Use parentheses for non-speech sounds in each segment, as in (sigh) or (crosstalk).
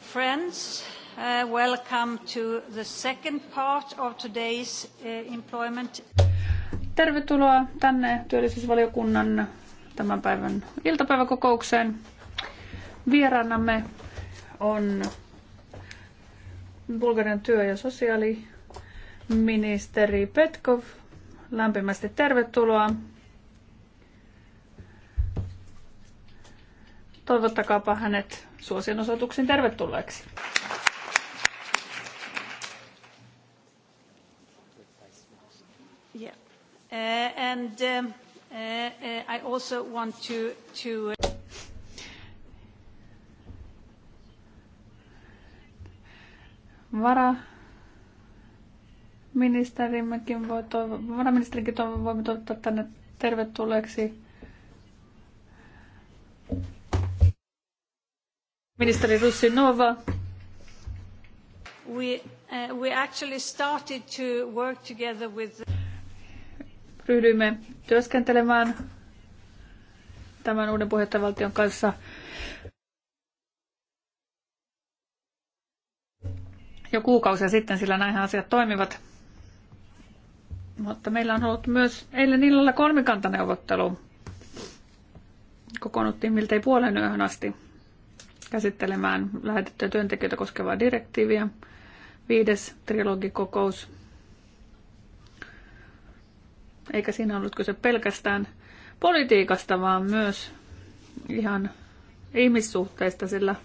Friends, uh, welcome to the second part of today's uh, employment. Tervetuloa tänne työllisyysvaliokunnan tämän päivän iltapäiväkokoukseen. Vieraanamme on Bulgarian työ- ja sosiaaliministeri Petkov. Lämpimästi tervetuloa. Toivottakaapa hänet suosionosoituksen tervetulleeksi. Yeah. Uh, and um, uh, uh, I also want to, to... Vara voi toivo, varaministerinkin toivo, voimme toivottaa tänne tervetulleeksi. Ministeri Nova. We, uh, we actually started to work together with... Ryhdyimme työskentelemään tämän uuden puheenjohtajavaltion kanssa jo kuukausia sitten, sillä näinhän asiat toimivat. Mutta meillä on ollut myös eilen illalla kolmikantaneuvottelu. Kokoonnuttiin miltei puolen yöhön asti käsittelemään lähetettyä työntekijöitä koskevaa direktiiviä. Viides trilogikokous. Eikä siinä ollut kyse pelkästään politiikasta, vaan myös ihan ihmissuhteista, sillä –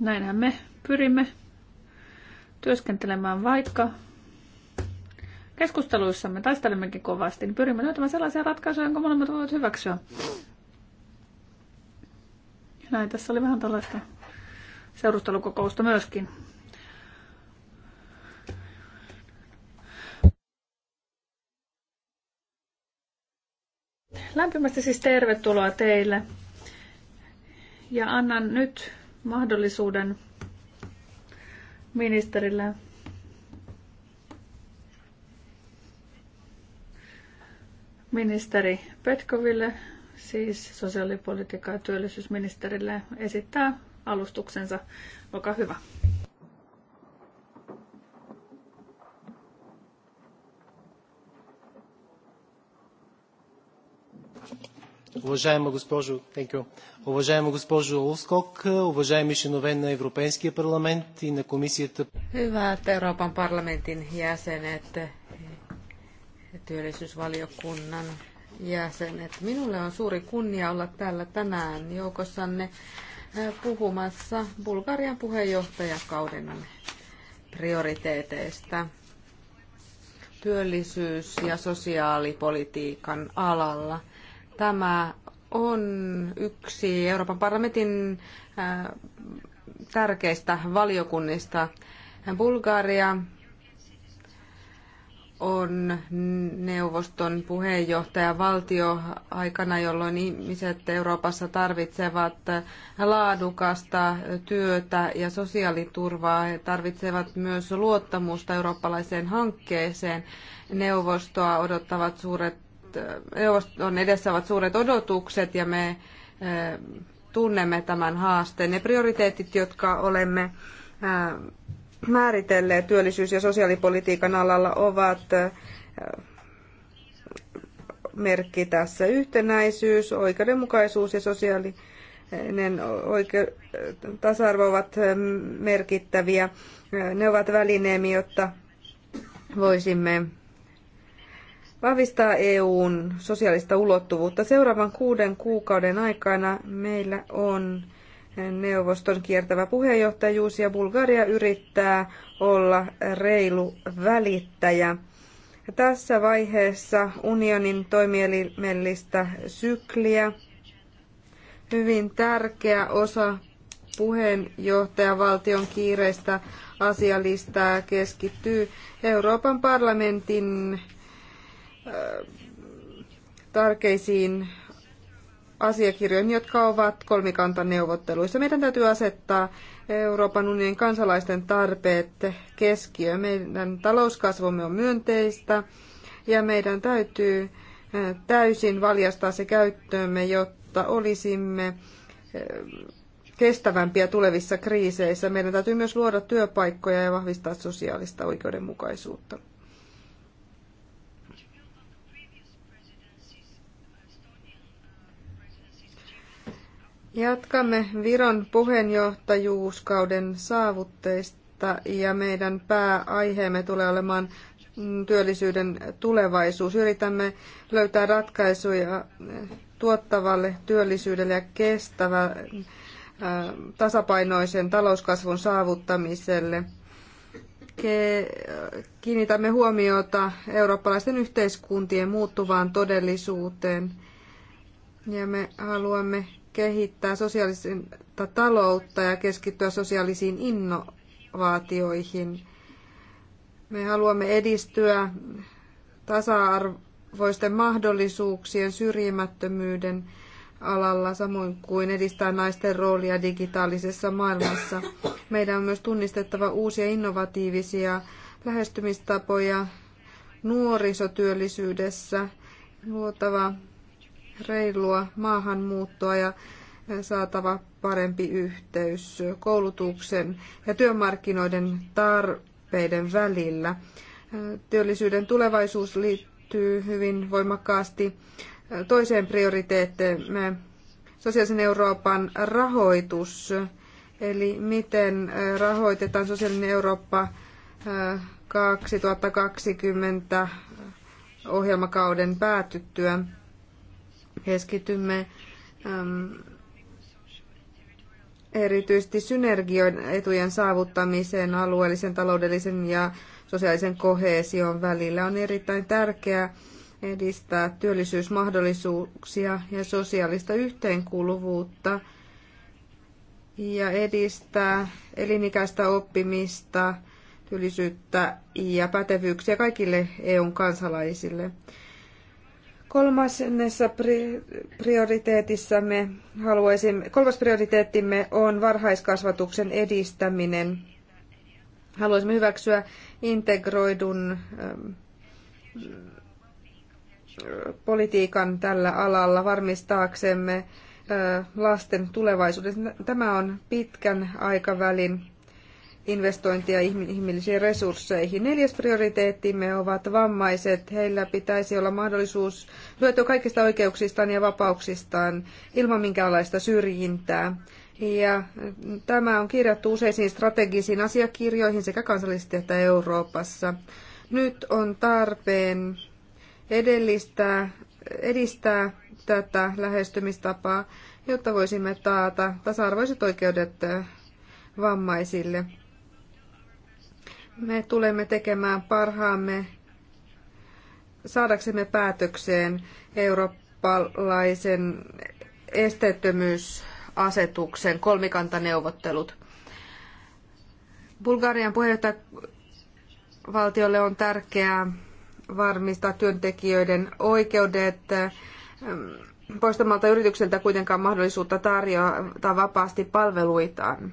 Näinhän me pyrimme työskentelemään vaikka keskusteluissamme taistelemmekin kovasti, niin pyrimme löytämään sellaisia ratkaisuja, jonka molemmat voivat hyväksyä. Näin, tässä oli vähän tällaista seurustelukokousta myöskin. Lämpimästi siis tervetuloa teille. Ja annan nyt mahdollisuuden ministerille ministeri Petkoville, siis sosiaalipolitiikka- ja työllisyysministerille, esittää alustuksensa. Olkaa hyvä. Уважаема госпожо, thank you. Уважаема госпожо Улскок, уважаеми членове на Европейския парламент и на комисията. Hyvät Euroopan parlamentin jäsenet, työllisyysvaliokunnan jäsenet. Minulle on suuri kunnia olla täällä tänään joukossanne puhumassa Bulgarian puheenjohtajakauden prioriteeteista työllisyys- ja sosiaalipolitiikan alalla – Tämä on yksi Euroopan parlamentin tärkeistä valiokunnista. Bulgaria on neuvoston puheenjohtaja valtio aikana, jolloin ihmiset Euroopassa tarvitsevat laadukasta työtä ja sosiaaliturvaa. He tarvitsevat myös luottamusta eurooppalaiseen hankkeeseen. Neuvostoa odottavat suuret neuvoston edessä ovat suuret odotukset ja me eh, tunnemme tämän haasteen. Ne prioriteetit, jotka olemme eh, määritelleet työllisyys- ja sosiaalipolitiikan alalla, ovat eh, merkki tässä yhtenäisyys, oikeudenmukaisuus ja sosiaalinen oike- tasa-arvo ovat merkittäviä. Ne ovat välineemi, jotta voisimme vahvistaa EUn sosiaalista ulottuvuutta. Seuraavan kuuden kuukauden aikana meillä on neuvoston kiertävä puheenjohtajuus ja Bulgaria yrittää olla reilu välittäjä. Tässä vaiheessa unionin toimielimellistä sykliä hyvin tärkeä osa puheenjohtajavaltion kiireistä asialistaa keskittyy Euroopan parlamentin tärkeisiin asiakirjoihin, jotka ovat kolmikantaneuvotteluissa. Meidän täytyy asettaa Euroopan unionin kansalaisten tarpeet keskiöön. Meidän talouskasvumme on myönteistä ja meidän täytyy eh, täysin valjastaa se käyttöömme, jotta olisimme eh, kestävämpiä tulevissa kriiseissä. Meidän täytyy myös luoda työpaikkoja ja vahvistaa sosiaalista oikeudenmukaisuutta. Jatkamme Viron puheenjohtajuuskauden saavutteista ja meidän pääaiheemme tulee olemaan työllisyyden tulevaisuus. Yritämme löytää ratkaisuja tuottavalle työllisyydelle ja kestävä äh, tasapainoisen talouskasvun saavuttamiselle. Kiinnitämme huomiota eurooppalaisten yhteiskuntien muuttuvaan todellisuuteen ja me haluamme kehittää sosiaalista taloutta ja keskittyä sosiaalisiin innovaatioihin. Me haluamme edistyä tasa-arvoisten mahdollisuuksien syrjimättömyyden alalla, samoin kuin edistää naisten roolia digitaalisessa maailmassa. Meidän on myös tunnistettava uusia innovatiivisia lähestymistapoja nuorisotyöllisyydessä, luotava reilua maahanmuuttoa ja saatava parempi yhteys koulutuksen ja työmarkkinoiden tarpeiden välillä. Työllisyyden tulevaisuus liittyy hyvin voimakkaasti toiseen prioriteetteemme, sosiaalisen Euroopan rahoitus, eli miten rahoitetaan sosiaalinen Eurooppa 2020 ohjelmakauden päätyttyä keskitymme erityisesti synergioiden etujen saavuttamiseen alueellisen, taloudellisen ja sosiaalisen kohesion välillä. On erittäin tärkeää edistää työllisyysmahdollisuuksia ja sosiaalista yhteenkuuluvuutta ja edistää elinikäistä oppimista, työllisyyttä ja pätevyyksiä kaikille EUn kansalaisille. Kolmasnessa pri- prioriteetissamme haluaisimme, kolmas prioriteettimme on varhaiskasvatuksen edistäminen. Haluaisimme hyväksyä integroidun ähm, politiikan tällä alalla varmistaaksemme äh, lasten tulevaisuuden. Tämä on pitkän aikavälin investointia inhimillisiin resursseihin. Neljäs prioriteettimme ovat vammaiset. Heillä pitäisi olla mahdollisuus hyötyä kaikista oikeuksistaan ja vapauksistaan ilman minkäänlaista syrjintää. Ja tämä on kirjattu useisiin strategisiin asiakirjoihin sekä kansallisesti että Euroopassa. Nyt on tarpeen edellistää, edistää tätä lähestymistapaa, jotta voisimme taata tasa-arvoiset oikeudet vammaisille. Me tulemme tekemään parhaamme saadaksemme päätökseen eurooppalaisen esteettömyysasetuksen kolmikantaneuvottelut. Bulgarian puheenjohtajavaltiolle on tärkeää varmistaa työntekijöiden oikeudet ähm, poistamalta yritykseltä kuitenkaan mahdollisuutta tarjota vapaasti palveluitaan.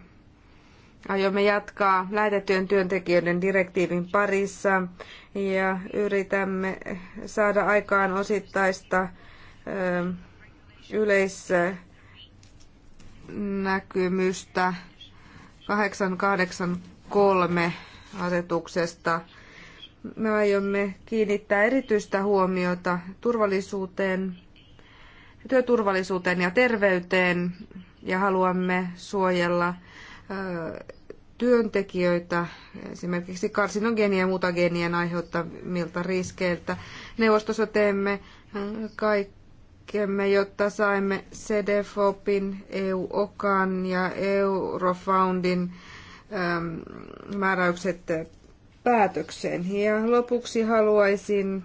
Aiomme jatkaa lähetettyjen työntekijöiden direktiivin parissa ja yritämme saada aikaan osittaista yleisnäkymystä 883 asetuksesta. Me aiomme kiinnittää erityistä huomiota turvallisuuteen, työturvallisuuteen ja terveyteen ja haluamme suojella työntekijöitä esimerkiksi karsinogeenien ja mutageenien aiheuttamilta riskeiltä. Neuvostossa teemme äh, kaikkemme, jotta saimme CDFOPin, EU-OKAN ja Eurofoundin ähm, määräykset päätökseen. Ja lopuksi haluaisin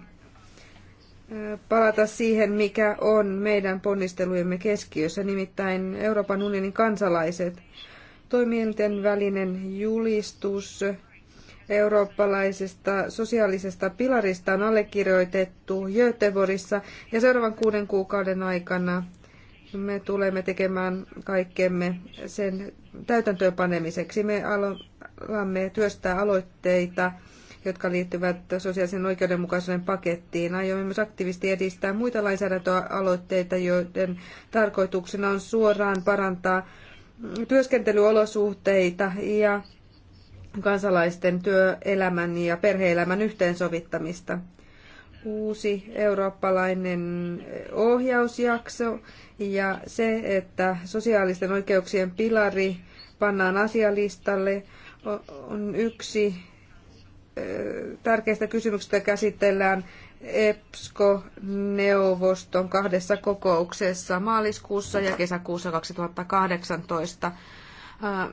äh, palata siihen, mikä on meidän ponnistelujemme keskiössä, nimittäin Euroopan unionin kansalaiset – toimielinten välinen julistus eurooppalaisesta sosiaalisesta pilarista on allekirjoitettu Göteborissa ja seuraavan kuuden kuukauden aikana me tulemme tekemään kaikkemme sen täytäntöönpanemiseksi. Me alamme työstää aloitteita, jotka liittyvät sosiaalisen oikeudenmukaisuuden pakettiin. Aiomme myös aktiivisesti edistää muita lainsäädäntöaloitteita, joiden tarkoituksena on suoraan parantaa työskentelyolosuhteita ja kansalaisten työelämän ja perheelämän yhteensovittamista. Uusi eurooppalainen ohjausjakso ja se, että sosiaalisten oikeuksien pilari pannaan asialistalle, on yksi tärkeistä kysymyksistä käsitellään EPSCO-neuvoston kahdessa kokouksessa maaliskuussa ja kesäkuussa 2018. Äh,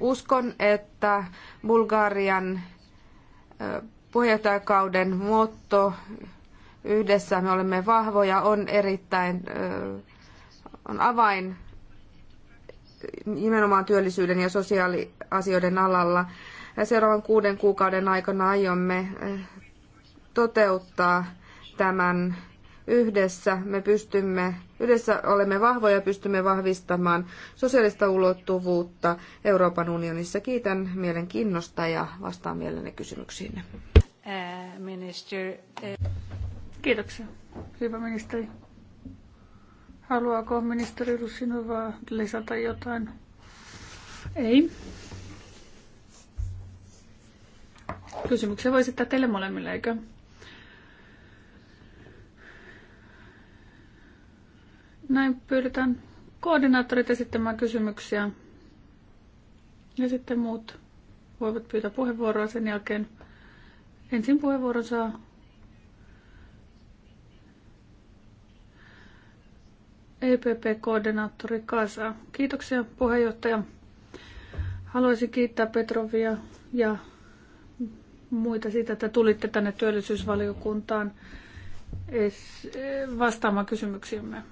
uskon, että Bulgarian äh, puheenjohtajakauden motto yhdessä me olemme vahvoja on erittäin äh, on avain nimenomaan työllisyyden ja sosiaaliasioiden alalla. Seuraavan kuuden kuukauden aikana aiomme toteuttaa tämän yhdessä. Me pystymme, yhdessä olemme vahvoja, pystymme vahvistamaan sosiaalista ulottuvuutta Euroopan unionissa. Kiitän mielenkiinnosta ja vastaan mielenne kysymyksiin. Eh, minister. Eh. Kiitoksia. Hyvä ministeri. Haluaako ministeri Rusinova lisätä jotain? Ei. Kysymyksiä voi sitten teille molemmille, eikö? Näin pyydetään koordinaattorit esittämään kysymyksiä. Ja sitten muut voivat pyytää puheenvuoroa sen jälkeen. Ensin puheenvuoron saa EPP-koordinaattori Kasa. Kiitoksia puheenjohtaja. Haluaisin kiittää Petrovia ja muita siitä, että tulitte tänne työllisyysvaliokuntaan vastaamaan kysymyksiimme.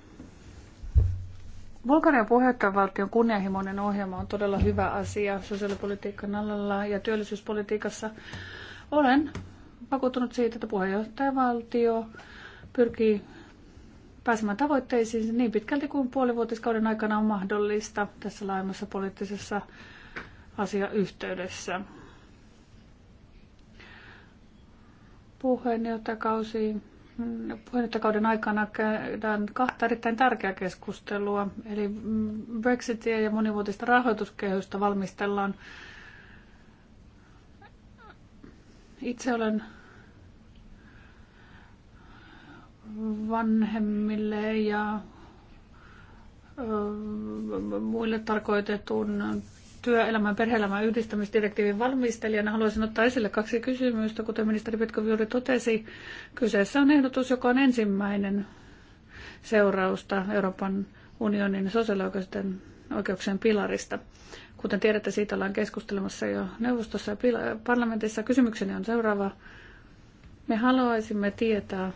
Bulgarian puheenjohtajavaltion kunnianhimoinen ohjelma on todella hyvä asia sosiaalipolitiikan alalla ja työllisyyspolitiikassa. Olen vakuuttunut siitä, että puheenjohtajavaltio pyrkii pääsemään tavoitteisiin niin pitkälti kuin puolivuotiskauden aikana on mahdollista tässä laajemmassa poliittisessa asiayhteydessä. Puheenjohtajakausi puheenjohtajakauden aikana käydään kahta erittäin tärkeää keskustelua. Eli Brexitia ja monivuotista rahoituskehystä valmistellaan. Itse olen vanhemmille ja muille tarkoitetun työelämän perhe-elämän yhdistämisdirektiivin valmistelijana haluaisin ottaa esille kaksi kysymystä. Kuten ministeri Petkov juuri totesi, kyseessä on ehdotus, joka on ensimmäinen seurausta Euroopan unionin sosiaalioikeuksien oikeuksien pilarista. Kuten tiedätte, siitä ollaan keskustelemassa jo neuvostossa ja parlamentissa. Kysymykseni on seuraava. Me haluaisimme tietää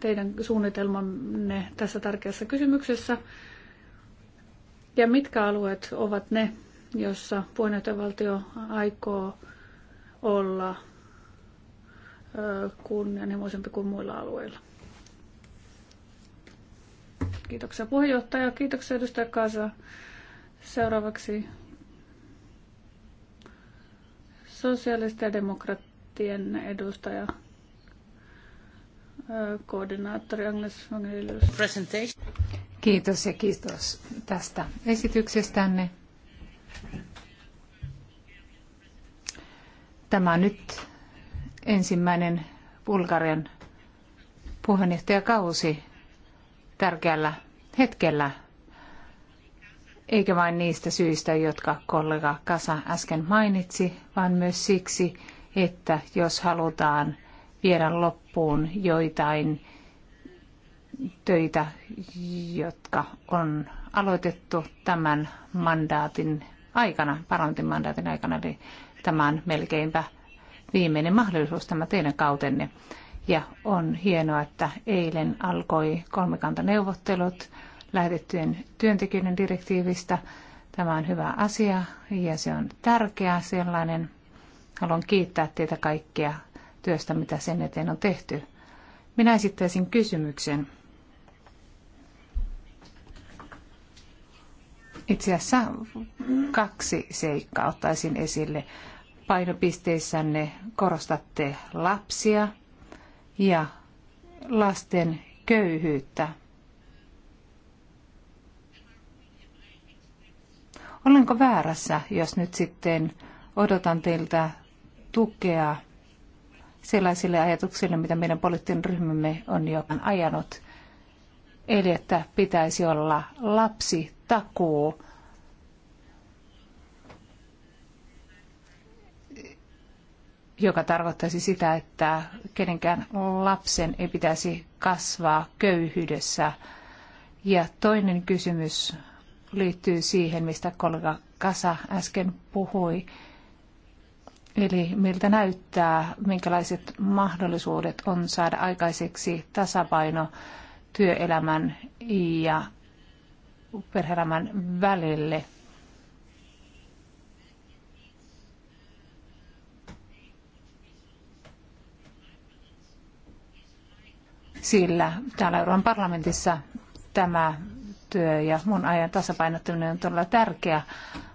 teidän suunnitelmanne tässä tärkeässä kysymyksessä. Ja mitkä alueet ovat ne, jossa puheenjohtajavaltio aikoo olla kunnianhimoisempi kuin muilla alueilla. Kiitoksia puheenjohtaja. Kiitoksia edustaja Kasa. Seuraavaksi sosiaalisten ja demokraattien edustaja, koordinaattori Agnes Vangelius. Kiitos ja kiitos tästä esityksestänne. Tämä on nyt ensimmäinen Bulgarian puheenjohtajakausi tärkeällä hetkellä, eikä vain niistä syistä, jotka kollega Kasa äsken mainitsi, vaan myös siksi, että jos halutaan viedä loppuun joitain töitä, jotka on aloitettu tämän mandaatin aikana, parlamentin mandaatin aikana, eli tämä on melkeinpä viimeinen mahdollisuus tämä teidän kautenne. Ja on hienoa, että eilen alkoi kolmikantaneuvottelut lähetettyjen työntekijöiden direktiivistä. Tämä on hyvä asia ja se on tärkeä sellainen. Haluan kiittää teitä kaikkia työstä, mitä sen eteen on tehty. Minä esittäisin kysymyksen. Itse asiassa kaksi seikkaa ottaisin esille. Painopisteissänne korostatte lapsia ja lasten köyhyyttä. Olenko väärässä, jos nyt sitten odotan teiltä tukea sellaisille ajatuksille, mitä meidän poliittinen ryhmämme on jo ajanut, eli että pitäisi olla lapsi takuu. joka tarkoittaisi sitä, että kenenkään lapsen ei pitäisi kasvaa köyhyydessä. Ja toinen kysymys liittyy siihen, mistä kollega Kasa äsken puhui. Eli miltä näyttää, minkälaiset mahdollisuudet on saada aikaiseksi tasapaino työelämän ja perheelämän välille. Sillä täällä Euroopan parlamentissa tämä työ ja mun ajan tasapainottaminen on todella tärkeä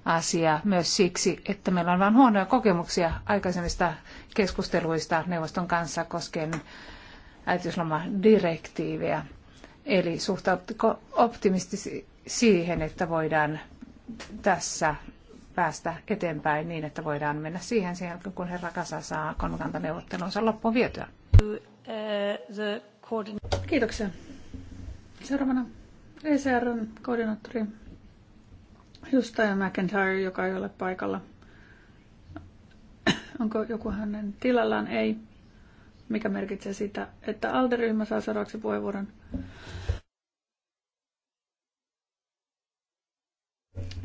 asia myös siksi, että meillä on vain huonoja kokemuksia aikaisemmista keskusteluista neuvoston kanssa koskien äitiyslomadirektiiviä. Eli suhtaudutko optimistisesti siihen, että voidaan tässä päästä eteenpäin niin, että voidaan mennä siihen sen jälkeen, kun herra Kasa saa kolmikantaneuvottelunsa loppuun vietyä. Kiitoksia. Seuraavana ECRn koordinaattori edustaja McIntyre, joka ei ole paikalla. Onko joku hänen tilallaan? Ei. Mikä merkitsee sitä, että alde saa seuraavaksi puheenvuoron.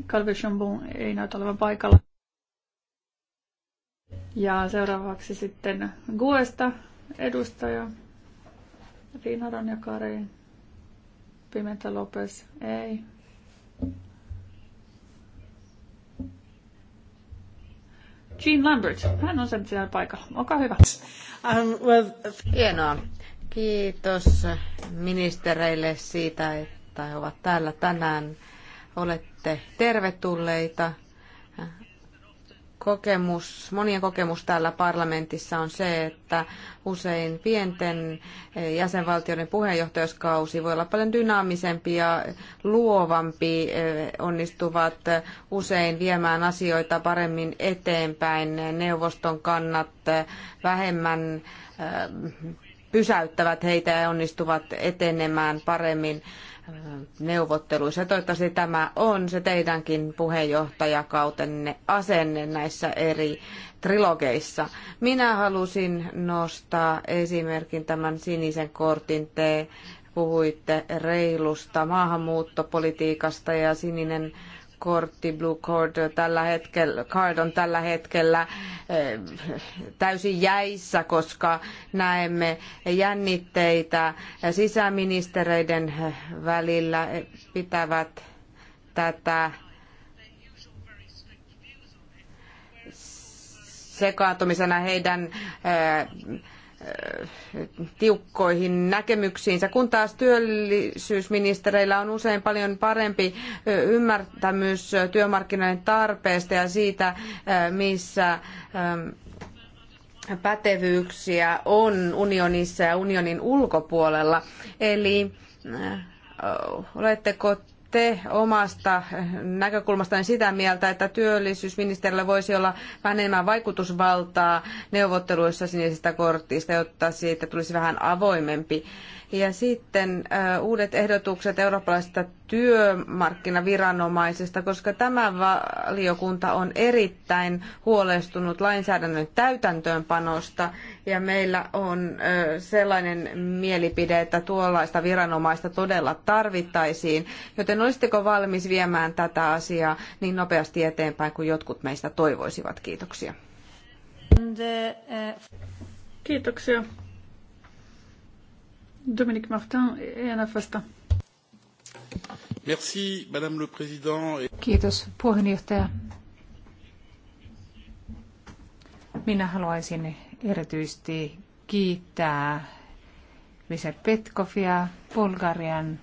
Calvi Chambon ei näytä olevan paikalla. Ja seuraavaksi sitten Guesta edustaja Riina ja Kari. Pimenta Lopes ei. Jean Lambert, hän on sen siellä paikalla. Olkaa hyvä. Um, well, Hienoa. Kiitos ministereille siitä, että he ovat täällä tänään olette tervetulleita. Kokemus, monien kokemus täällä parlamentissa on se, että usein pienten jäsenvaltioiden puheenjohtajuuskausi voi olla paljon dynaamisempi ja luovampi, onnistuvat usein viemään asioita paremmin eteenpäin. Neuvoston kannat vähemmän eh, pysäyttävät heitä ja onnistuvat etenemään paremmin neuvotteluissa. Toivottavasti tämä on se teidänkin puheenjohtajakautenne asenne näissä eri trilogeissa. Minä halusin nostaa esimerkin tämän sinisen kortin. Te puhuitte reilusta maahanmuuttopolitiikasta ja sininen kortti, blue card tällä hetkellä, card on tällä hetkellä eh, täysin jäissä, koska näemme jännitteitä sisäministereiden eh, välillä eh, pitävät tätä sekaantumisena heidän Äh, tiukkoihin näkemyksiinsä, kun taas työllisyysministereillä on usein paljon parempi äh, ymmärtämys työmarkkinoiden tarpeesta ja siitä, äh, missä ähm, pätevyyksiä on unionissa ja unionin ulkopuolella. Eli oletteko te omasta näkökulmastanne sitä mieltä, että työllisyysministerillä voisi olla vähän enemmän vaikutusvaltaa neuvotteluissa sinisestä kortista, jotta siitä tulisi vähän avoimempi? Ja sitten uudet ehdotukset eurooppalaisesta työmarkkinaviranomaisesta, koska tämä valiokunta on erittäin huolestunut lainsäädännön täytäntöönpanosta ja meillä on sellainen mielipide, että tuollaista viranomaista todella tarvittaisiin. Joten olisitteko valmis viemään tätä asiaa niin nopeasti eteenpäin kuin jotkut meistä toivoisivat? Kiitoksia. Kiitoksia. Dominique Martin Merci, Madame le Président. Kiitos puheenjohtaja. Minä haluaisin erityisesti kiittää Lise Petkovia, Bulgarian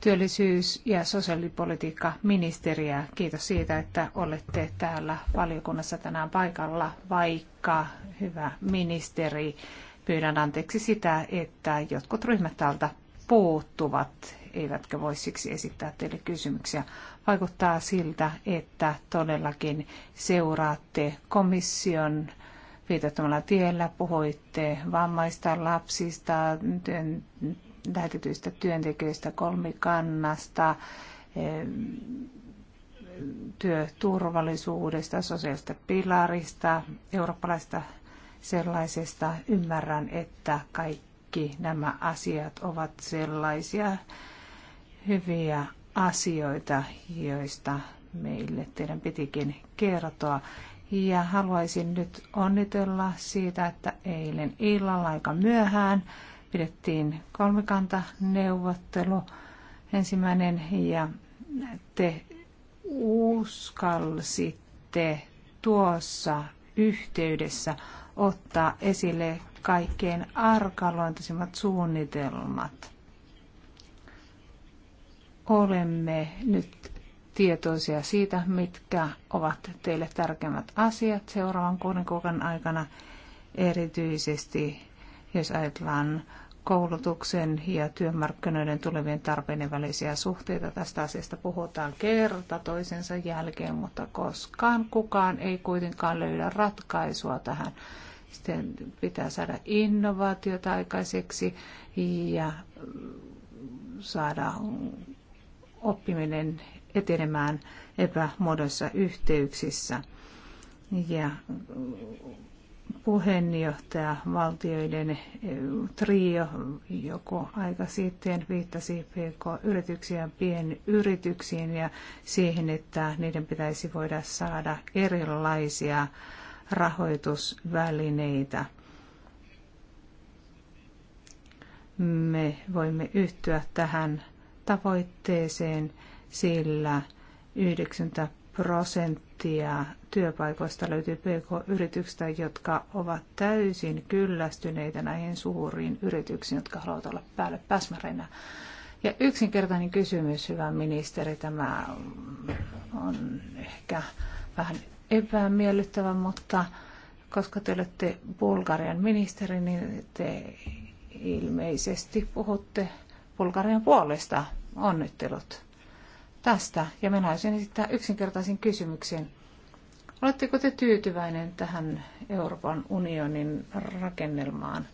työllisyys- ja sosiaalipolitiikkaministeriä. Kiitos siitä, että olette täällä valiokunnassa tänään paikalla, vaikka hyvä ministeri Pyydän anteeksi sitä, että jotkut ryhmät täältä puuttuvat, eivätkä voi siksi esittää teille kysymyksiä. Vaikuttaa siltä, että todellakin seuraatte komission viitattomalla tiellä, puhuitte vammaista lapsista, työn, lähetetyistä työntekijöistä, kolmikannasta, työturvallisuudesta, sosiaalista pilarista, eurooppalaista sellaisesta. Ymmärrän, että kaikki nämä asiat ovat sellaisia hyviä asioita, joista meille teidän pitikin kertoa. Ja haluaisin nyt onnitella siitä, että eilen illalla aika myöhään pidettiin kolmikanta neuvottelu ensimmäinen ja te uskalsitte tuossa yhteydessä ottaa esille kaikkein arkaluontoisimmat suunnitelmat. Olemme nyt tietoisia siitä, mitkä ovat teille tärkeimmät asiat seuraavan kuuden kuukauden aikana, erityisesti jos ajatellaan koulutuksen ja työmarkkinoiden tulevien tarpeiden välisiä suhteita. Tästä asiasta puhutaan kerta toisensa jälkeen, mutta koskaan kukaan ei kuitenkaan löydä ratkaisua tähän sitten pitää saada innovaatiota aikaiseksi ja saada oppiminen etenemään epämuodoissa yhteyksissä. Ja puheenjohtaja valtioiden eh, trio joko aika sitten viittasi PK-yrityksiä pienyrityksiin ja siihen, että niiden pitäisi voida saada erilaisia rahoitusvälineitä. Me voimme yhtyä tähän tavoitteeseen, sillä 90 prosenttia työpaikoista löytyy pk-yrityksistä, jotka ovat täysin kyllästyneitä näihin suuriin yrityksiin, jotka haluavat olla päälle pääsmäreinä. Ja yksinkertainen kysymys, hyvä ministeri, tämä on ehkä vähän epämiellyttävä, mutta koska te olette Bulgarian ministeri, niin te ilmeisesti puhutte Bulgarian puolesta. Onnittelut tästä. Ja minä haluaisin esittää yksinkertaisen kysymyksen. Oletteko te tyytyväinen tähän Euroopan unionin rakennelmaan?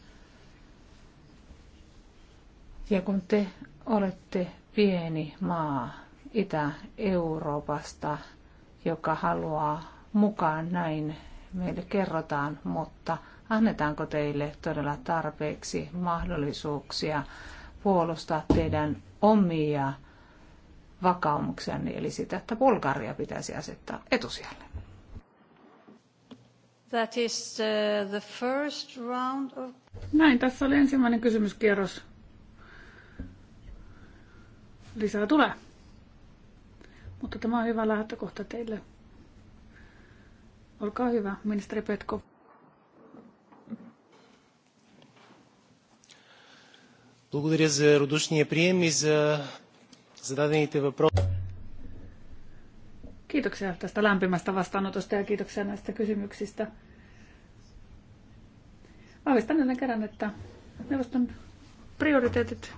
Ja kun te olette pieni maa Itä-Euroopasta, joka haluaa mukaan, näin meille kerrotaan, mutta annetaanko teille todella tarpeeksi mahdollisuuksia puolustaa teidän omia vakaumuksianne, eli sitä, että Bulgaria pitäisi asettaa etusijalle? That is uh, the first round of... Näin, tässä oli ensimmäinen kysymyskierros. Lisää tulee. Mutta tämä on hyvä lähtökohta teille. Olkaa hyvä, ministeri Petko. Благодаря за радушния прием и за зададените въпроси. Kiitoksia tästä lämpimästä vastaanotosta ja kiitoksia näistä kysymyksistä. Vahvistan ennen kerran, että neuvoston prioriteetit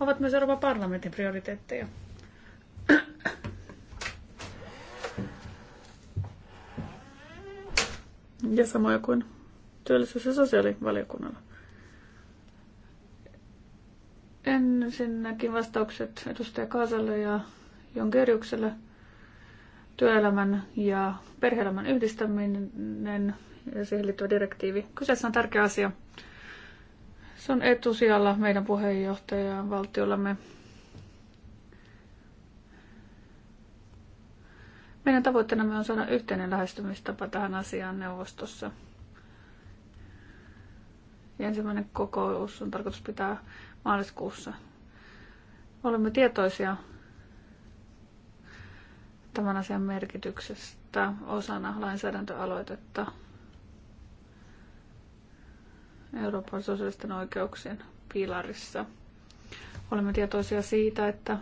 ovat myös Euroopan parlamentin prioriteetteja. ja samoin kuin työllisyys- ja sosiaalivaliokunnalla. Ensinnäkin vastaukset edustaja Kaasalle ja Kerjukselle. Työelämän ja perheelämän yhdistäminen ja siihen liittyvä direktiivi. Kyseessä on tärkeä asia. Se on etusijalla meidän puheenjohtajan valtiollamme Meidän tavoitteenamme on saada yhteinen lähestymistapa tähän asiaan neuvostossa. Ja ensimmäinen kokous on tarkoitus pitää maaliskuussa. Olemme tietoisia tämän asian merkityksestä osana lainsäädäntöaloitetta Euroopan sosiaalisten oikeuksien pilarissa. Olemme tietoisia siitä, että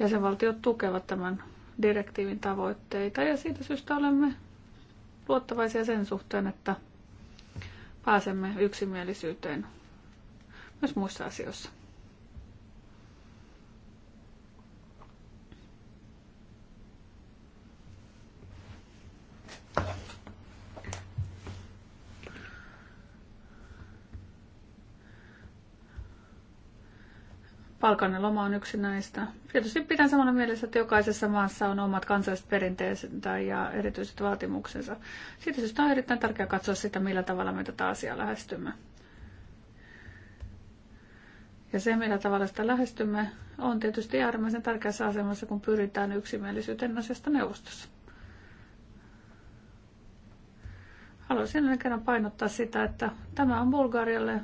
jäsenvaltiot tukevat tämän direktiivin tavoitteita ja siitä syystä olemme luottavaisia sen suhteen, että pääsemme yksimielisyyteen myös muissa asioissa. Palkanen loma on yksi näistä. Tietysti pidän samana mielessä, että jokaisessa maassa on omat kansalliset perinteet ja erityiset vaatimuksensa. Siitä syystä on erittäin tärkeää katsoa sitä, millä tavalla me tätä asiaa lähestymme. Ja se, millä tavalla sitä lähestymme, on tietysti äärimmäisen tärkeässä asemassa, kun pyritään yksimielisyyteen asiasta neuvostossa. Haluaisin kerran painottaa sitä, että tämä on Bulgarialle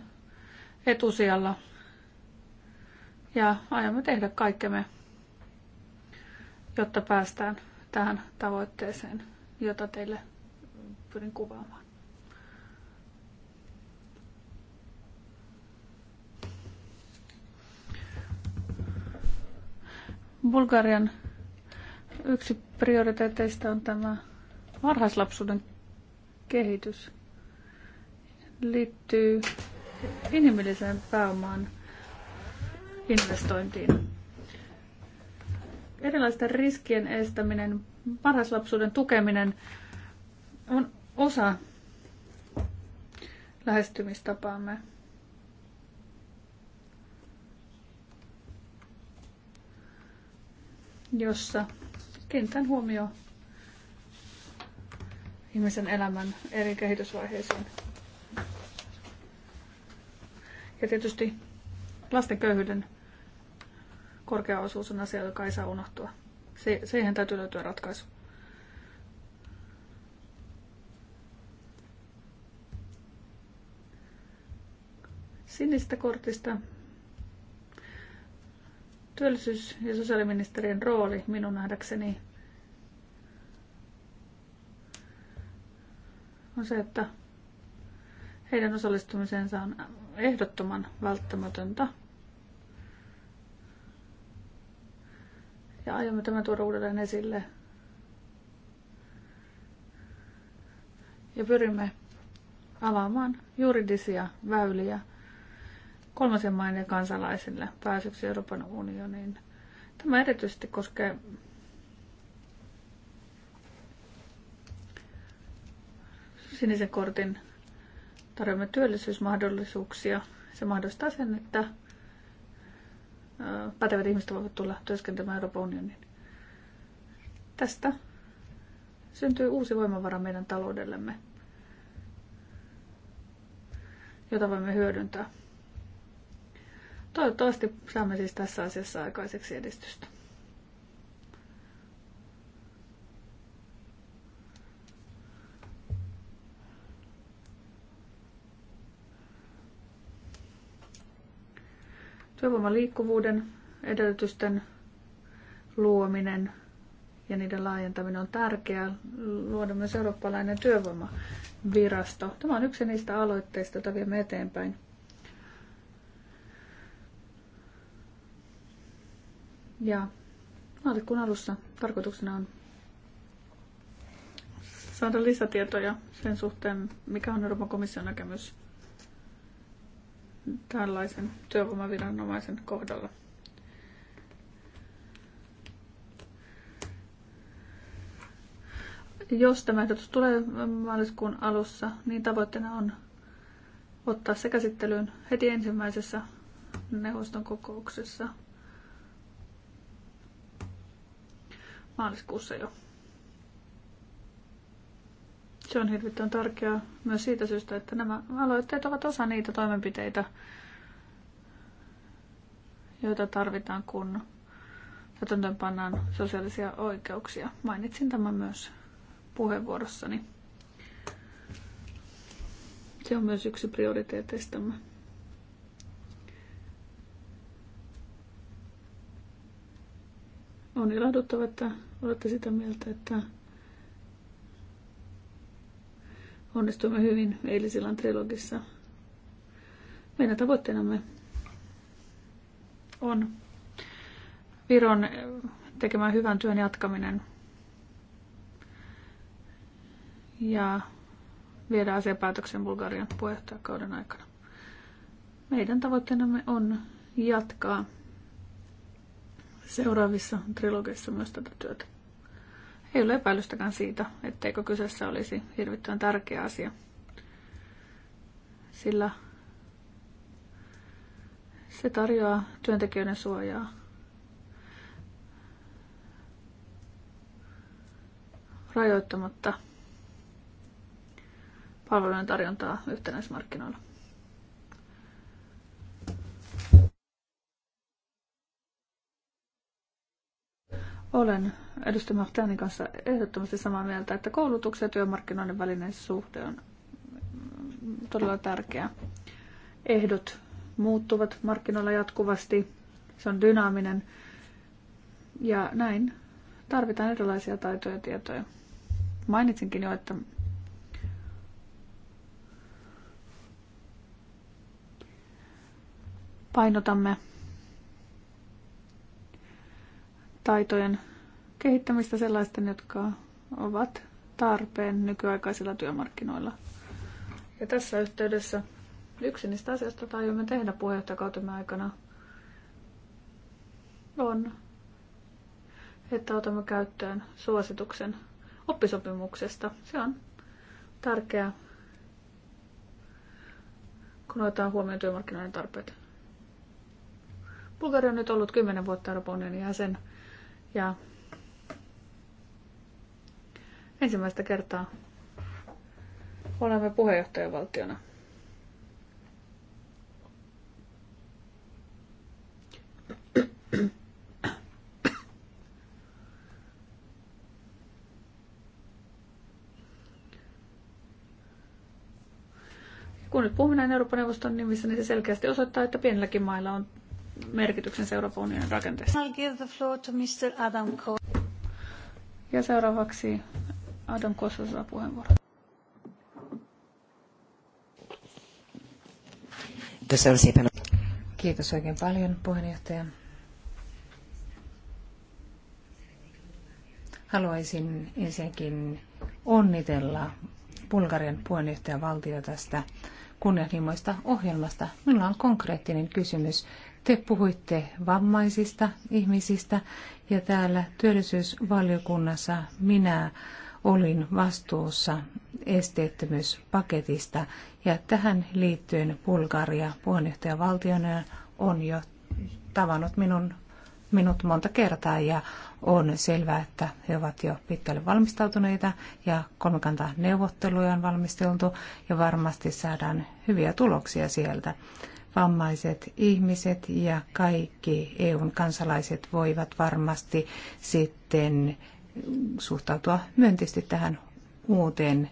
etusijalla ja aiomme tehdä kaikkemme, jotta päästään tähän tavoitteeseen, jota teille pyrin kuvaamaan. Bulgarian yksi prioriteeteista on tämä varhaislapsuuden kehitys. Liittyy inhimilliseen pääomaan investointiin. Erilaisten riskien estäminen, paras lapsuuden tukeminen on osa lähestymistapaamme. jossa kentän huomio ihmisen elämän eri kehitysvaiheisiin. Ja tietysti lasten köyhyyden korkea osuus on asia, joka ei saa unohtua. Se, siihen täytyy löytyä ratkaisu. Sinistä kortista. Työllisyys- ja sosiaaliministerin rooli minun nähdäkseni on se, että heidän osallistumisensa on ehdottoman välttämätöntä Ja aiomme tämän tuoda uudelleen esille. Ja pyrimme avaamaan juridisia väyliä kolmasen maiden kansalaisille pääsyksi Euroopan unioniin. Tämä erityisesti koskee sinisen kortin tarjoamme työllisyysmahdollisuuksia. Se mahdollistaa sen, että pätevät ihmiset voivat tulla työskentelemään Euroopan unionin. Tästä syntyy uusi voimavara meidän taloudellemme, jota voimme hyödyntää. Toivottavasti saamme siis tässä asiassa aikaiseksi edistystä. Työvoiman liikkuvuuden edellytysten luominen ja niiden laajentaminen on tärkeää. Luoda myös eurooppalainen työvoimavirasto. Tämä on yksi niistä aloitteista, joita viemme eteenpäin. Ja maalikuun alussa tarkoituksena on saada lisätietoja sen suhteen, mikä on Euroopan komission näkemys tällaisen työvoimaviranomaisen kohdalla. Jos tämä ehdotus tulee maaliskuun alussa, niin tavoitteena on ottaa se käsittelyyn heti ensimmäisessä neuvoston kokouksessa maaliskuussa jo. Se on hirvittävän tärkeää myös siitä syystä, että nämä aloitteet ovat osa niitä toimenpiteitä, joita tarvitaan, kun pannaan sosiaalisia oikeuksia. Mainitsin tämän myös puheenvuorossani. Se on myös yksi prioriteeteistamme. On ilahduttava, että olette sitä mieltä, että Onnistuimme hyvin eilisillan trilogissa. Meidän tavoitteenamme on Viron tekemään hyvän työn jatkaminen ja viedä asiapäätöksen Bulgarian puheenjohtajakauden aikana. Meidän tavoitteenamme on jatkaa seuraavissa trilogeissa myös tätä työtä. Ei ole epäilystäkään siitä, etteikö kyseessä olisi hirvittävän tärkeä asia. Sillä se tarjoaa työntekijöiden suojaa. rajoittamatta palvelujen tarjontaa yhtenäismarkkinoilla. Olen edustaja Mahtanin kanssa ehdottomasti samaa mieltä, että koulutuksen ja työmarkkinoiden välinen suhde on mm, todella tärkeä. Ehdot muuttuvat markkinoilla jatkuvasti, se on dynaaminen ja näin tarvitaan erilaisia taitoja ja tietoja. Mainitsinkin jo, että painotamme taitojen kehittämistä sellaisten, jotka ovat tarpeen nykyaikaisilla työmarkkinoilla. Ja tässä yhteydessä yksi niistä asioista, joita aiomme tehdä puheenjohtajakautemme aikana, on, että otamme käyttöön suosituksen oppisopimuksesta. Se on tärkeää, kun otetaan huomioon työmarkkinoiden tarpeet. Bulgari on nyt ollut 10 vuotta Euroopan jäsen ja Ensimmäistä kertaa olemme puheenjohtajavaltiona. Kun nyt puhumme näin Euroopan neuvoston nimissä, niin se selkeästi osoittaa, että pienilläkin mailla on merkityksen Euroopan unionin rakenteessa. give the floor to Mr. Ja seuraavaksi Adam Kosovo saa puheenvuoron. Kiitos oikein paljon puheenjohtaja. Haluaisin ensinnäkin onnitella Bulgarian puheenjohtajavaltio tästä kunnianhimoista ohjelmasta. Minulla on konkreettinen kysymys. Te puhuitte vammaisista ihmisistä ja täällä työllisyysvaliokunnassa minä olin vastuussa esteettömyyspaketista ja tähän liittyen Bulgaria puheenjohtajavaltiona on jo tavannut minun, minut monta kertaa ja on selvää, että he ovat jo pitkälle valmistautuneita ja kolmikanta neuvotteluja on valmisteltu ja varmasti saadaan hyviä tuloksia sieltä vammaiset ihmiset ja kaikki EUn kansalaiset voivat varmasti sitten suhtautua myönteisesti tähän uuteen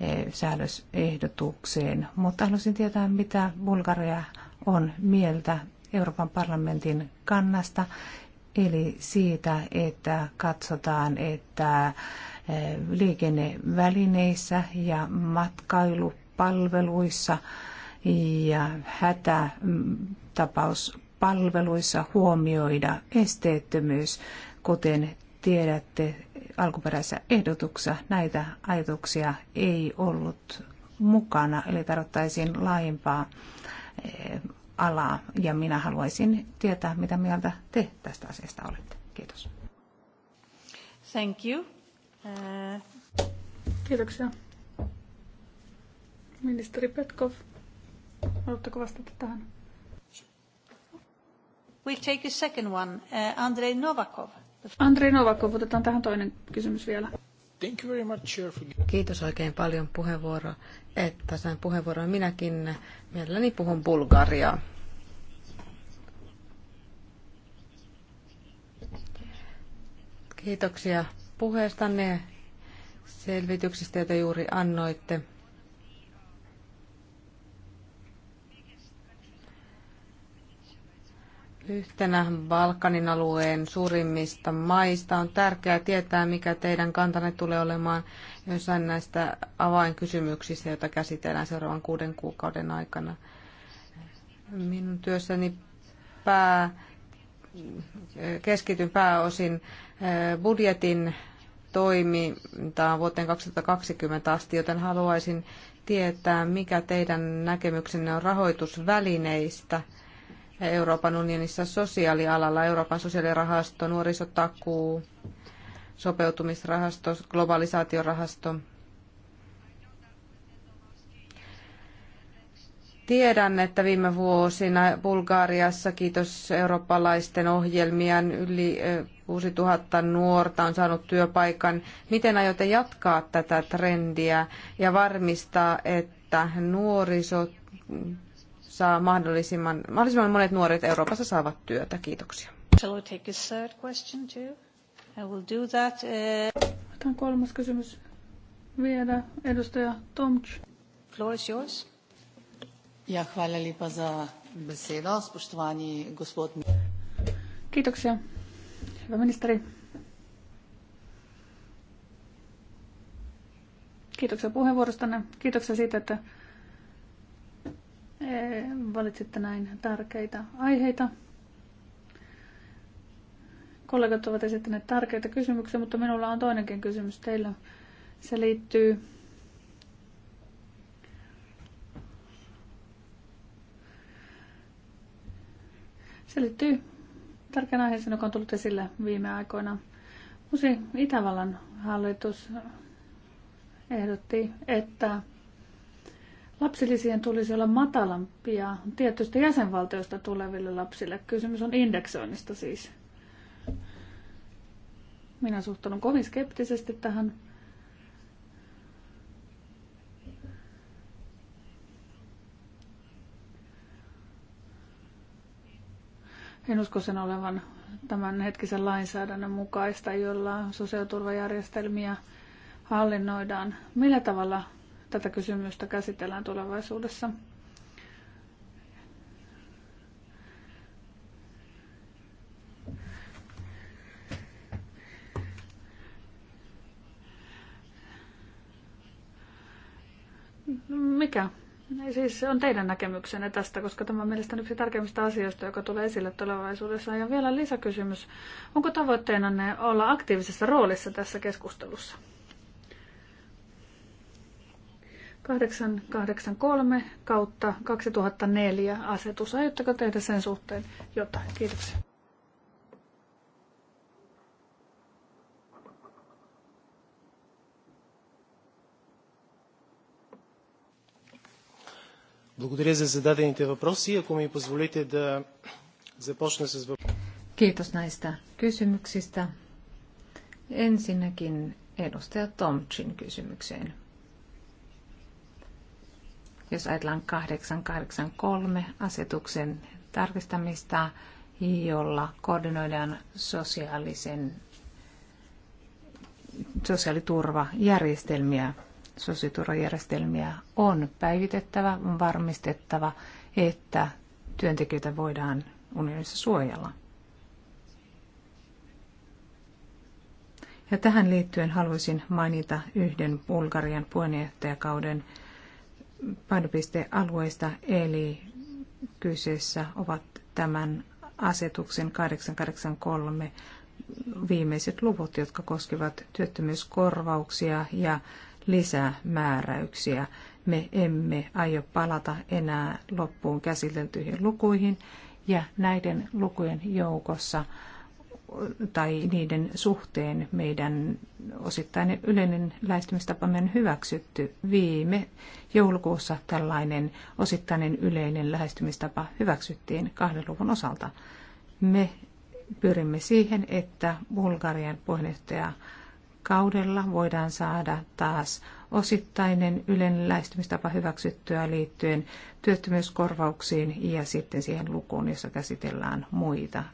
eh, säädösehdotukseen, mutta haluaisin tietää, mitä Bulgaria on mieltä Euroopan parlamentin kannasta, eli siitä, että katsotaan, että eh, liikennevälineissä ja matkailupalveluissa ja hätätapauspalveluissa huomioida esteettömyys, kuten tiedätte alkuperäisessä ehdotuksessa näitä ajatuksia ei ollut mukana, eli tarvittaisiin laajempaa eh, alaa, ja minä haluaisin tietää, mitä mieltä te tästä asiasta olette. Kiitos. Thank you. Uh... Kiitoksia. Ministeri Petkov, haluatteko vastata tähän? We'll take a second one. Uh, Andrei Novakov. Andrei Novakov, otetaan tähän toinen kysymys vielä. Thank you very much, Kiitos oikein paljon puheenvuoro, että sain puheenvuoron. Minäkin mielelläni puhun Bulgariaa. Kiitoksia puheestanne selvityksistä, joita juuri annoitte. Yhtenä Balkanin alueen suurimmista maista on tärkeää tietää, mikä teidän kantanne tulee olemaan joissain näistä avainkysymyksistä, joita käsitellään seuraavan kuuden kuukauden aikana. Minun työssäni pää, keskityn pääosin eh, budjetin toimintaan vuoteen 2020 asti, joten haluaisin tietää, mikä teidän näkemyksenne on rahoitusvälineistä – Euroopan unionissa sosiaalialalla, Euroopan sosiaalirahasto, nuorisotakuu, sopeutumisrahasto, globalisaatiorahasto. Tiedän, että viime vuosina Bulgariassa, kiitos eurooppalaisten ohjelmien, yli 6000 nuorta on saanut työpaikan. Miten aiotte jatkaa tätä trendiä ja varmistaa, että nuorisot Saa mahdollisimman, mahdollisimman monet nuoret Euroopassa saavat työtä. Kiitoksia. Shall we take a third question too? I will do that. Uh, Otan kolmas kysymys vielä. Edustaja Tomč. Floor is yours. Ja, hvala lepa za besedo, spoštovani gospod. Kiitoksia. Hyvä ministeri. Kiitoksia puheenvuorostanne. Kiitoksia siitä, että Eh, valitsitte näin tärkeitä aiheita. Kollegat ovat esittäneet tärkeitä kysymyksiä, mutta minulla on toinenkin kysymys teillä. Se liittyy Se liittyy tärkeän aiheeseen, joka on tullut esille viime aikoina. Uusi Itävallan hallitus ehdotti, että Lapsilisien tulisi olla matalampia tietystä jäsenvaltioista tuleville lapsille. Kysymys on indeksoinnista siis. Minä suhtaudun kovin skeptisesti tähän. En usko sen olevan tämän hetkisen lainsäädännön mukaista, jolla sosiaaliturvajärjestelmiä hallinnoidaan. Millä tavalla tätä kysymystä käsitellään tulevaisuudessa. Mikä siis on teidän näkemyksenne tästä, koska tämä on mielestäni yksi tärkeimmistä asioista, joka tulee esille tulevaisuudessa. Ja vielä lisäkysymys. Onko tavoitteena ne olla aktiivisessa roolissa tässä keskustelussa? 883 kautta 2004 asetus. Aiotteko tehdä sen suhteen jotain? Kiitoksia. Kiitos näistä kysymyksistä. Ensinnäkin edustaja Tomchin kysymykseen jos ajatellaan 883 asetuksen tarkistamista, jolla koordinoidaan sosiaalisen, sosiaaliturvajärjestelmiä, sosiaaliturvajärjestelmiä on päivitettävä, on varmistettava, että työntekijöitä voidaan unionissa suojella. Ja tähän liittyen haluaisin mainita yhden Bulgarian puheenjohtajakauden painopistealueista, eli kyseessä ovat tämän asetuksen 883 viimeiset luvut, jotka koskevat työttömyyskorvauksia ja lisämääräyksiä. Me emme aio palata enää loppuun käsiteltyihin lukuihin ja näiden lukujen joukossa – tai niiden suhteen meidän osittain yleinen lähestymistapamme on hyväksytty. Viime joulukuussa tällainen osittainen yleinen lähestymistapa hyväksyttiin kahden luvun osalta. Me pyrimme siihen, että Bulgarian puheenjohtaja kaudella voidaan saada taas osittainen yleinen lähestymistapa hyväksyttyä liittyen työttömyyskorvauksiin ja sitten siihen lukuun, jossa käsitellään muita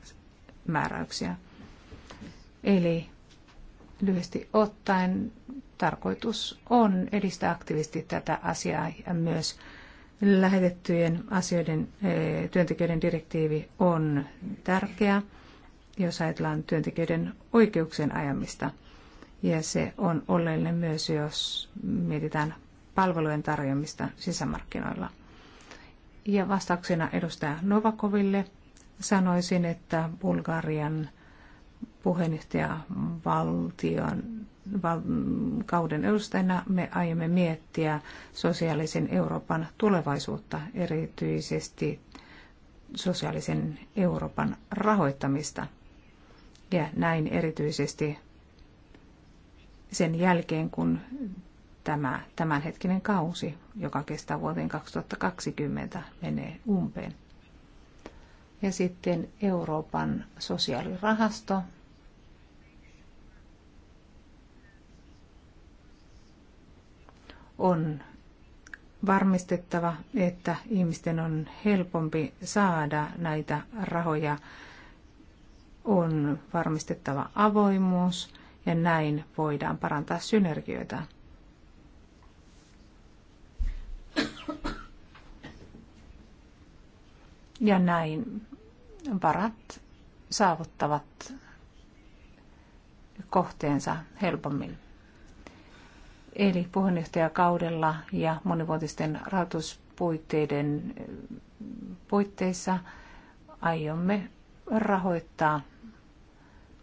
määräyksiä. Eli lyhyesti ottaen tarkoitus on edistää aktiivisesti tätä asiaa ja myös lähetettyjen asioiden, eh, työntekijöiden direktiivi on tärkeä, jos ajatellaan työntekijöiden oikeuksien ajamista. Ja se on oleellinen myös, jos mietitään palvelujen tarjoamista sisämarkkinoilla. Ja vastauksena edustaja Novakoville – sanoisin, että Bulgarian puheenjohtajavaltion val, kauden edustajana me aiomme miettiä sosiaalisen Euroopan tulevaisuutta, erityisesti sosiaalisen Euroopan rahoittamista. Ja näin erityisesti sen jälkeen, kun tämä tämänhetkinen kausi, joka kestää vuoteen 2020, menee umpeen. Ja sitten Euroopan sosiaalirahasto. On varmistettava, että ihmisten on helpompi saada näitä rahoja. On varmistettava avoimuus ja näin voidaan parantaa synergioita. Ja näin varat saavuttavat kohteensa helpommin. Eli puheenjohtajakaudella ja monivuotisten rahoituspuitteiden puitteissa aiomme rahoittaa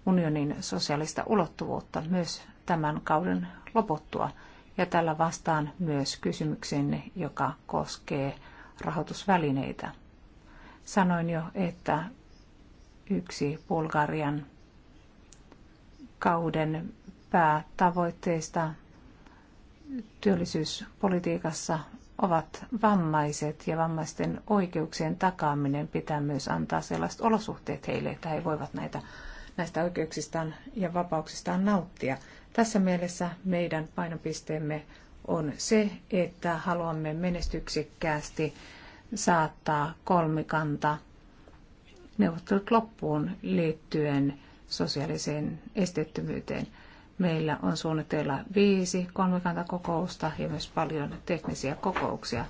unionin sosiaalista ulottuvuutta myös tämän kauden loputtua. Ja tällä vastaan myös kysymyksenne, joka koskee rahoitusvälineitä. Sanoin jo, että yksi Bulgarian kauden päätavoitteista työllisyyspolitiikassa ovat vammaiset ja vammaisten oikeuksien takaaminen pitää myös antaa sellaiset olosuhteet heille, että he voivat näitä, näistä oikeuksistaan ja vapauksistaan nauttia. Tässä mielessä meidän painopisteemme on se, että haluamme menestyksekkäästi saattaa kolmikanta neuvottelut loppuun liittyen sosiaaliseen esteettömyyteen. Meillä on suunnitteilla viisi kolmikantakokousta ja myös paljon teknisiä kokouksia.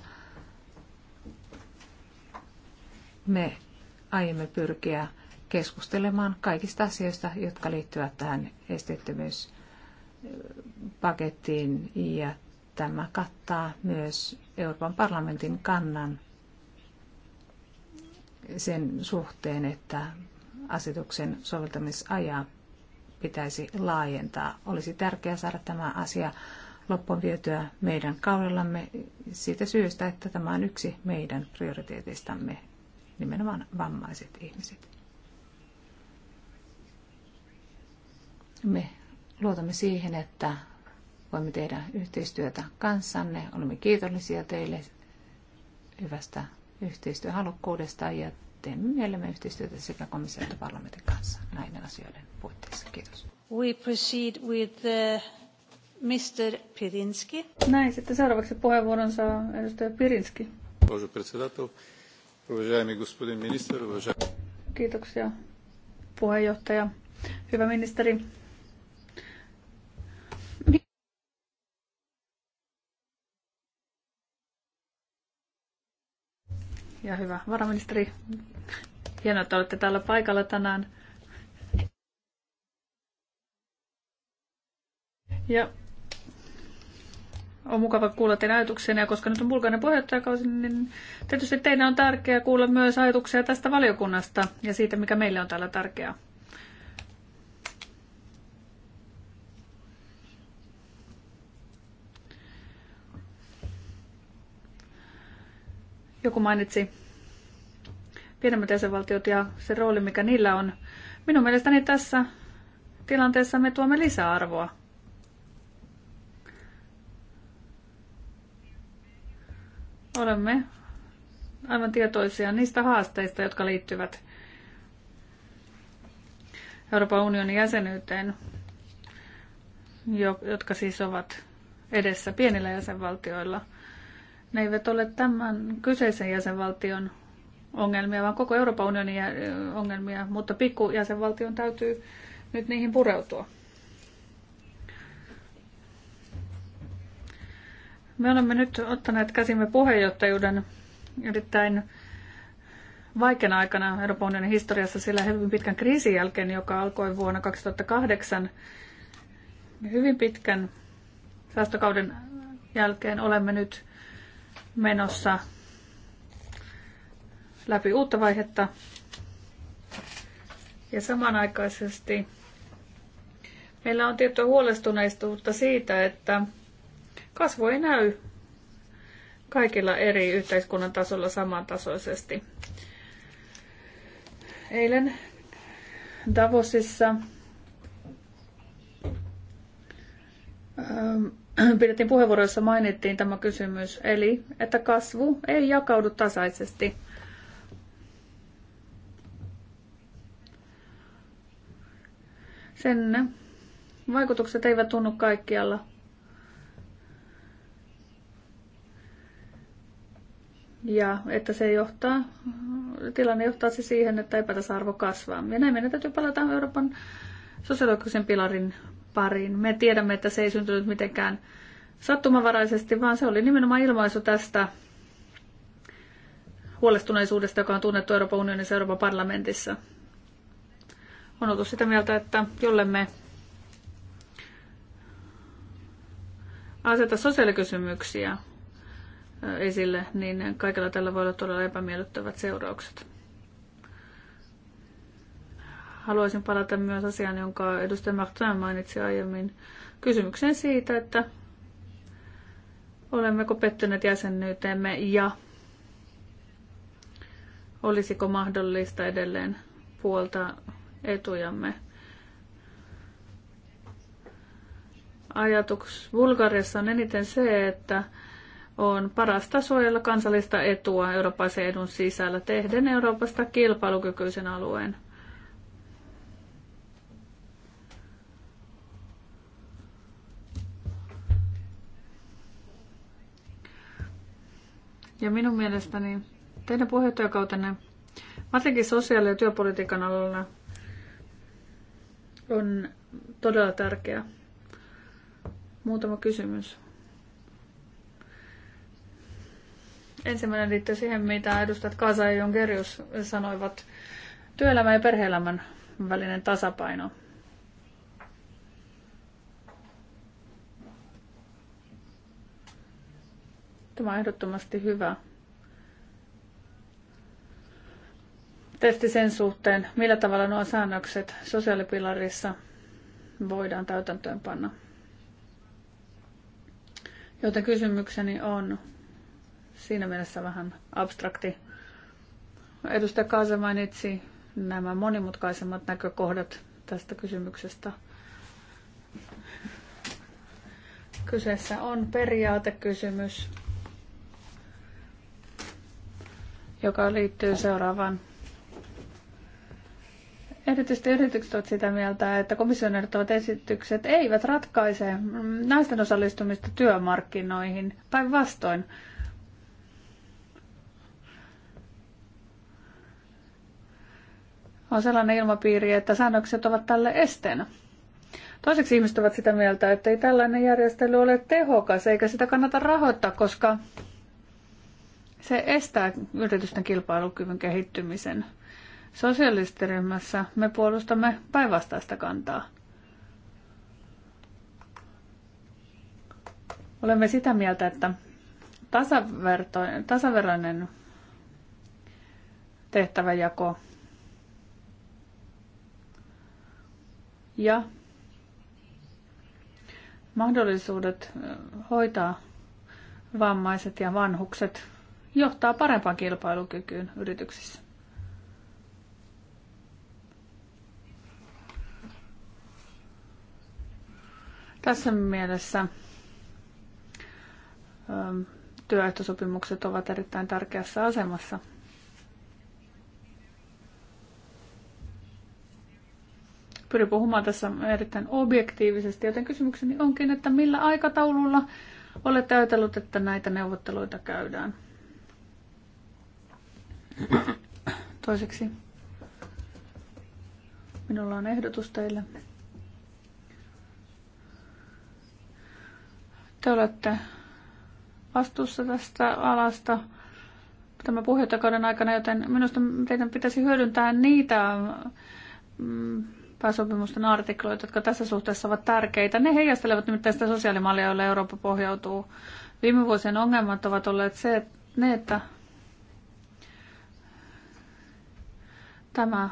Me aiomme pyrkiä keskustelemaan kaikista asioista, jotka liittyvät tähän esteettömyyspakettiin ja tämä kattaa myös Euroopan parlamentin kannan sen suhteen, että asetuksen soveltamisajaa pitäisi laajentaa. Olisi tärkeää saada tämä asia loppuun vietyä meidän kaudellamme siitä syystä, että tämä on yksi meidän prioriteeteistamme, nimenomaan vammaiset ihmiset. Me luotamme siihen, että voimme tehdä yhteistyötä kanssanne. Olemme kiitollisia teille hyvästä yhteistyöhalukkuudesta ja teemme mielemme yhteistyötä sekä komission että parlamentin kanssa näiden asioiden puitteissa. Kiitos. We proceed with the uh, Mr. Pirinski. Näin, sitten seuraavaksi puheenvuoron saa edustaja Pirinski. Kiitoksia puheenjohtaja. Hyvä ministeri, ja hyvä varaministeri. Hienoa, että olette täällä paikalla tänään. Ja on mukava kuulla teidän ajatuksenne, ja koska nyt on Bulgarian puheenjohtajakausi, niin tietysti teidän on tärkeää kuulla myös ajatuksia tästä valiokunnasta ja siitä, mikä meille on täällä tärkeää. joku mainitsi pienemmät jäsenvaltiot ja se rooli, mikä niillä on. Minun mielestäni tässä tilanteessa me tuomme lisäarvoa. Olemme aivan tietoisia niistä haasteista, jotka liittyvät Euroopan unionin jäsenyyteen, jotka siis ovat edessä pienillä jäsenvaltioilla – ne eivät ole tämän kyseisen jäsenvaltion ongelmia, vaan koko Euroopan unionin ongelmia, mutta jäsenvaltion täytyy nyt niihin pureutua. Me olemme nyt ottaneet käsimme puheenjohtajuuden erittäin vaikeana aikana Euroopan unionin historiassa, sillä hyvin pitkän kriisin jälkeen, joka alkoi vuonna 2008, hyvin pitkän säästökauden jälkeen olemme nyt menossa läpi uutta vaihetta. Ja samanaikaisesti meillä on tiettyä huolestuneistuutta siitä, että kasvu ei näy kaikilla eri yhteiskunnan tasolla samantasoisesti. Eilen Davosissa ähm, pidettiin puheenvuoroissa mainittiin tämä kysymys, eli että kasvu ei jakaudu tasaisesti. Sen vaikutukset eivät tunnu kaikkialla. Ja että se johtaa, tilanne johtaa siihen, että epätasa-arvo kasvaa. Ja näin meidän täytyy palata Euroopan sosiologisen pilarin pariin. Me tiedämme, että se ei syntynyt mitenkään sattumavaraisesti, vaan se oli nimenomaan ilmaisu tästä huolestuneisuudesta, joka on tunnettu Euroopan unionissa Euroopan parlamentissa. On oltu sitä mieltä, että jollemme aseta sosiaalikysymyksiä esille, niin kaikilla tällä voi olla todella epämiellyttävät seuraukset haluaisin palata myös asiaan, jonka edustaja Martin mainitsi aiemmin, kysymykseen siitä, että olemmeko pettyneet jäsenyyteemme ja olisiko mahdollista edelleen puolta etujamme. Ajatus Bulgariassa on eniten se, että on parasta suojella kansallista etua Euroopan edun sisällä tehden Euroopasta kilpailukykyisen alueen – Ja minun mielestäni teidän puheenjohtajakautenne, varsinkin sosiaali- ja työpolitiikan alalla, on todella tärkeä. Muutama kysymys. Ensimmäinen liittyy siihen, mitä edustajat Kasa ja Gerius sanoivat. Työelämän ja perheelämän välinen tasapaino. Tämä on ehdottomasti hyvä testi sen suhteen, millä tavalla nuo säännökset sosiaalipilarissa voidaan täytäntöönpanna. Joten kysymykseni on siinä mielessä vähän abstrakti. Edustaja Kaasa mainitsi nämä monimutkaisemmat näkökohdat tästä kysymyksestä. Kyseessä on periaatekysymys, joka liittyy seuraavaan. Erityisesti yritykset ovat sitä mieltä, että komission ehdottavat esitykset eivät ratkaise naisten osallistumista työmarkkinoihin. Päinvastoin on sellainen ilmapiiri, että säännökset ovat tälle esteenä. Toiseksi ihmiset ovat sitä mieltä, että ei tällainen järjestely ole tehokas eikä sitä kannata rahoittaa, koska se estää yritysten kilpailukyvyn kehittymisen. Sosialistiryhmässä me puolustamme päinvastaista kantaa. Olemme sitä mieltä, että tasaveroinen tehtäväjako ja mahdollisuudet hoitaa vammaiset ja vanhukset johtaa parempaan kilpailukykyyn yrityksissä. Tässä mielessä ähm, työehtosopimukset ovat erittäin tärkeässä asemassa. Pyrin puhumaan tässä erittäin objektiivisesti, joten kysymykseni onkin, että millä aikataululla olette ajatellut, että näitä neuvotteluita käydään? Toiseksi minulla on ehdotus teille. Te olette vastuussa tästä alasta tämän puheenjohtajakauden aikana, joten minusta teidän pitäisi hyödyntää niitä mm, pääsopimusten artikloita, jotka tässä suhteessa ovat tärkeitä. Ne heijastelevat nimittäin sitä sosiaalimallia, jolle Eurooppa pohjautuu. Viime vuosien ongelmat ovat olleet se, että ne, että Tämä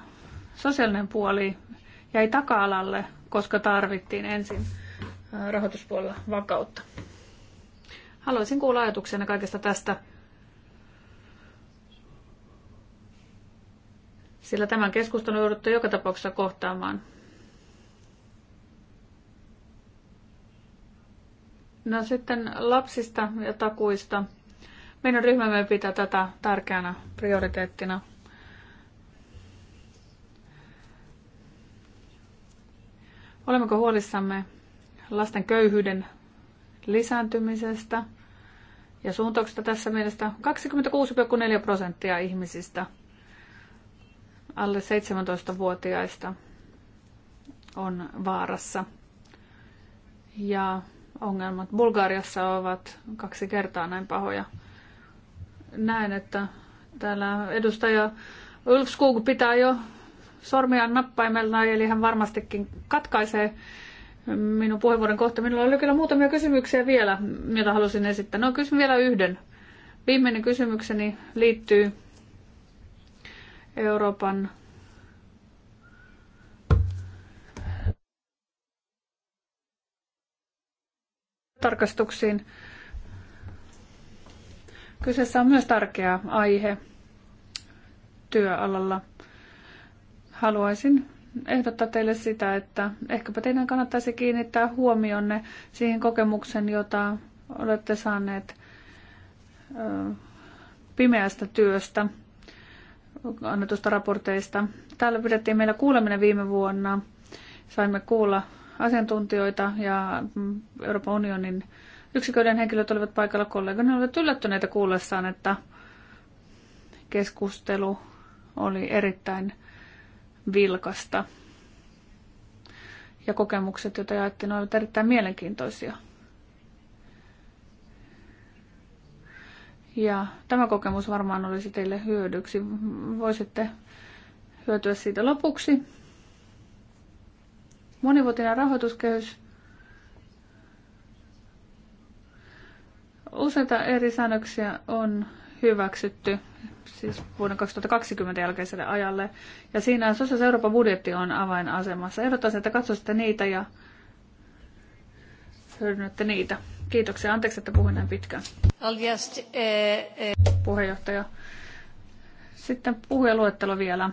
sosiaalinen puoli jäi taka-alalle, koska tarvittiin ensin rahoituspuolella vakautta. Haluaisin kuulla ajatuksena kaikesta tästä, sillä tämän keskustelun joudutte joka tapauksessa kohtaamaan. No sitten lapsista ja takuista. Meidän ryhmämme pitää tätä tärkeänä prioriteettina. Olemmeko huolissamme lasten köyhyyden lisääntymisestä ja suuntauksesta tässä mielessä 26,4 prosenttia ihmisistä alle 17-vuotiaista on vaarassa. Ja ongelmat Bulgariassa ovat kaksi kertaa näin pahoja. Näen, että täällä edustaja Ulf Skog pitää jo sormiaan nappaimella, eli hän varmastikin katkaisee minun puheenvuoron kohta. Minulla oli kyllä muutamia kysymyksiä vielä, mitä halusin esittää. No kysyn vielä yhden. Viimeinen kysymykseni liittyy Euroopan tarkastuksiin. Kyseessä on myös tärkeä aihe työalalla. Haluaisin ehdottaa teille sitä, että ehkäpä teidän kannattaisi kiinnittää huomionne siihen kokemuksen, jota olette saaneet pimeästä työstä annetusta raporteista. Täällä pidettiin meillä kuuleminen viime vuonna. Saimme kuulla asiantuntijoita ja mm, Euroopan unionin yksiköiden henkilöt olivat paikalla kollegani. Olivat yllättyneitä kuullessaan, että keskustelu oli erittäin vilkasta. Ja kokemukset, joita jaettiin, olivat erittäin mielenkiintoisia. Ja tämä kokemus varmaan olisi teille hyödyksi. Voisitte hyötyä siitä lopuksi. Monivuotinen rahoituskehys. Useita eri säännöksiä on hyväksytty siis vuoden 2020 jälkeiselle ajalle. Ja siinä sosiaalisen Euroopan budjetti on avainasemassa. Ehdottaisin, että katsoisitte niitä ja hyödynnätte niitä. Kiitoksia. Anteeksi, että puhuin näin pitkään. Just, eh, eh. Puheenjohtaja. Sitten puhujaluettelo vielä,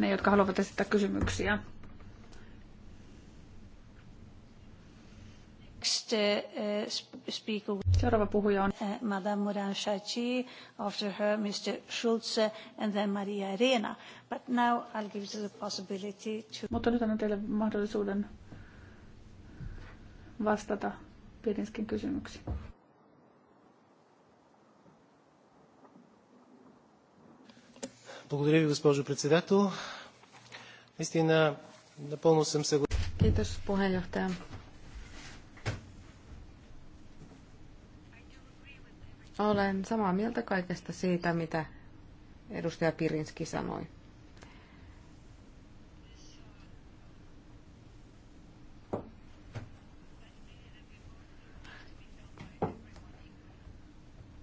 ne jotka haluavat esittää kysymyksiä. Next uh, uh speaker. Seuraava puhuja on uh, Madame Moran Chachi, after her Mr. Schulze uh, and then Maria Arena. But now I'll give you the possibility to... Mutta nyt annan teille mahdollisuuden vastata Pirinskin kysymyksiin. Благодаря ви, госпожо председател. Наистина, напълно съм съгласен. Kiitos puheenjohtaja. Olen samaa mieltä kaikesta siitä, mitä edustaja Pirinski sanoi.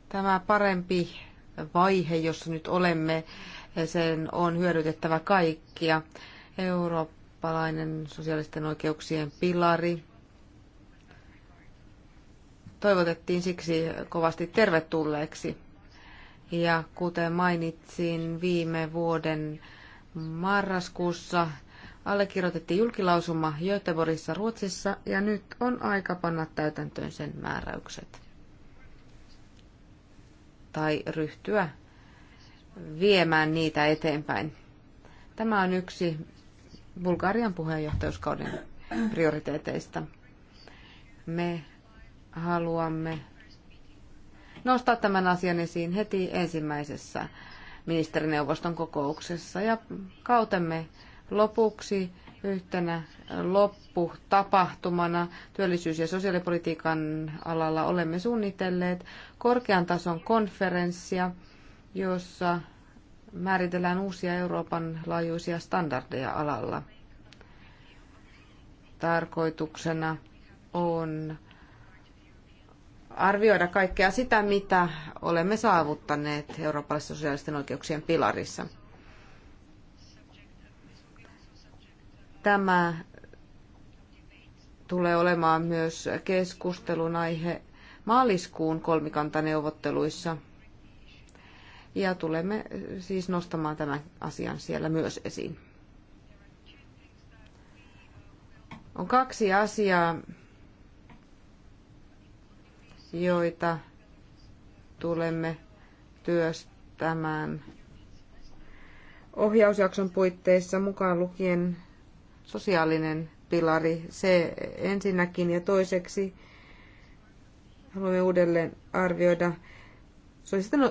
Tämä parempi vaihe, jossa nyt olemme, sen on hyödytettävä kaikkia. Eurooppalainen sosiaalisten oikeuksien pilari, toivotettiin siksi kovasti tervetulleeksi. Ja kuten mainitsin viime vuoden marraskuussa, allekirjoitettiin julkilausuma Göteborgissa Ruotsissa ja nyt on aika panna täytäntöön sen määräykset. Tai ryhtyä viemään niitä eteenpäin. Tämä on yksi Bulgarian puheenjohtajuuskauden prioriteeteista. Me haluamme nostaa tämän asian esiin heti ensimmäisessä ministerineuvoston kokouksessa. Ja kautemme lopuksi yhtenä lopputapahtumana työllisyys- ja sosiaalipolitiikan alalla olemme suunnitelleet korkean tason konferenssia, jossa määritellään uusia Euroopan laajuisia standardeja alalla. Tarkoituksena on arvioida kaikkea sitä, mitä olemme saavuttaneet eurooppalaisten sosiaalisten oikeuksien pilarissa. Tämä tulee olemaan myös keskustelun aihe maaliskuun kolmikantaneuvotteluissa. Ja tulemme siis nostamaan tämän asian siellä myös esiin. On kaksi asiaa, joita tulemme työstämään ohjausjakson puitteissa mukaan lukien sosiaalinen pilari, se ensinnäkin ja toiseksi haluamme uudelleen arvioida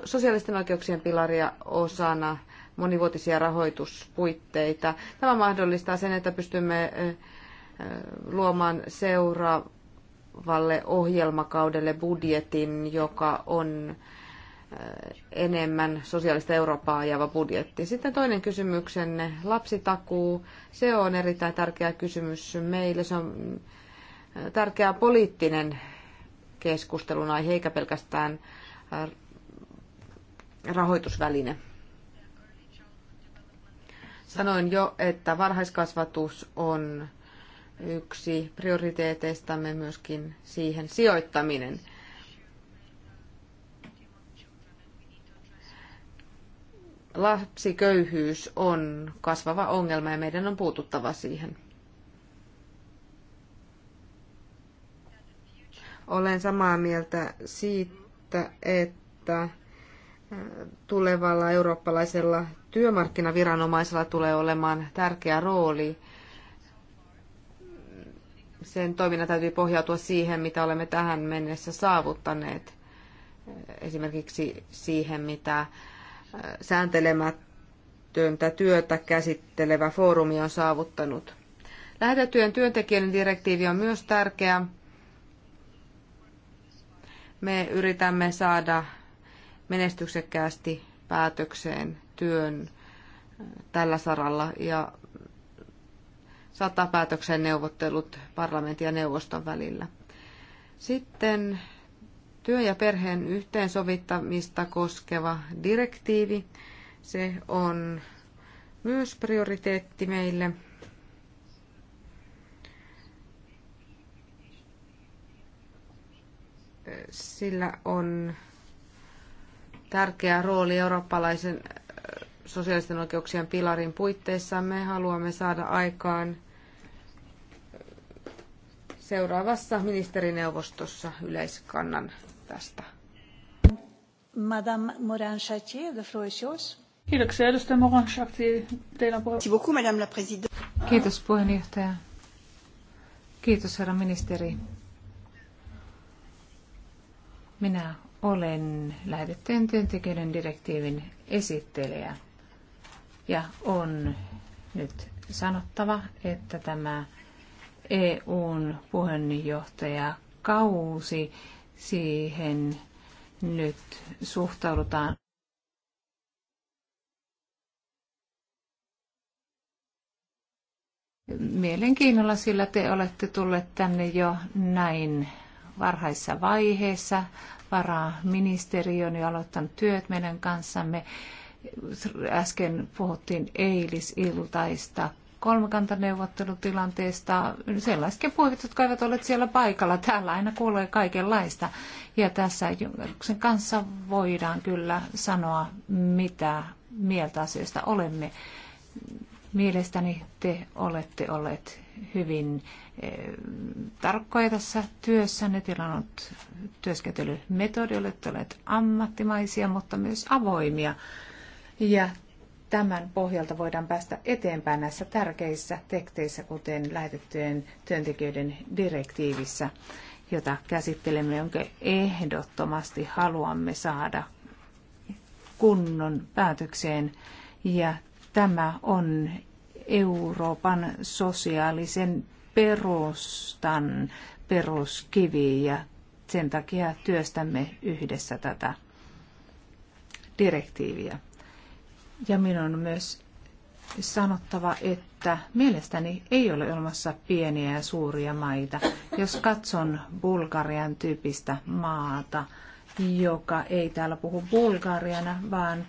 sosiaalisten oikeuksien pilaria osana monivuotisia rahoituspuitteita. Tämä mahdollistaa sen, että pystymme luomaan seuraa tulevalle ohjelmakaudelle budjetin, joka on eh, enemmän sosiaalista Eurooppaa ajava budjetti. Sitten toinen kysymyksenne, lapsitakuu. Se on erittäin tärkeä kysymys meille. Se on eh, tärkeä poliittinen keskustelun aihe, eikä pelkästään eh, rahoitusväline. Sanoin jo, että varhaiskasvatus on yksi prioriteeteistamme myöskin siihen sijoittaminen. Lapsiköyhyys on kasvava ongelma ja meidän on puututtava siihen. Olen samaa mieltä siitä, että tulevalla eurooppalaisella työmarkkinaviranomaisella tulee olemaan tärkeä rooli – sen toiminnan täytyy pohjautua siihen, mitä olemme tähän mennessä saavuttaneet. Esimerkiksi siihen, mitä sääntelemätöntä työtä käsittelevä foorumi on saavuttanut. Lähetettyjen työntekijöiden direktiivi on myös tärkeä. Me yritämme saada menestyksekkäästi päätökseen työn tällä saralla ja saattaa päätökseen neuvottelut parlamentin ja neuvoston välillä. Sitten työ- ja perheen yhteensovittamista koskeva direktiivi. Se on myös prioriteetti meille. Sillä on tärkeä rooli eurooppalaisen sosiaalisten oikeuksien pilarin puitteissa. Me haluamme saada aikaan seuraavassa ministerineuvostossa yleiskannan tästä. Madame Moran Chartier, the floor is yours. Kiitoksia, edustaja Moran Chartier. Teillä on puheenjohtaja. Kiitos puheenjohtaja. Kiitos herra ministeri. Minä olen lähetettyjen työntekijöiden direktiivin esittelijä ja on nyt sanottava, että tämä EUn puheenjohtajakausi. Siihen nyt suhtaudutaan mielenkiinnolla, sillä te olette tulleet tänne jo näin varhaisessa vaiheessa. Varaministeriö on jo aloittanut työt meidän kanssamme. Äsken puhuttiin eilisiltaista kolmikantaneuvottelutilanteesta sellaisetkin puhujat, jotka eivät ole siellä paikalla. Täällä aina kuulee kaikenlaista. Ja tässä Junkeruksen kanssa voidaan kyllä sanoa, mitä mieltä asioista olemme. Mielestäni te olette olleet hyvin eh, tarkkoja tässä työssänne. Teillä on ollut työskentelymetodi, olette olleet ammattimaisia, mutta myös avoimia. Ja tämän pohjalta voidaan päästä eteenpäin näissä tärkeissä tekteissä, kuten lähetettyjen työntekijöiden direktiivissä, jota käsittelemme, jonka ehdottomasti haluamme saada kunnon päätökseen. Ja tämä on Euroopan sosiaalisen perustan peruskivi ja sen takia työstämme yhdessä tätä direktiiviä. Ja minun on myös sanottava, että mielestäni ei ole olemassa pieniä ja suuria maita. Jos katson Bulgarian tyypistä maata, joka ei täällä puhu Bulgariana, vaan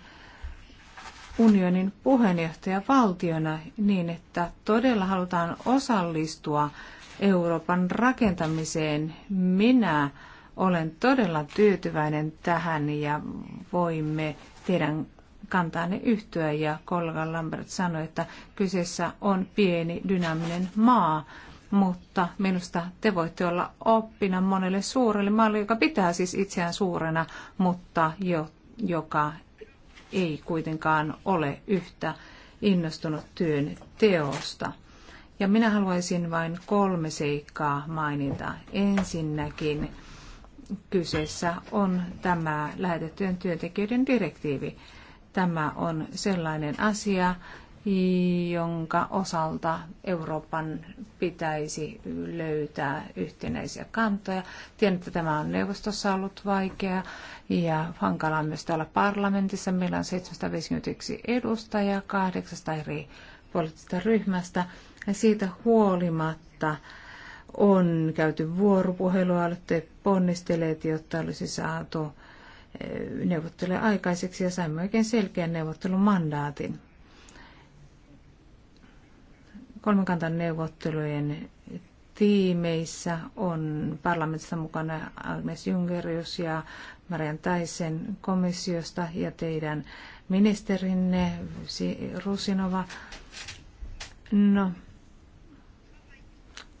unionin puheenjohtajavaltiona niin, että todella halutaan osallistua Euroopan rakentamiseen. Minä olen todella tyytyväinen tähän ja voimme teidän kantaanne yhtyä ja kollega Lambert sanoi, että kyseessä on pieni dynaaminen maa, mutta minusta te voitte olla oppina monelle suurelle maalle, joka pitää siis itseään suurena, mutta jo, joka ei kuitenkaan ole yhtä innostunut työn teosta. Ja minä haluaisin vain kolme seikkaa mainita. Ensinnäkin kyseessä on tämä lähetettyjen työntekijöiden direktiivi. Tämä on sellainen asia, jonka osalta Euroopan pitäisi löytää yhtenäisiä kantoja. Tiedän, että tämä on neuvostossa ollut vaikea ja hankalaa myös täällä parlamentissa. Meillä on 751 edustajaa kahdeksasta eri poliittisesta ryhmästä ja siitä huolimatta on käyty vuoropuhelua, olette ponnisteleet, jotta olisi saatu neuvotteluja aikaiseksi ja saimme oikein selkeän neuvottelumandaatin. Kolmikantan neuvottelujen tiimeissä on parlamentista mukana Agnes Jungerius ja Marian Taisen komissiosta ja teidän ministerinne Rusinova. No,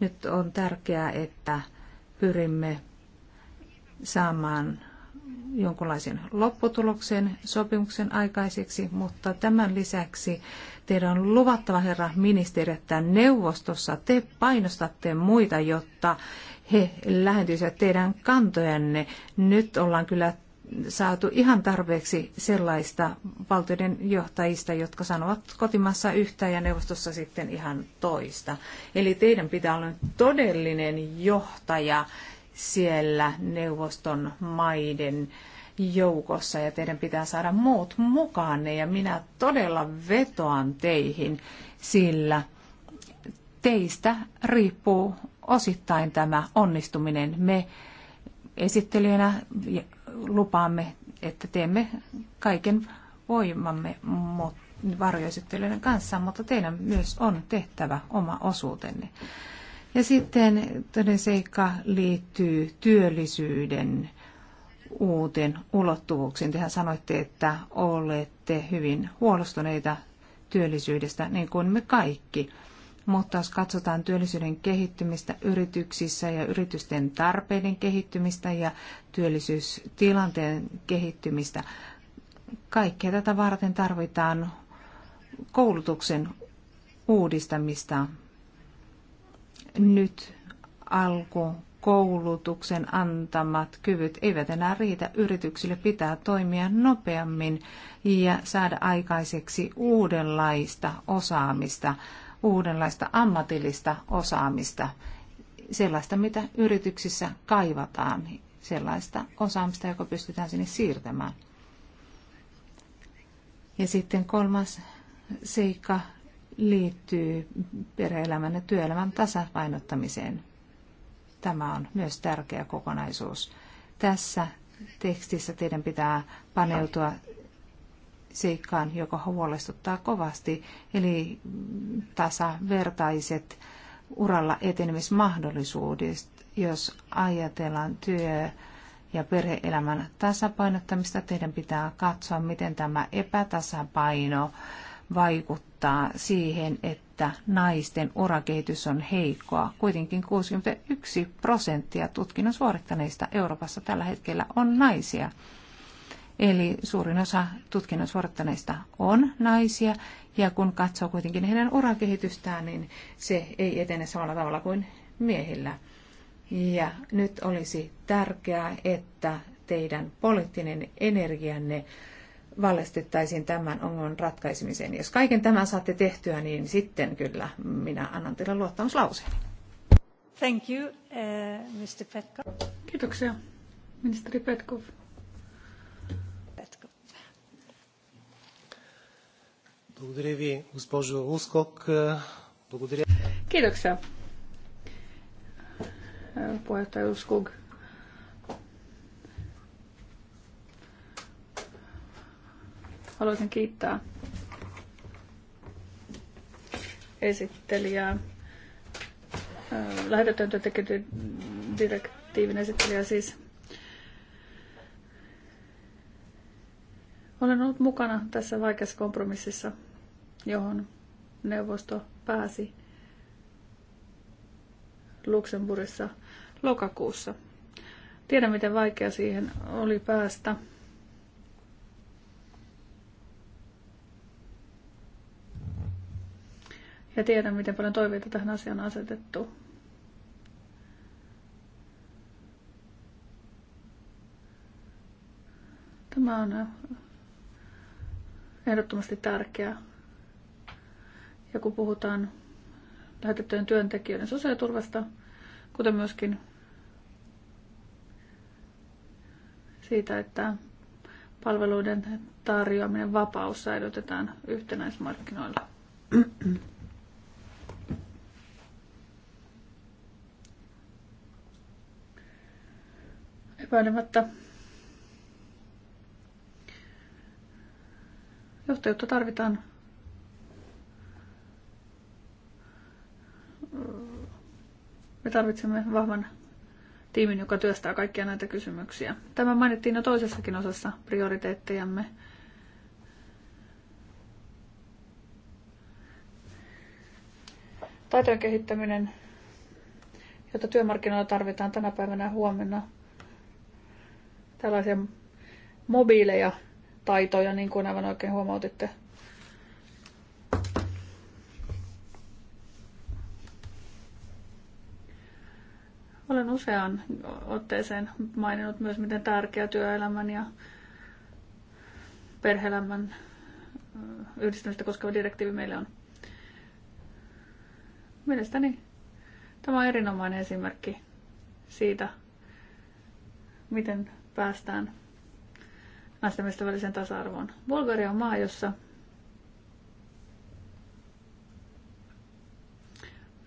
nyt on tärkeää, että pyrimme saamaan jonkunlaisen lopputuloksen sopimuksen aikaiseksi, mutta tämän lisäksi teidän on luvattava, herra ministeri, että neuvostossa te painostatte muita, jotta he lähentyisivät teidän kantojanne. Nyt ollaan kyllä saatu ihan tarpeeksi sellaista valtioiden johtajista, jotka sanovat kotimassa yhtä ja neuvostossa sitten ihan toista. Eli teidän pitää olla todellinen johtaja siellä neuvoston maiden joukossa ja teidän pitää saada muut mukaanne ja minä todella vetoan teihin, sillä teistä riippuu osittain tämä onnistuminen. Me esittelijänä lupaamme, että teemme kaiken voimamme varjoesittelijöiden kanssa, mutta teidän myös on tehtävä oma osuutenne. Ja sitten toden seikka liittyy työllisyyden uuteen ulottuvuuksiin. Tehän sanoitte, että olette hyvin huolestuneita työllisyydestä, niin kuin me kaikki. Mutta jos katsotaan työllisyyden kehittymistä yrityksissä ja yritysten tarpeiden kehittymistä ja työllisyystilanteen kehittymistä, kaikkea tätä varten tarvitaan koulutuksen uudistamista, nyt alku koulutuksen antamat kyvyt eivät enää riitä. Yrityksille pitää toimia nopeammin ja saada aikaiseksi uudenlaista osaamista, uudenlaista ammatillista osaamista, sellaista mitä yrityksissä kaivataan, sellaista osaamista, joka pystytään sinne siirtämään. Ja sitten kolmas seikka liittyy perheelämän ja työelämän tasapainottamiseen. Tämä on myös tärkeä kokonaisuus. Tässä tekstissä teidän pitää paneutua seikkaan, joka huolestuttaa kovasti, eli tasavertaiset uralla etenemismahdollisuudet, jos ajatellaan työ- ja perheelämän tasapainottamista, teidän pitää katsoa, miten tämä epätasapaino vaikuttaa siihen, että naisten urakehitys on heikkoa. Kuitenkin 61 prosenttia tutkinnon suorittaneista Euroopassa tällä hetkellä on naisia. Eli suurin osa tutkinnon suorittaneista on naisia, ja kun katsoo kuitenkin heidän urakehitystään, niin se ei etene samalla tavalla kuin miehillä. Ja nyt olisi tärkeää, että teidän poliittinen energianne valestittaisiin tämän ongelman ratkaisemiseen. Jos kaiken tämän saatte tehtyä, niin sitten kyllä minä annan teille luottamuslauseen. Thank you, uh, Mr. Petkov. Kiitoksia, ministeri Petkov. Petkov. Kiitoksia, puheenjohtaja Uskog. Haluaisin kiittää esittelijää, lähetettyön työntekijöiden direktiivin esittelijää siis. Olen ollut mukana tässä vaikeassa kompromississa, johon neuvosto pääsi Luxemburgissa lokakuussa. Tiedän, miten vaikea siihen oli päästä. ja tiedän, miten paljon toiveita tähän asiaan on asetettu. Tämä on äh, ehdottomasti tärkeää. Ja kun puhutaan lähetettyjen työntekijöiden sosiaaliturvasta, kuten myöskin siitä, että palveluiden tarjoaminen vapaus säilytetään yhtenäismarkkinoilla. epäilemättä. Johtajuutta tarvitaan me tarvitsemme vahvan tiimin, joka työstää kaikkia näitä kysymyksiä. Tämä mainittiin jo toisessakin osassa prioriteettejamme. Taitojen kehittäminen, jota työmarkkinoilla tarvitaan tänä päivänä ja huomenna, tällaisia mobiileja taitoja, niin kuin aivan oikein huomautitte. Olen useaan otteeseen maininnut myös, miten tärkeä työelämän ja perheelämän yhdistämistä koskeva direktiivi meille on. Mielestäni tämä on erinomainen esimerkki siitä, miten päästään naisten miesten välisen tasa-arvoon. Bulgaria on maa, jossa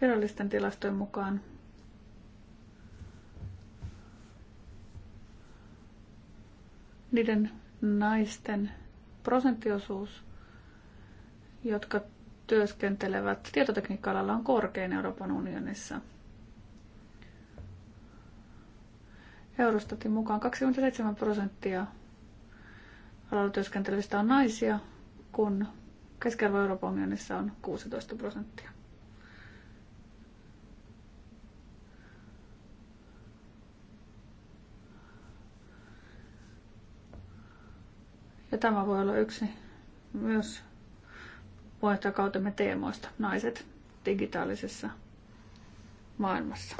virallisten tilastojen mukaan niiden naisten prosenttiosuus, jotka työskentelevät tietotekniikka-alalla, on korkein Euroopan unionissa – Eurostatin mukaan 27 prosenttia alalla työskentelevistä on naisia, kun keskiarvo Euroopan unionissa on 16 prosenttia. Ja tämä voi olla yksi myös puheenjohtajakautemme teemoista, naiset digitaalisessa maailmassa.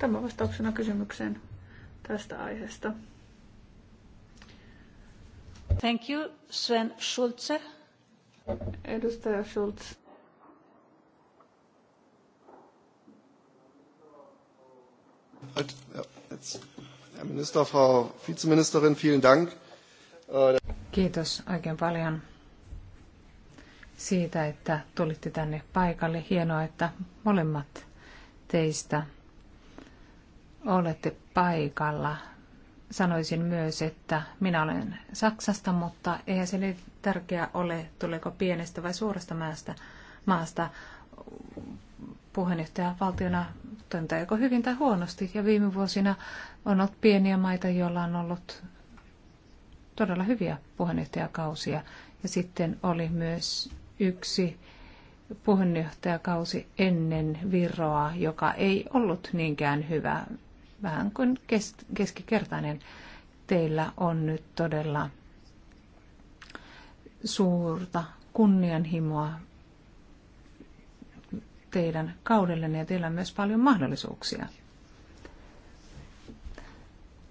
Tämä vastauksena kysymykseen tästä aiheesta. Thank you, Sven Schulze. Edustaja Schulz. Herr Minister, Frau Vizeministerin, vielen Dank. Äh, Kiitos oikein paljon siitä, että tulitte tänne paikalle. Hienoa, että molemmat teistä olette paikalla. Sanoisin myös, että minä olen Saksasta, mutta eihän se nyt tärkeää ole, tuleeko pienestä vai suuresta maasta. maasta puheenjohtaja valtiona toimintaa joko hyvin tai huonosti. Ja viime vuosina on ollut pieniä maita, joilla on ollut todella hyviä puheenjohtajakausia. Ja sitten oli myös yksi puheenjohtajakausi ennen Viroa, joka ei ollut niinkään hyvä vähän kuin kes- keskikertainen. Teillä on nyt todella suurta kunnianhimoa teidän kaudellenne ja teillä on myös paljon mahdollisuuksia.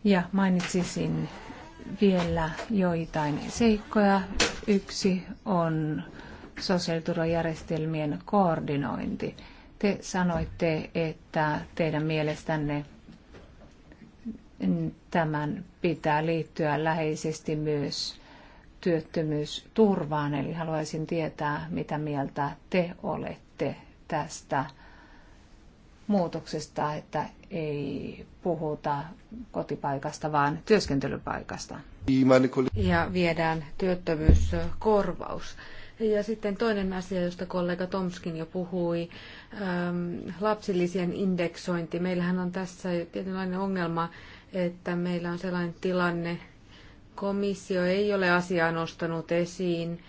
Ja mainitsisin vielä joitain seikkoja. Yksi on sosiaaliturvajärjestelmien koordinointi. Te sanoitte, että teidän mielestänne tämän pitää liittyä läheisesti myös työttömyysturvaan, eli haluaisin tietää, mitä mieltä te olette tästä muutoksesta, että ei puhuta kotipaikasta, vaan työskentelypaikasta. Ja viedään työttömyyskorvaus. Ja sitten toinen asia, josta kollega Tomskin jo puhui, lapsilisien indeksointi. Meillähän on tässä tietynlainen ongelma että meillä on sellainen tilanne, komissio ei ole asiaa nostanut esiin.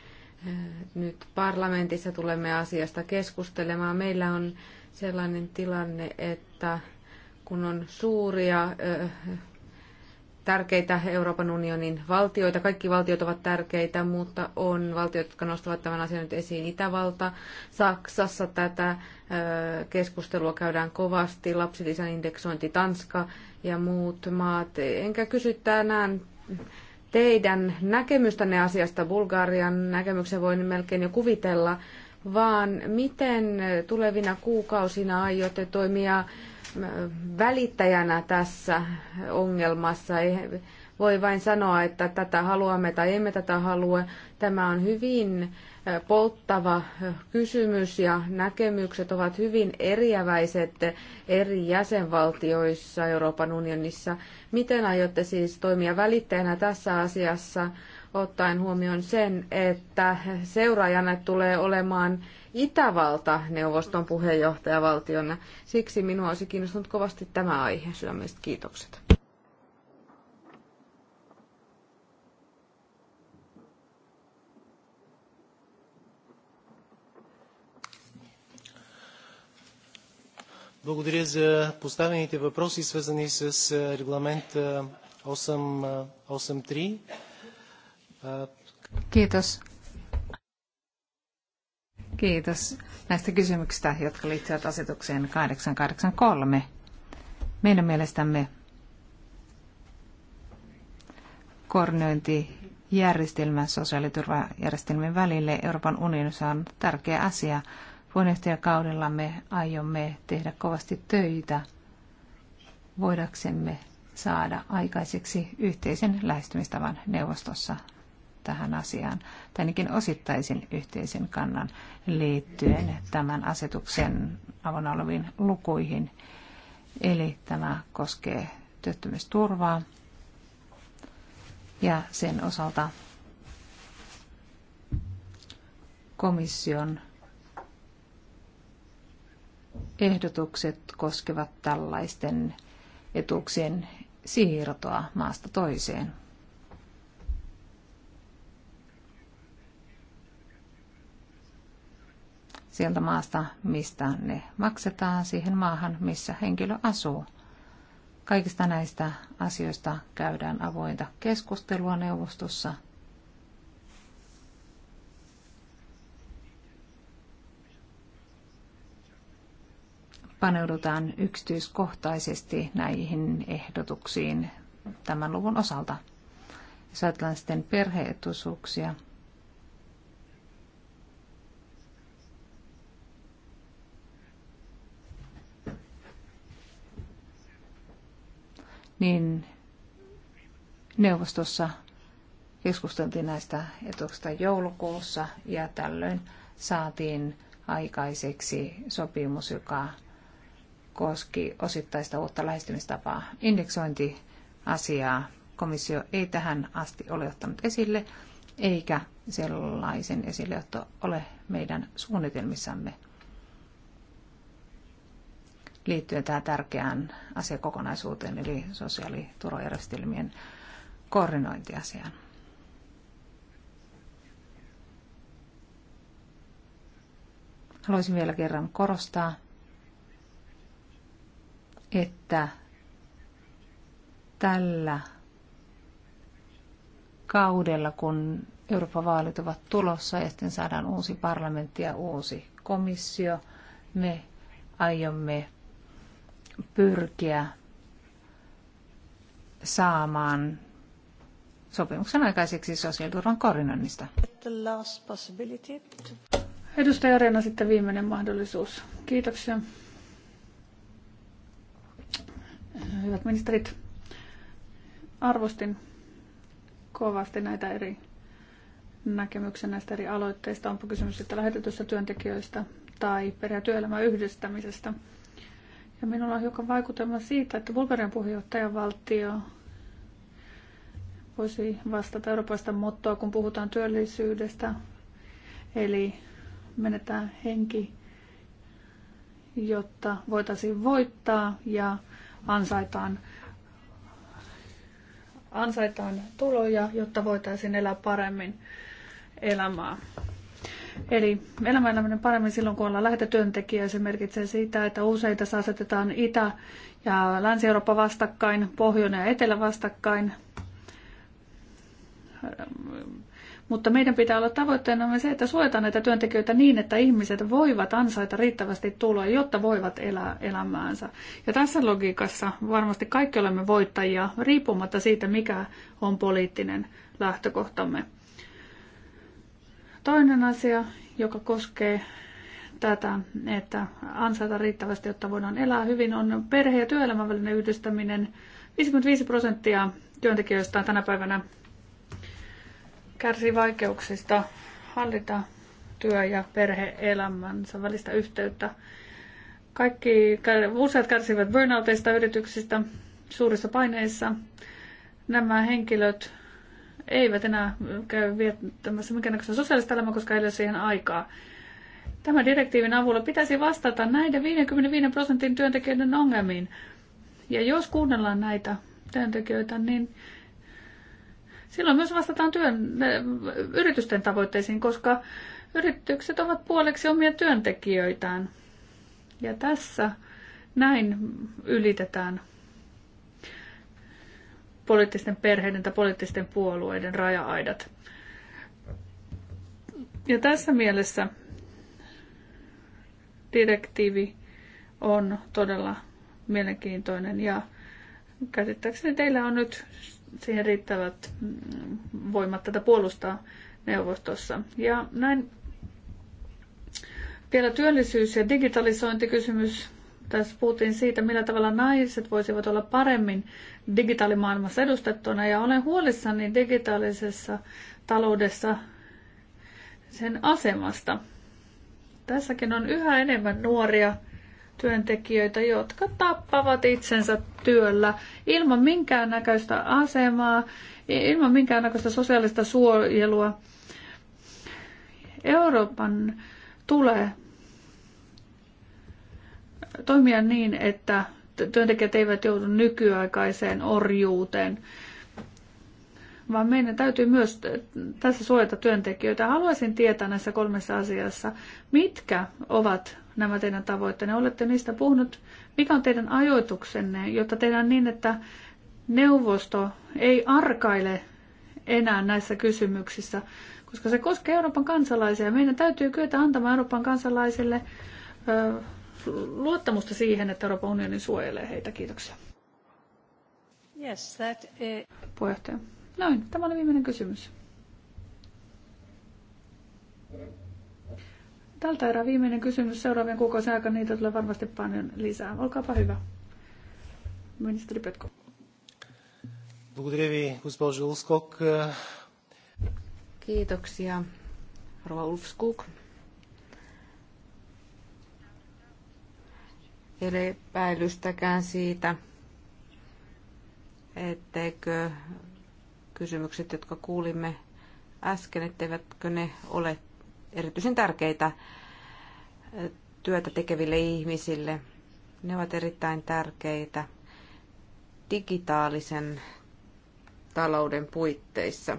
Nyt parlamentissa tulemme asiasta keskustelemaan. Meillä on sellainen tilanne, että kun on suuria tärkeitä Euroopan unionin valtioita. Kaikki valtiot ovat tärkeitä, mutta on valtiot, jotka nostavat tämän asian nyt esiin. Itävalta, Saksassa tätä keskustelua käydään kovasti, lapsilisän indeksointi, Tanska ja muut maat. Enkä kysy tänään teidän näkemystänne asiasta, Bulgarian näkemyksen voin melkein jo kuvitella, vaan miten tulevina kuukausina aiotte toimia välittäjänä tässä ongelmassa? voi vain sanoa, että tätä haluamme tai emme tätä halua. Tämä on hyvin polttava kysymys ja näkemykset ovat hyvin eriäväiset eri jäsenvaltioissa Euroopan unionissa. Miten aiotte siis toimia välitteenä tässä asiassa, ottaen huomioon sen, että seuraajana tulee olemaan Itävalta neuvoston puheenjohtajavaltiona. Siksi minua olisi kiinnostunut kovasti tämä aihe. Sydämestä kiitokset. Благодаря за поставените въпроси, свързани с регламент 883. Kiitos. Kiitos näistä kysymyksistä, jotka liittyvät asetukseen 883. Meidän mielestämme koordinointijärjestelmä sosiaaliturvajärjestelmien välille Euroopan unionissa on tärkeä asia – puheenjohtajakaudellamme aiomme tehdä kovasti töitä voidaksemme saada aikaiseksi yhteisen lähestymistavan neuvostossa tähän asiaan, tai ainakin osittaisen yhteisen kannan liittyen tämän asetuksen avun oleviin lukuihin. Eli tämä koskee työttömyysturvaa ja sen osalta komission ehdotukset koskevat tällaisten etuuksien siirtoa maasta toiseen. Sieltä maasta, mistä ne maksetaan, siihen maahan, missä henkilö asuu. Kaikista näistä asioista käydään avointa keskustelua neuvostossa – paneudutaan yksityiskohtaisesti näihin ehdotuksiin tämän luvun osalta. Jos ajatellaan sitten perheetuisuuksia, niin neuvostossa keskusteltiin näistä etuuksista joulukuussa ja tällöin saatiin aikaiseksi sopimus, joka koski osittaista uutta lähestymistapaa. Indeksointiasiaa komissio ei tähän asti ole ottanut esille, eikä sellaisen esilleotto ole meidän suunnitelmissamme liittyen tähän tärkeään asiakokonaisuuteen, eli sosiaaliturvajärjestelmien koordinointiasiaan. Haluaisin vielä kerran korostaa, että tällä kaudella, kun Euroopan vaalit ovat tulossa ja sitten saadaan uusi parlamentti ja uusi komissio, me aiomme pyrkiä saamaan sopimuksen aikaiseksi sosiaaliturvan koordinoinnista. Edustaja Arena, sitten viimeinen mahdollisuus. Kiitoksia. Hyvät ministerit, arvostin kovasti näitä eri näkemyksiä näistä eri aloitteista, onpa kysymys sitten lähetetystä työntekijöistä tai perä- työelämän yhdistämisestä. Ja minulla on hiukan vaikutelma siitä, että Bulgarian valtio voisi vastata eurooppalaista mottoa, kun puhutaan työllisyydestä, eli menetään henki, jotta voitaisiin voittaa ja ansaitaan, ansaitaan tuloja, jotta voitaisiin elää paremmin elämää. Eli elämä eläminen paremmin silloin, kun ollaan lähetä se merkitsee sitä, että useita asetetaan Itä- ja Länsi-Eurooppa vastakkain, Pohjoinen ja Etelä vastakkain. Mutta meidän pitää olla tavoitteena se, että suojataan näitä työntekijöitä niin, että ihmiset voivat ansaita riittävästi tuloa, jotta voivat elää elämäänsä. Ja tässä logiikassa varmasti kaikki olemme voittajia, riippumatta siitä, mikä on poliittinen lähtökohtamme. Toinen asia, joka koskee tätä, että ansaita riittävästi, jotta voidaan elää hyvin, on perhe- ja työelämän välinen yhdistäminen. 55 prosenttia työntekijöistä on tänä päivänä kärsii vaikeuksista hallita työ- ja perhe-elämänsä välistä yhteyttä. Kaikki, useat kärsivät burnouteista yrityksistä suurissa paineissa. Nämä henkilöt eivät enää käy viettämässä minkäännäköistä sosiaalista elämää, koska ei ole siihen aikaa. Tämän direktiivin avulla pitäisi vastata näiden 55 prosentin työntekijöiden ongelmiin. Ja jos kuunnellaan näitä työntekijöitä, niin Silloin myös vastataan työn, yritysten tavoitteisiin, koska yritykset ovat puoleksi omia työntekijöitään. Ja tässä näin ylitetään poliittisten perheiden tai poliittisten puolueiden raja-aidat. Ja tässä mielessä direktiivi on todella mielenkiintoinen ja käsittääkseni teillä on nyt siihen riittävät voimat tätä puolustaa neuvostossa. Ja näin vielä työllisyys- ja digitalisointikysymys. Tässä puhuttiin siitä, millä tavalla naiset voisivat olla paremmin digitaalimaailmassa edustettuna. Ja olen huolissani digitaalisessa taloudessa sen asemasta. Tässäkin on yhä enemmän nuoria, työntekijöitä, jotka tappavat itsensä työllä ilman minkäännäköistä asemaa, ilman minkäännäköistä sosiaalista suojelua. Euroopan tulee toimia niin, että työntekijät eivät joudu nykyaikaiseen orjuuteen, vaan meidän täytyy myös tässä suojata työntekijöitä. Haluaisin tietää näissä kolmessa asiassa, mitkä ovat nämä teidän tavoitteenne. Olette niistä puhunut. Mikä on teidän ajoituksenne, jotta tehdään niin, että neuvosto ei arkaile enää näissä kysymyksissä, koska se koskee Euroopan kansalaisia. Meidän täytyy kyetä antamaan Euroopan kansalaisille ö, luottamusta siihen, että Euroopan unioni suojelee heitä. Kiitoksia. Yes, that, eh, Puheenjohtaja. Noin, tämä oli viimeinen kysymys. Tältä erää viimeinen kysymys. Seuraavien kuukausien aikana niitä tulee varmasti paljon lisää. Olkaapa hyvä. Ministeri Petko. Kiitoksia, Rova Ulfskog. Ei ole epäilystäkään siitä, etteikö kysymykset, jotka kuulimme äsken, etteivätkö ne ole erityisen tärkeitä työtä tekeville ihmisille. Ne ovat erittäin tärkeitä digitaalisen talouden puitteissa.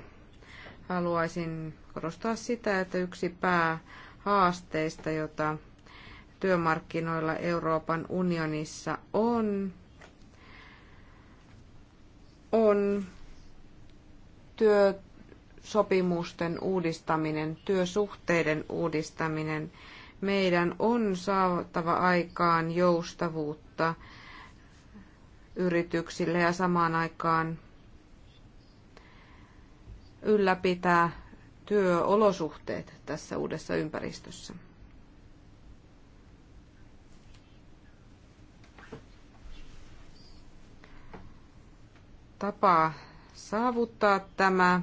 Haluaisin korostaa sitä, että yksi päähaasteista, jota työmarkkinoilla Euroopan unionissa on, on työt sopimusten uudistaminen, työsuhteiden uudistaminen. Meidän on saatava aikaan joustavuutta yrityksille ja samaan aikaan ylläpitää työolosuhteet tässä uudessa ympäristössä. Tapa saavuttaa tämä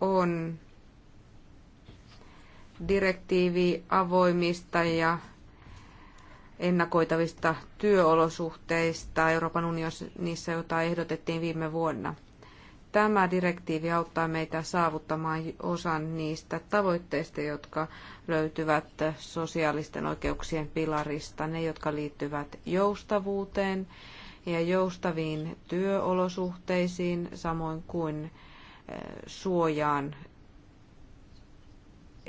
on direktiivi avoimista ja ennakoitavista työolosuhteista Euroopan unionissa, jota ehdotettiin viime vuonna. Tämä direktiivi auttaa meitä saavuttamaan osan niistä tavoitteista, jotka löytyvät sosiaalisten oikeuksien pilarista, ne jotka liittyvät joustavuuteen ja joustaviin työolosuhteisiin, samoin kuin suojaan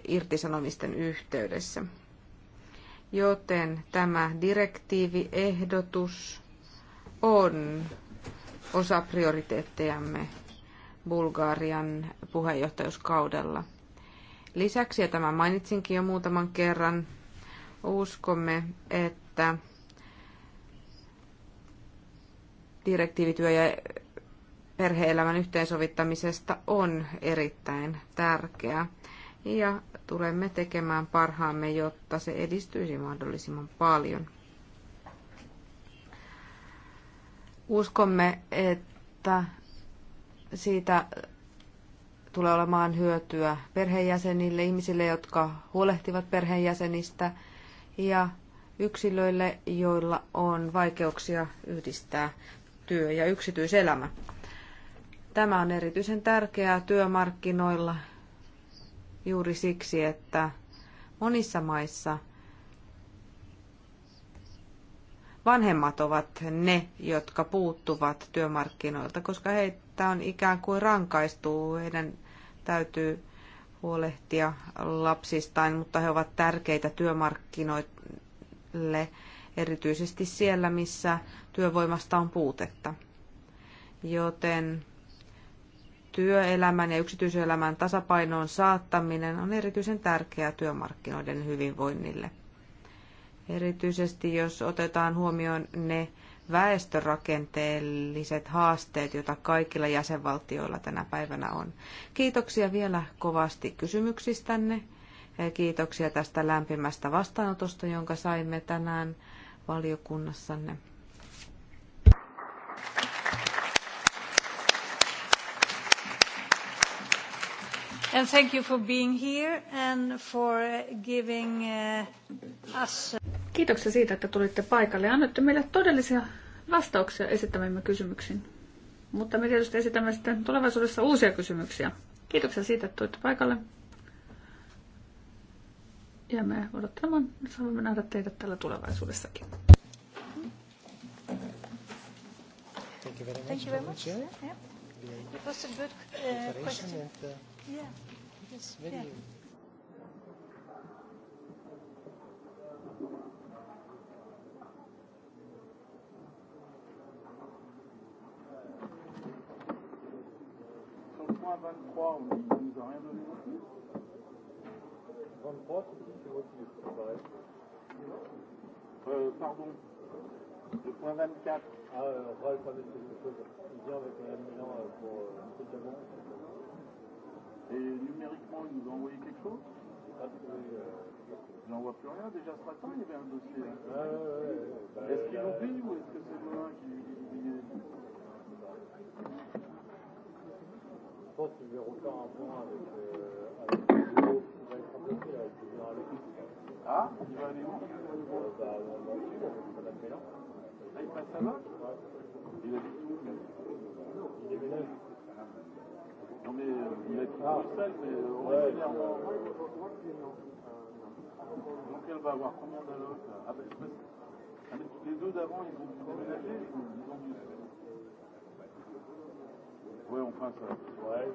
irtisanomisten yhteydessä. Joten tämä direktiiviehdotus on osa prioriteettejamme Bulgarian puheenjohtajuuskaudella. Lisäksi, ja tämä mainitsinkin jo muutaman kerran, uskomme, että direktiivityö ja perhe-elämän yhteensovittamisesta on erittäin tärkeä ja tulemme tekemään parhaamme, jotta se edistyisi mahdollisimman paljon. Uskomme, että siitä tulee olemaan hyötyä perheenjäsenille, ihmisille, jotka huolehtivat perheenjäsenistä ja yksilöille, joilla on vaikeuksia yhdistää työ ja yksityiselämä. Tämä on erityisen tärkeää työmarkkinoilla juuri siksi, että monissa maissa vanhemmat ovat ne, jotka puuttuvat työmarkkinoilta, koska heitä on ikään kuin rankaistuu. Heidän täytyy huolehtia lapsistaan, mutta he ovat tärkeitä työmarkkinoille, erityisesti siellä, missä työvoimasta on puutetta. Joten työelämän ja yksityiselämän tasapainoon saattaminen on erityisen tärkeää työmarkkinoiden hyvinvoinnille. Erityisesti jos otetaan huomioon ne väestörakenteelliset haasteet, joita kaikilla jäsenvaltioilla tänä päivänä on. Kiitoksia vielä kovasti kysymyksistänne. Kiitoksia tästä lämpimästä vastaanotosta, jonka saimme tänään valiokunnassanne. And thank you for being here and for giving uh, us... Uh, Kiitoksia siitä, että tulitte paikalle ja annoitte meille todellisia vastauksia esittämämme kysymyksiin. Mutta me tietysti esitämme sitten tulevaisuudessa uusia kysymyksiä. Kiitoksia siitä, että tulitte paikalle. Ja me odottamaan, saamme nähdä teitä täällä tulevaisuudessakin. Thank you very much. Thank you very much. Yeah. Yeah. It was a good uh, question. And, uh... Yeah. Yes, very yeah. Point 23, on 23, tu dis que pardon. Le point 24. Ah, euh, on va le point 24, il vient avec Madame Milan pour euh, un peu de diamant. Et numériquement, ils nous ont envoyé quelque chose J'en vois plus rien. Déjà ce matin, il y avait un dossier. ouais, ouais, est-ce qu'ils l'oublient ou est-ce que c'est Melun qui l'oubliait Je pense qu'ils verront faire un point avec, euh, le va Ah, il va aller où euh, Ah, il passe là-bas ouais. Il habite où Il déménage. Non mais euh, vous n'êtes pas Bruxelles, mais originairement. Euh, Donc elle va avoir combien d'allocs Ah ben je sais ah, mais les deux d'avant, ils ont déménagé, ils ont, ils ont dû... Ouais, enfin ça. Ouais.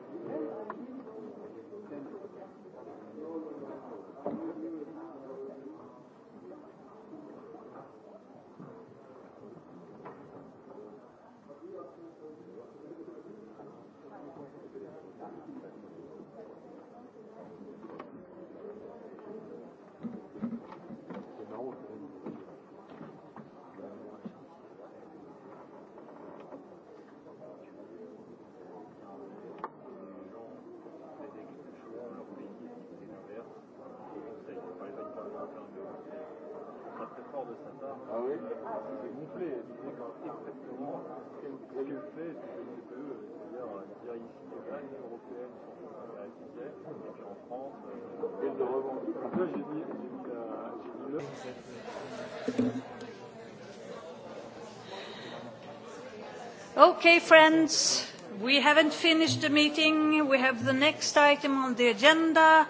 Okay, friends, we haven't finished the meeting. We have the next item on the agenda,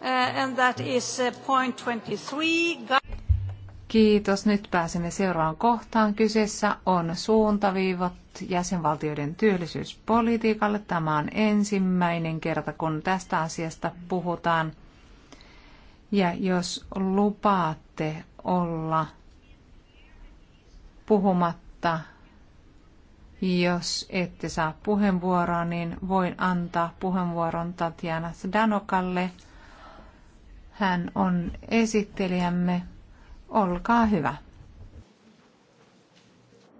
uh, and that is uh, point 23. Kiitos. Nyt pääsemme seuraavaan kohtaan. Kyseessä on suuntaviivat jäsenvaltioiden työllisyyspolitiikalle. Tämä on ensimmäinen kerta, kun tästä asiasta puhutaan. Ja jos lupaatte olla puhumatta, jos ette saa puheenvuoroa, niin voin antaa puheenvuoron Tatjana Danokalle. Hän on esittelijämme. Olkaa hyvä.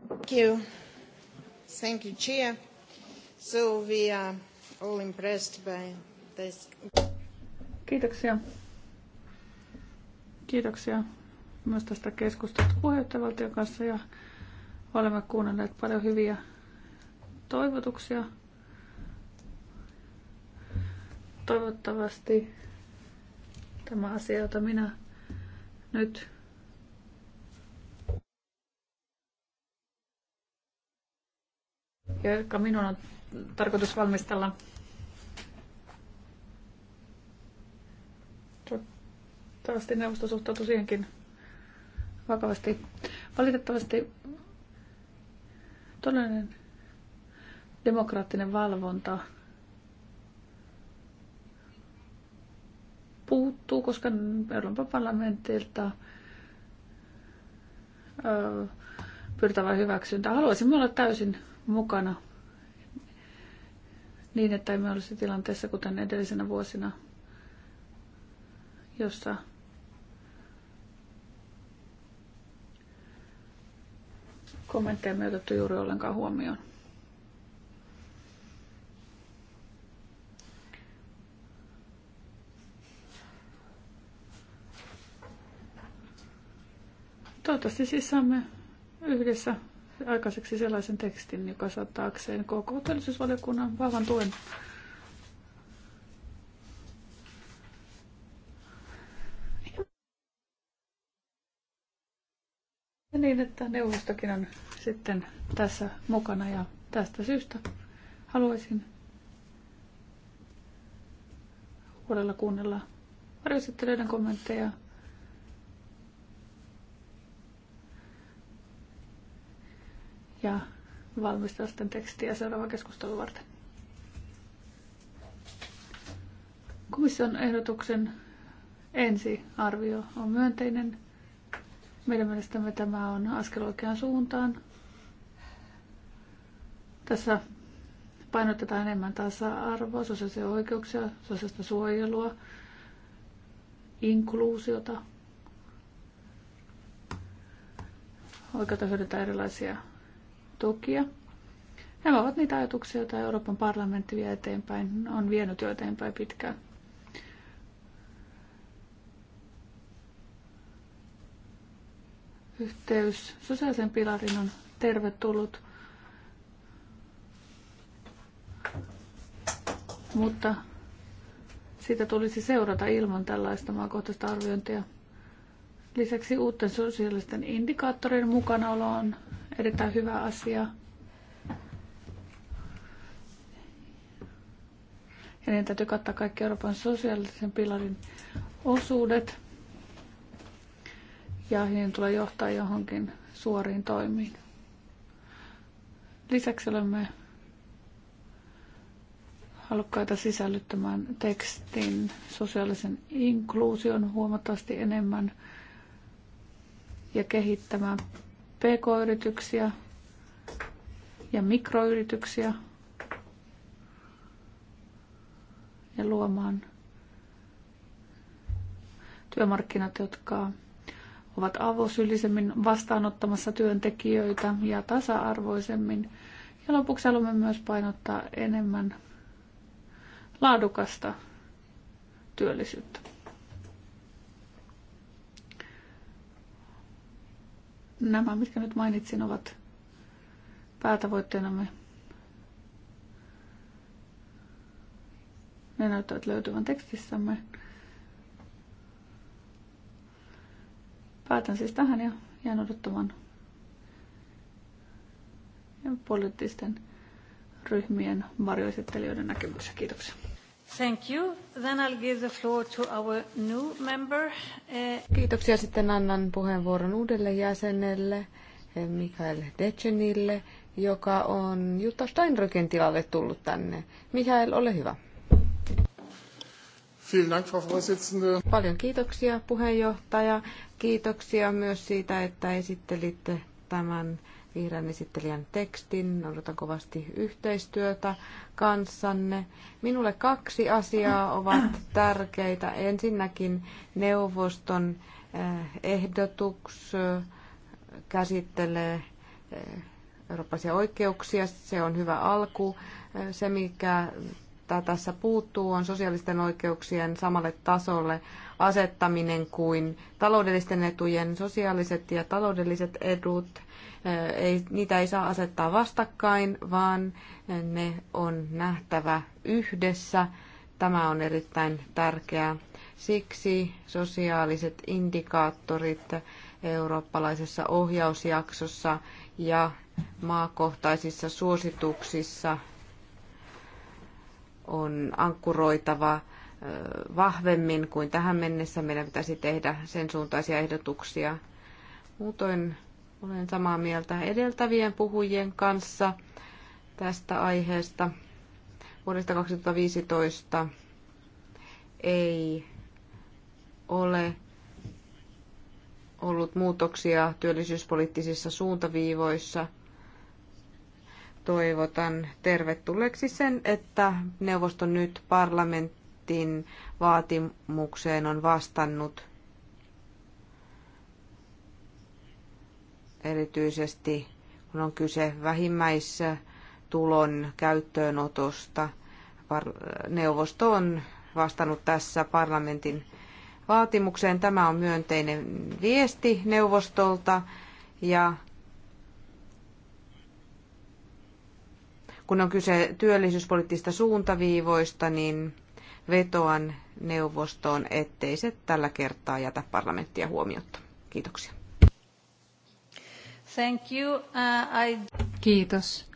Thank you. Thank you, Chair. So we are all impressed by this. Kiitoksia. Kiitoksia myös tästä keskustelusta puheenjohtajavaltion kanssa ja olemme kuunnelleet paljon hyviä toivotuksia. Toivottavasti tämä asia, jota minä nyt jotka minun on tarkoitus valmistella. Toivottavasti neuvosto suhtautuu siihenkin vakavasti. Valitettavasti todellinen demokraattinen valvonta puuttuu, koska Euroopan parlamentilta öö, pyrtävä hyväksyntä. Haluaisimme olla täysin mukana niin, että emme olisi tilanteessa kuten edellisenä vuosina, jossa kommentteja me otettu juuri ollenkaan huomioon. Toivottavasti siis saamme yhdessä aikaiseksi sellaisen tekstin, joka saattaakseen koko työllisyysvaliokunnan vahvan tuen. Ja niin, että neuvostokin on sitten tässä mukana ja tästä syystä haluaisin huolella kuunnella varjoesittelijöiden kommentteja ja valmistaa sitten tekstiä seuraava keskustelu varten. Komission ehdotuksen ensiarvio on myönteinen. Meidän mielestämme tämä on askel oikeaan suuntaan. Tässä painotetaan enemmän tasa-arvoa, sosiaalisia oikeuksia, sosiaalista suojelua, inkluusiota, oikeutta hyödyntää erilaisia tukia. Nämä ovat niitä ajatuksia, joita Euroopan parlamentti vie eteenpäin, on vienyt jo eteenpäin pitkään. Yhteys sosiaalisen pilarin on tervetullut, mutta sitä tulisi seurata ilman tällaista maakohtaista arviointia. Lisäksi uuden sosiaalisten indikaattorien mukanaolo on erittäin hyvä asia. Ja niin täytyy kattaa kaikki Euroopan sosiaalisen pilarin osuudet. Ja niin tulee johtaa johonkin suoriin toimiin. Lisäksi olemme halukkaita sisällyttämään tekstin sosiaalisen inkluusion huomattavasti enemmän – ja kehittämään pk-yrityksiä ja mikroyrityksiä ja luomaan työmarkkinat, jotka ovat avosyllisemmin vastaanottamassa työntekijöitä ja tasa-arvoisemmin. Ja lopuksi haluamme myös painottaa enemmän laadukasta työllisyyttä. Nämä, mitkä nyt mainitsin, ovat päätavoitteenamme. Ne näyttävät löytyvän tekstissämme. Päätän siis tähän ja jään odottamaan poliittisten ryhmien varjoesittelijöiden näkemyksiä. Kiitoksia. Thank you. Then I'll give the floor to our new member. Uh, kiitoksia. Sitten annan puheenvuoron uudelle jäsenelle, eh, Mikael Decenille, joka on Jutta Steinröken tilalle tullut tänne. Mikael, ole hyvä. Paljon kiitoksia puheenjohtaja. Kiitoksia myös siitä, että esittelitte tämän vihreän esittelijän tekstin. Odotan kovasti yhteistyötä kanssanne. Minulle kaksi asiaa ovat tärkeitä. Ensinnäkin neuvoston eh, ehdotus eh, käsittelee eh, eurooppalaisia oikeuksia. Se on hyvä alku. Se, mikä tässä puuttuu, on sosiaalisten oikeuksien samalle tasolle asettaminen kuin taloudellisten etujen sosiaaliset ja taloudelliset edut ei, niitä ei saa asettaa vastakkain, vaan ne on nähtävä yhdessä. Tämä on erittäin tärkeää. Siksi sosiaaliset indikaattorit eurooppalaisessa ohjausjaksossa ja maakohtaisissa suosituksissa on ankkuroitava vahvemmin kuin tähän mennessä. Meidän pitäisi tehdä sen suuntaisia ehdotuksia. Muutoin olen samaa mieltä edeltävien puhujien kanssa tästä aiheesta. Vuodesta 2015 ei ole ollut muutoksia työllisyyspoliittisissa suuntaviivoissa. Toivotan tervetulleeksi sen, että neuvosto nyt parlamentin vaatimukseen on vastannut – erityisesti kun on kyse vähimmäistulon käyttöönotosta. Neuvosto on vastannut tässä parlamentin vaatimukseen. Tämä on myönteinen viesti neuvostolta ja kun on kyse työllisyyspoliittisista suuntaviivoista, niin vetoan neuvostoon, ettei se tällä kertaa jätä parlamenttia huomiota. Kiitoksia. Thank you. Uh, I... Kiitos.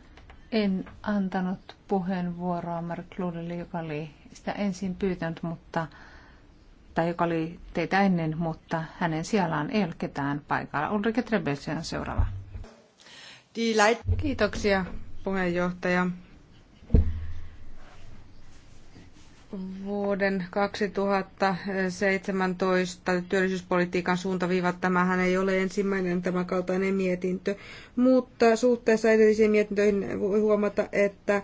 En antanut puheenvuoroa Mark Ludelle, joka oli sitä ensin pyytänyt, mutta tai joka oli teitä ennen, mutta hänen sijallaan ei ole ketään paikalla. Ulrike Trebesian seuraava. Kiitoksia puheenjohtaja. vuoden 2017 työllisyyspolitiikan suuntaviivat. Tämähän ei ole ensimmäinen tämän kaltainen mietintö, mutta suhteessa edellisiin mietintöihin voi huomata, että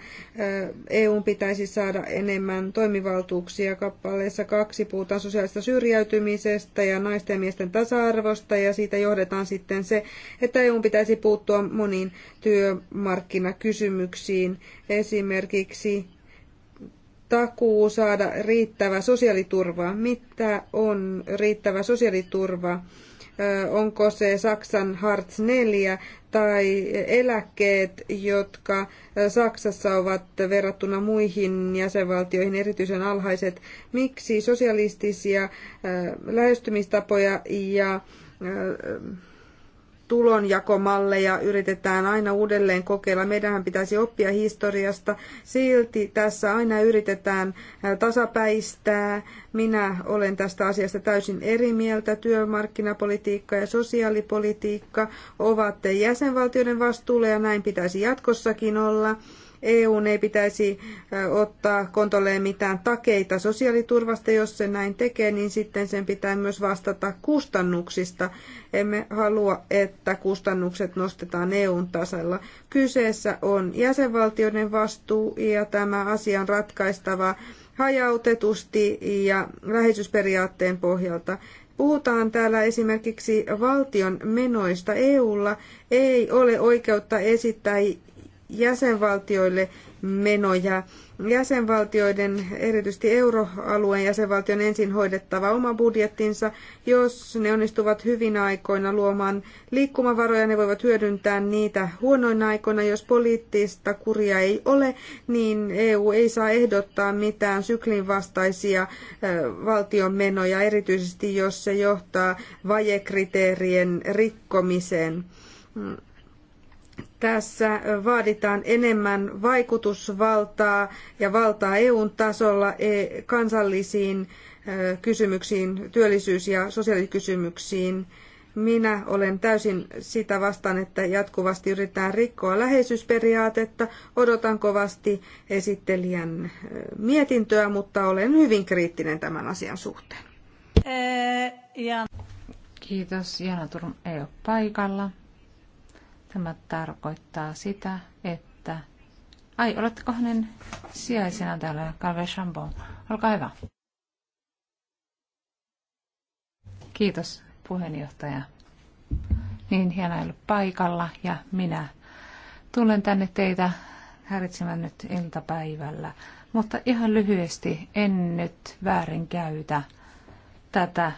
EU pitäisi saada enemmän toimivaltuuksia. Kappaleessa kaksi puhutaan sosiaalista syrjäytymisestä ja naisten ja miesten tasa-arvosta ja siitä johdetaan sitten se, että EU pitäisi puuttua moniin työmarkkinakysymyksiin, esimerkiksi takuu saada riittävä sosiaaliturva. Mitä on riittävä sosiaaliturva? Onko se Saksan Hartz 4 tai eläkkeet, jotka Saksassa ovat verrattuna muihin jäsenvaltioihin erityisen alhaiset? Miksi sosialistisia lähestymistapoja ja tulonjakomalleja yritetään aina uudelleen kokeilla. Meidän pitäisi oppia historiasta. Silti tässä aina yritetään tasapäistää. Minä olen tästä asiasta täysin eri mieltä. Työmarkkinapolitiikka ja sosiaalipolitiikka ovat jäsenvaltioiden vastuulla ja näin pitäisi jatkossakin olla. EUn ei pitäisi ottaa kontolleen mitään takeita sosiaaliturvasta. Jos se näin tekee, niin sitten sen pitää myös vastata kustannuksista. Emme halua, että kustannukset nostetaan EUn tasalla. Kyseessä on jäsenvaltioiden vastuu ja tämä asia on ratkaistava hajautetusti ja läheisyysperiaatteen pohjalta. Puhutaan täällä esimerkiksi valtion menoista. EUlla ei ole oikeutta esittää jäsenvaltioille menoja. Jäsenvaltioiden, erityisesti euroalueen jäsenvaltion ensin hoidettava oma budjettinsa. Jos ne onnistuvat hyvin aikoina luomaan liikkumavaroja, ne voivat hyödyntää niitä huonoina aikoina. Jos poliittista kuria ei ole, niin EU ei saa ehdottaa mitään syklin vastaisia valtion menoja, erityisesti jos se johtaa vajekriteerien rikkomiseen. Mm. Tässä vaaditaan enemmän vaikutusvaltaa ja valtaa EUn tasolla e, kansallisiin kysymyksiin, työllisyys- ja sosiaalikysymyksiin. Minä olen täysin sitä vastaan, että jatkuvasti yritetään rikkoa läheisyysperiaatetta. Odotan kovasti esittelijän mietintöä, mutta olen hyvin kriittinen tämän asian suhteen. Eh, Kiitos. Jana Turun ei ole paikalla. Tämä tarkoittaa sitä, että... Ai, oletteko hänen sijaisena täällä, Calve Chambon? Olkaa hyvä. Kiitos, puheenjohtaja. Niin hienoa olla paikalla ja minä tulen tänne teitä häiritsemään nyt iltapäivällä. Mutta ihan lyhyesti, en nyt väärinkäytä tätä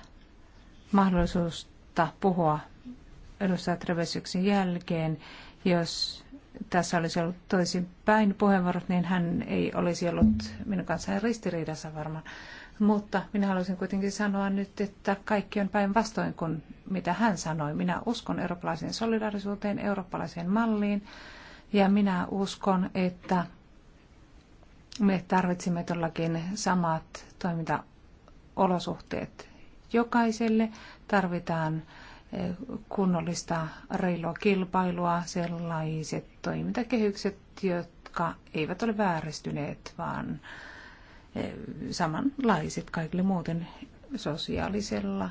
mahdollisuutta puhua edustaja jälkeen. Jos tässä olisi ollut toisin päin puheenvuorot, niin hän ei olisi ollut minun kanssani ristiriidassa varmaan. Mutta minä haluaisin kuitenkin sanoa nyt, että kaikki on päinvastoin kuin mitä hän sanoi. Minä uskon eurooppalaiseen solidaarisuuteen, eurooppalaiseen malliin ja minä uskon, että me tarvitsemme todellakin samat toimintaolosuhteet jokaiselle. Tarvitaan kunnollista reilua kilpailua, sellaiset toimintakehykset, jotka eivät ole vääristyneet, vaan e, samanlaiset kaikille muuten sosiaalisella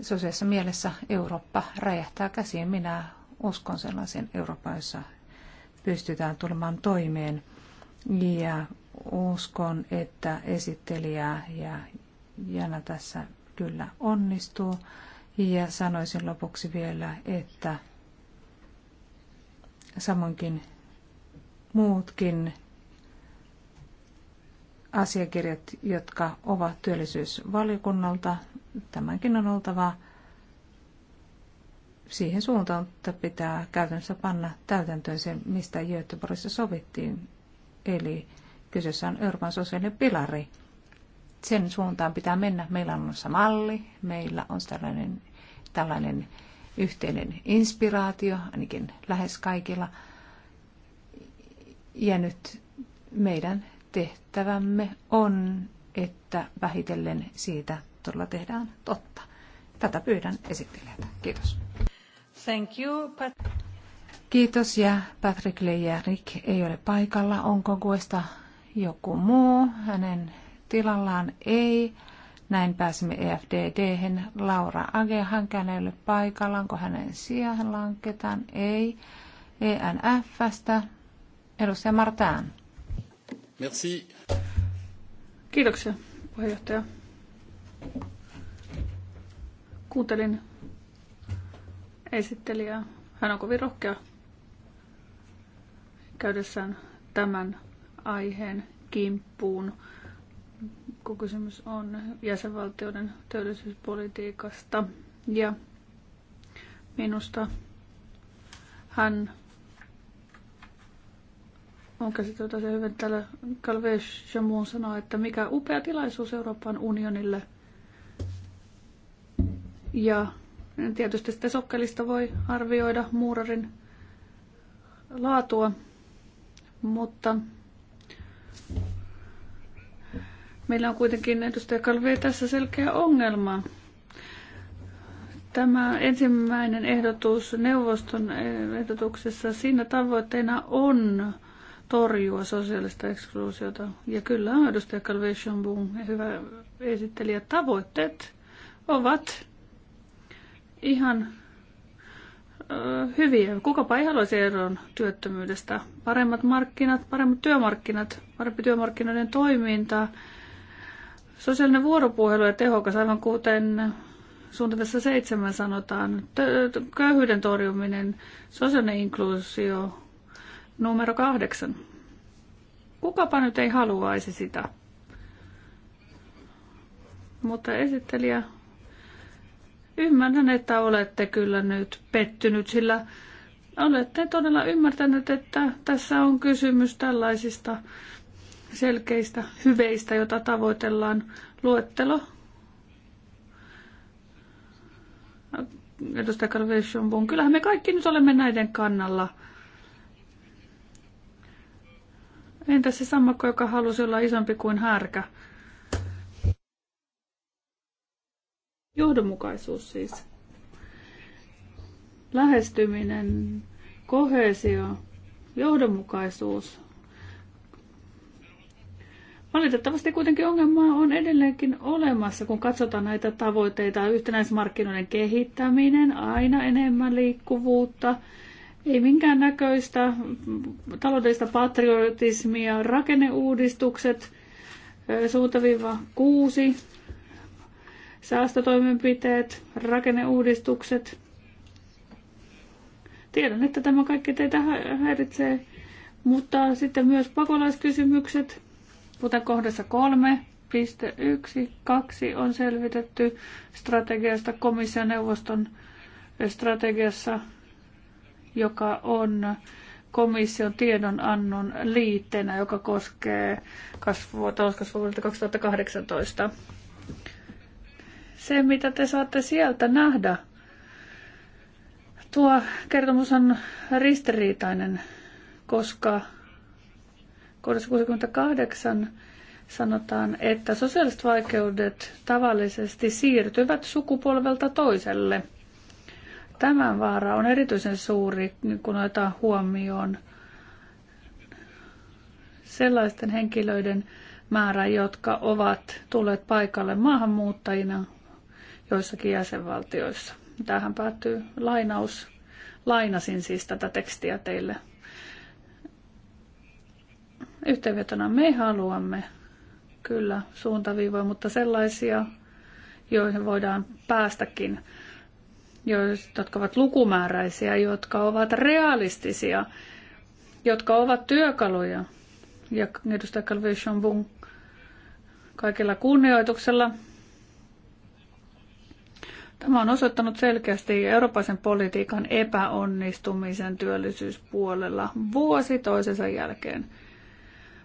sosiaalisessa mielessä Eurooppa räjähtää käsiin. Minä uskon sellaisen Euroopan, jossa pystytään tulemaan toimeen. Ja uskon, että esittelijä ja Jana tässä kyllä onnistuu. Ja sanoisin lopuksi vielä, että samoinkin muutkin asiakirjat, jotka ovat työllisyysvaliokunnalta, tämänkin on oltava siihen suuntaan, että pitää käytännössä panna täytäntöön se, mistä Göteborgissa sovittiin. Eli kyseessä on Euroopan sosiaalinen pilari. Sen suuntaan pitää mennä. Meillä on se malli, meillä on tällainen tällainen yhteinen inspiraatio, ainakin lähes kaikilla. Ja nyt meidän tehtävämme on, että vähitellen siitä todella tehdään totta. Tätä pyydän esittelijältä. Kiitos. Thank you, Pat- Kiitos ja Patrick Leijärik ei ole paikalla. Onko kuesta joku muu? Hänen tilallaan ei. Näin pääsimme efdd hän Laura Age, hänkään ei ole paikalla. Onko hänen sijaan ketään? Ei. ENF-stä. Edustaja Martään. Merci. Kiitoksia, puheenjohtaja. Kuuntelin esittelijää. Hän on kovin rohkea käydessään tämän aiheen kimppuun kun kysymys on jäsenvaltioiden työllisyyspolitiikasta. Ja minusta hän on käsitellyt asiaa hyvin. Täällä Calves Jamun sanoi, että mikä upea tilaisuus Euroopan unionille. Ja tietysti sitten sokkelista voi arvioida muurarin laatua, mutta Meillä on kuitenkin edustaja Kalvi tässä selkeä ongelma. Tämä ensimmäinen ehdotus neuvoston eh, ehdotuksessa, siinä tavoitteena on torjua sosiaalista eksklusiota. Ja kyllä, edustaja Kalvi Chambon, hyvä esittelijä, tavoitteet ovat ihan eh, hyviä. Kukapa ei haluaisi eroon työttömyydestä. Paremmat markkinat, paremmat työmarkkinat, parempi työmarkkinoiden toiminta, Sosiaalinen vuoropuhelu ja tehokas, aivan kuten suunnitelmassa seitsemän sanotaan, köyhyyden torjuminen, sosiaalinen inkluusio, numero kahdeksan. Kukapa nyt ei haluaisi sitä? Mutta esittelijä, ymmärrän, että olette kyllä nyt pettynyt, sillä olette todella ymmärtänyt, että tässä on kysymys tällaisista selkeistä hyveistä, joita tavoitellaan. Luettelo. Edustaja Calvation Kyllähän me kaikki nyt olemme näiden kannalla. Entä se sammakko, joka halusi olla isompi kuin härkä? Johdonmukaisuus siis. Lähestyminen, kohesio, johdonmukaisuus, Valitettavasti kuitenkin ongelmaa on edelleenkin olemassa, kun katsotaan näitä tavoitteita. Yhtenäismarkkinoiden kehittäminen, aina enemmän liikkuvuutta, ei minkään näköistä taloudellista patriotismia, rakenneuudistukset, suuntaviiva kuusi, säästötoimenpiteet, rakenneuudistukset. Tiedän, että tämä kaikki teitä häiritsee, mutta sitten myös pakolaiskysymykset – mutta kohdassa 3.1.2 on selvitetty strategiasta komission strategiassa, joka on komission tiedonannon liitteenä, joka koskee kasvua, talouskasvuvuodelta 2018. Se, mitä te saatte sieltä nähdä, tuo kertomus on ristiriitainen, koska Kohdassa 68 sanotaan, että sosiaaliset vaikeudet tavallisesti siirtyvät sukupolvelta toiselle. Tämän vaara on erityisen suuri, kun otetaan huomioon sellaisten henkilöiden määrä, jotka ovat tulleet paikalle maahanmuuttajina joissakin jäsenvaltioissa. Tähän päättyy lainaus. Lainasin siis tätä tekstiä teille. Yhteenvetona me haluamme kyllä suuntaviivoja, mutta sellaisia, joihin voidaan päästäkin, jotka ovat lukumääräisiä, jotka ovat realistisia, jotka ovat työkaluja. Ja edustaja Calvi Chambon kaikilla kunnioituksella. Tämä on osoittanut selkeästi Euroopan politiikan epäonnistumisen työllisyyspuolella vuosi toisensa jälkeen.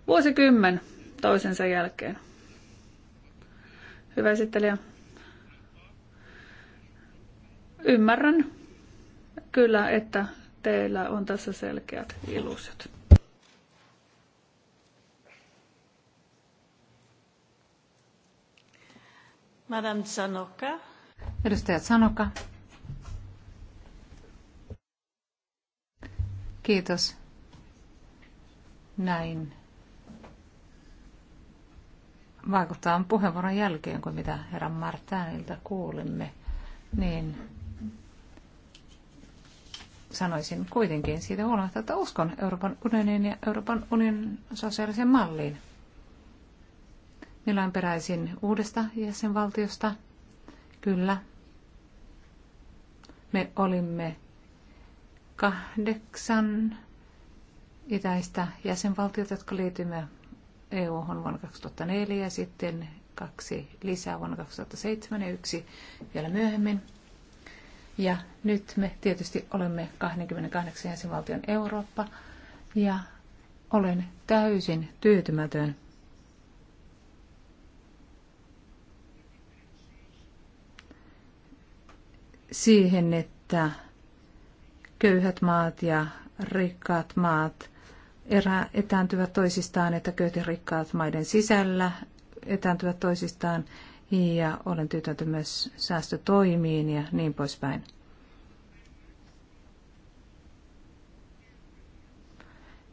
Vuosikymmen toisensa jälkeen. Hyvä esittelijä. Ymmärrän kyllä, että teillä on tässä selkeät illuusiot. Madame Sanoka. Edustaja Sanoka. Kiitos. Näin vaikuttaa puheenvuoron jälkeen kuin mitä herra Martänilta kuulimme, niin sanoisin kuitenkin siitä huolimatta, että uskon Euroopan unionin ja Euroopan unionin sosiaaliseen malliin. Millään peräisin uudesta jäsenvaltiosta. Kyllä. Me olimme kahdeksan itäistä jäsenvaltiota, jotka liitymme EU vuonna 2004 ja sitten kaksi lisää vuonna 2007 ja yksi vielä myöhemmin. Ja nyt me tietysti olemme 28 jäsenvaltion Eurooppa ja olen täysin tyytymätön siihen, että köyhät maat ja rikkaat maat erä, etääntyvät toisistaan, että köyhät ja rikkaat maiden sisällä etääntyvät toisistaan ja olen tyytyväinen myös säästötoimiin ja niin poispäin.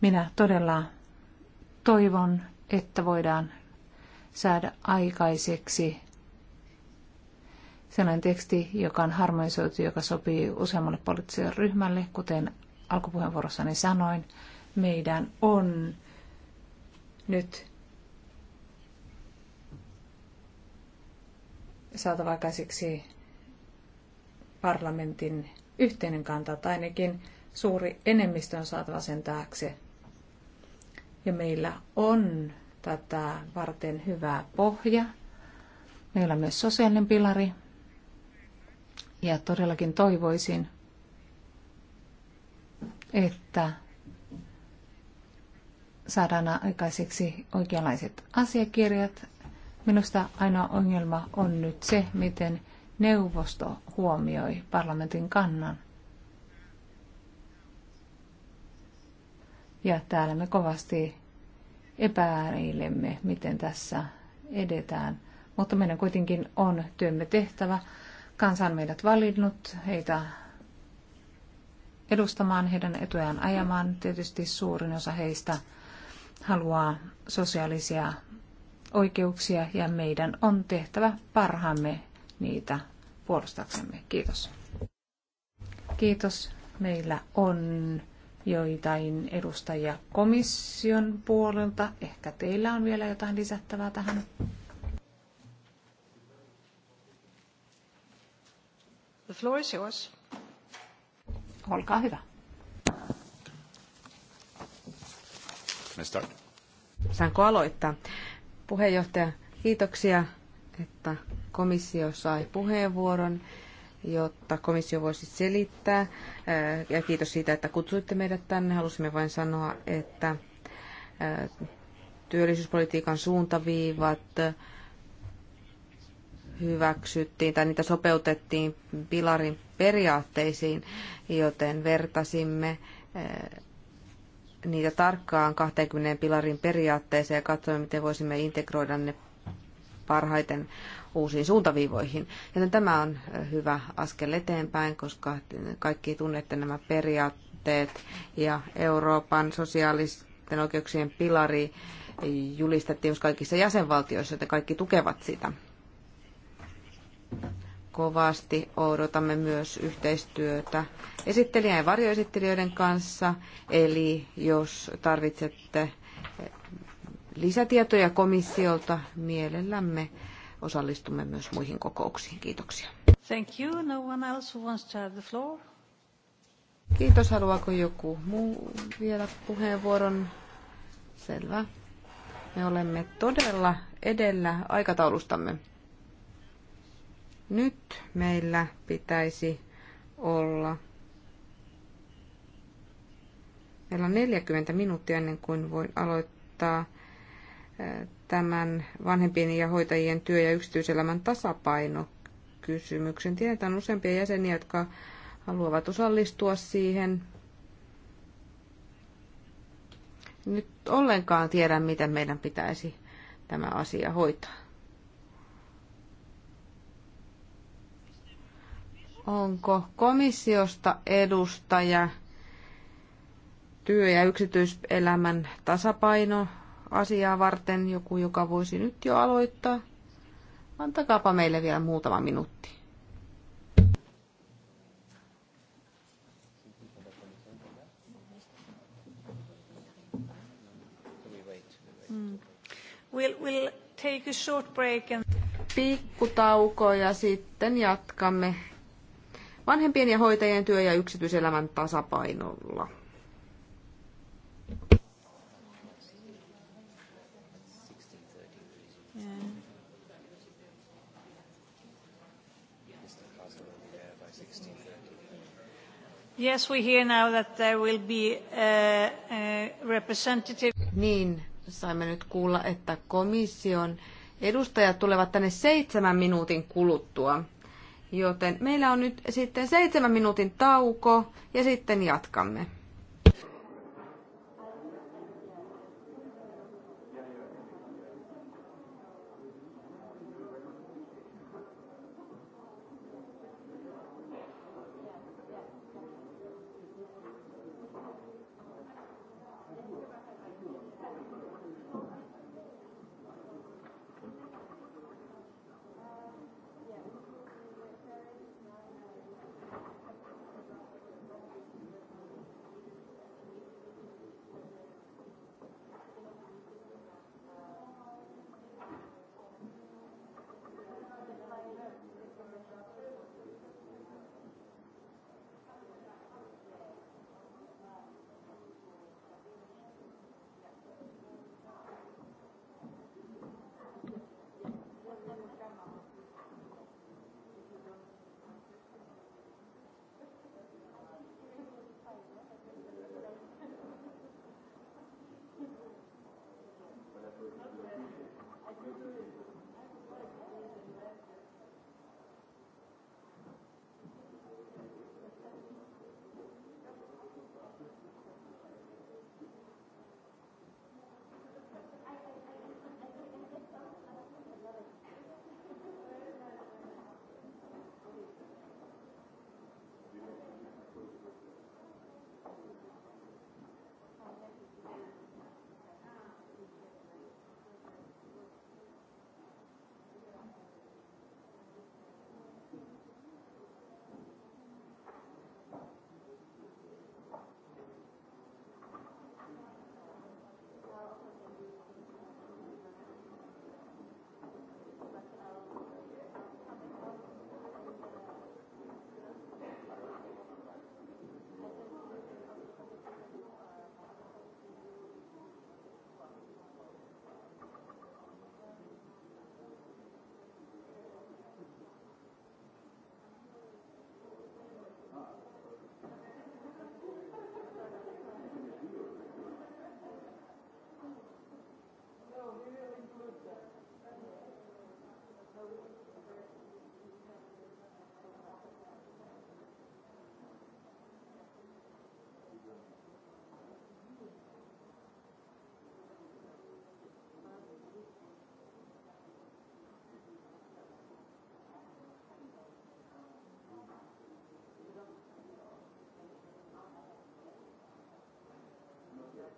Minä todella toivon, että voidaan saada aikaiseksi sellainen teksti, joka on harmonisoitu, joka sopii useammalle poliittiselle ryhmälle, kuten alkupuheenvuorossani sanoin meidän on nyt saatava käsiksi parlamentin yhteinen kanta, tai ainakin suuri enemmistö on saatava sen taakse. Ja meillä on tätä varten hyvä pohja. Meillä on myös sosiaalinen pilari. Ja todellakin toivoisin, että saadaan aikaiseksi oikeanlaiset asiakirjat. Minusta ainoa ongelma on nyt se, miten neuvosto huomioi parlamentin kannan. Ja täällä me kovasti epäilemme, miten tässä edetään. Mutta meidän kuitenkin on työmme tehtävä. Kansa on meidät valinnut, heitä edustamaan, heidän etujaan ajamaan. Tietysti suurin osa heistä haluaa sosiaalisia oikeuksia ja meidän on tehtävä parhaamme niitä puolustaksemme. Kiitos. Kiitos. Meillä on joitain edustajia komission puolelta. Ehkä teillä on vielä jotain lisättävää tähän. The floor is yours. Olkaa hyvä. Can start? Saanko aloittaa? Puheenjohtaja, kiitoksia, että komissio sai puheenvuoron, jotta komissio voisi selittää. Ja kiitos siitä, että kutsuitte meidät tänne. Halusimme vain sanoa, että työllisyyspolitiikan suuntaviivat hyväksyttiin tai niitä sopeutettiin pilarin periaatteisiin, joten vertasimme niitä tarkkaan 20 pilarin periaatteeseen ja katsomme, miten voisimme integroida ne parhaiten uusiin suuntaviivoihin. Joten tämä on hyvä askel eteenpäin, koska kaikki tunnette nämä periaatteet ja Euroopan sosiaalisten oikeuksien pilari julistettiin myös kaikissa jäsenvaltioissa, että kaikki tukevat sitä kovasti odotamme myös yhteistyötä esittelijän ja varjoesittelijöiden kanssa. Eli jos tarvitsette lisätietoja komissiolta, mielellämme osallistumme myös muihin kokouksiin. Kiitoksia. Thank you. No one else wants to have the floor. Kiitos. Haluaako joku muu vielä puheenvuoron? Selvä. Me olemme todella edellä aikataulustamme. Nyt meillä pitäisi olla. Meillä on 40 minuuttia ennen kuin voin aloittaa eh, tämän vanhempien ja hoitajien työ- ja yksityiselämän tasapaino kysymyksen. on useampia jäseniä, jotka haluavat osallistua siihen. Nyt ollenkaan tiedän miten meidän pitäisi tämä asia hoitaa. Onko komissiosta edustaja työ- ja yksityiselämän tasapaino asiaa varten joku, joka voisi nyt jo aloittaa? Antakaapa meille vielä muutama minuutti. Hmm. We'll, we'll take a short break and... Pikkutauko ja sitten jatkamme vanhempien ja hoitajien työ- ja yksityiselämän tasapainolla. Yes, we hear now that there will be a, uh, a uh, representative. Niin, saimme nyt kuulla, että komission edustajat tulevat tänne seitsemän minuutin kuluttua. Joten meillä on nyt sitten seitsemän minuutin tauko ja sitten jatkamme.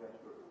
Yeah, sure.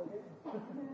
Thank you.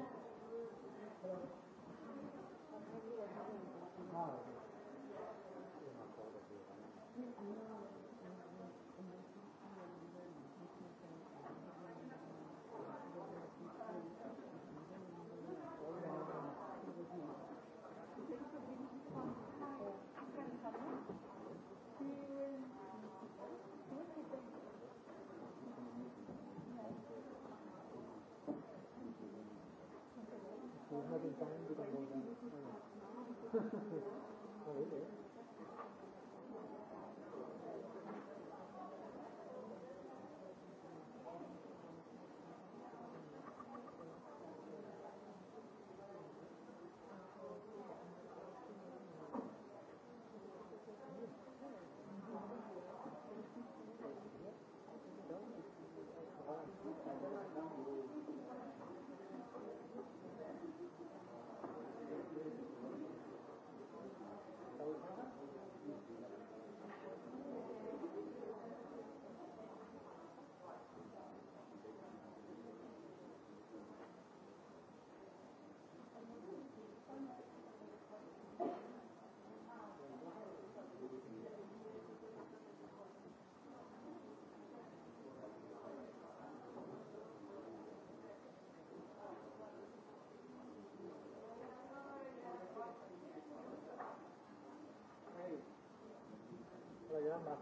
ayudar más.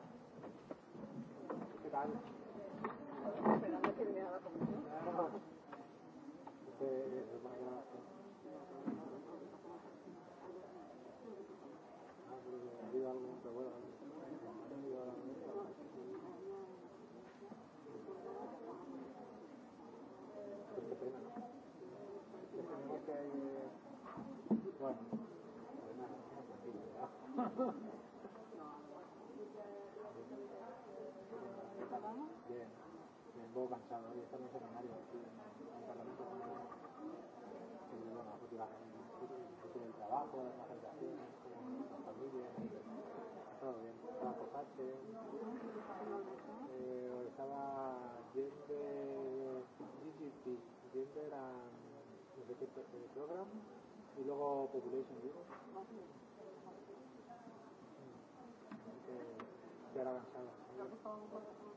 ¿Qué tal? Esperando que me haga comisión. Eh, arriba algo, se acuerda. poco cansado y ¿eh? estamos no en el canario aquí en, el Parlamento también. Y ¿no? bueno, pues iba el del trabajo, las relaciones con la familia, todo bien. Estaba por parte. Eh, estaba yendo GGP, yendo era no sé qué eh, program y luego Population Europe. Mm. Que, que era avanzado.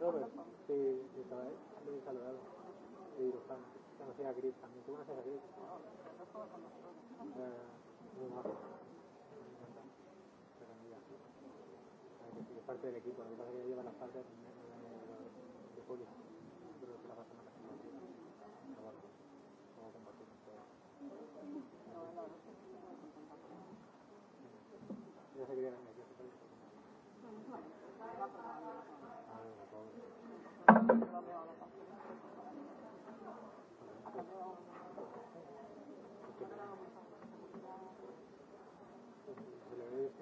Robert, no, sí, de Israel, de Colorado, de Iruján, conocí a Gris también, ¿tú conoces a Gris? Eh, ah, muy bajo, me encanta, pero mira, es parte del equipo, lo que pasa es que lleva las partes de, de, de, de, de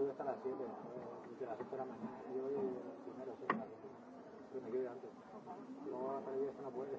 estuve hasta las 7, desde las 8 de la mañana. Yo voy primero, sí, las 7. Pero me quedé antes. Luego no, la pérdida es una no puerta.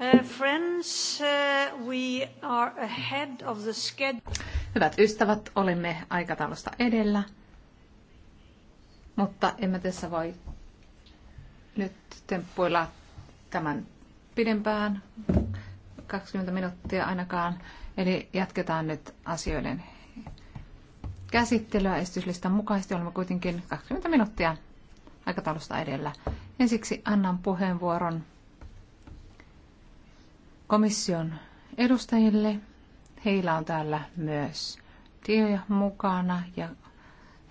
Uh, friends, uh, we are ahead of the schedule. Hyvät ystävät, olemme aikataulusta edellä, mutta emme tässä voi nyt temppuilla tämän pidempään, 20 minuuttia ainakaan. Eli jatketaan nyt asioiden käsittelyä esityslistan mukaisesti. Olemme kuitenkin 20 minuuttia aikataulusta edellä. Ensiksi annan puheenvuoron komission edustajille. Heillä on täällä myös tietoja mukana ja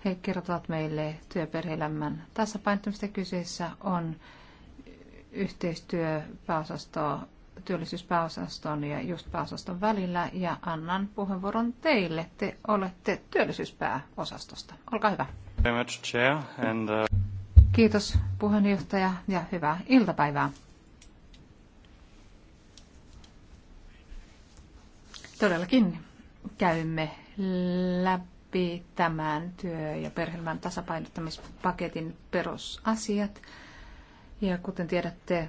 he kertovat meille työperheelämän tasapainottamista. Kyseessä on yhteistyöpääosasto, työllisyyspääosaston ja just pääosaston välillä ja annan puheenvuoron teille. Te olette työllisyyspääosastosta. Olkaa hyvä. Very much, chair, and, uh, Kiitos puheenjohtaja ja hyvää iltapäivää. Todellakin käymme läpi tämän työ- ja perhelmän tasapainottamispaketin perusasiat. Ja kuten tiedätte,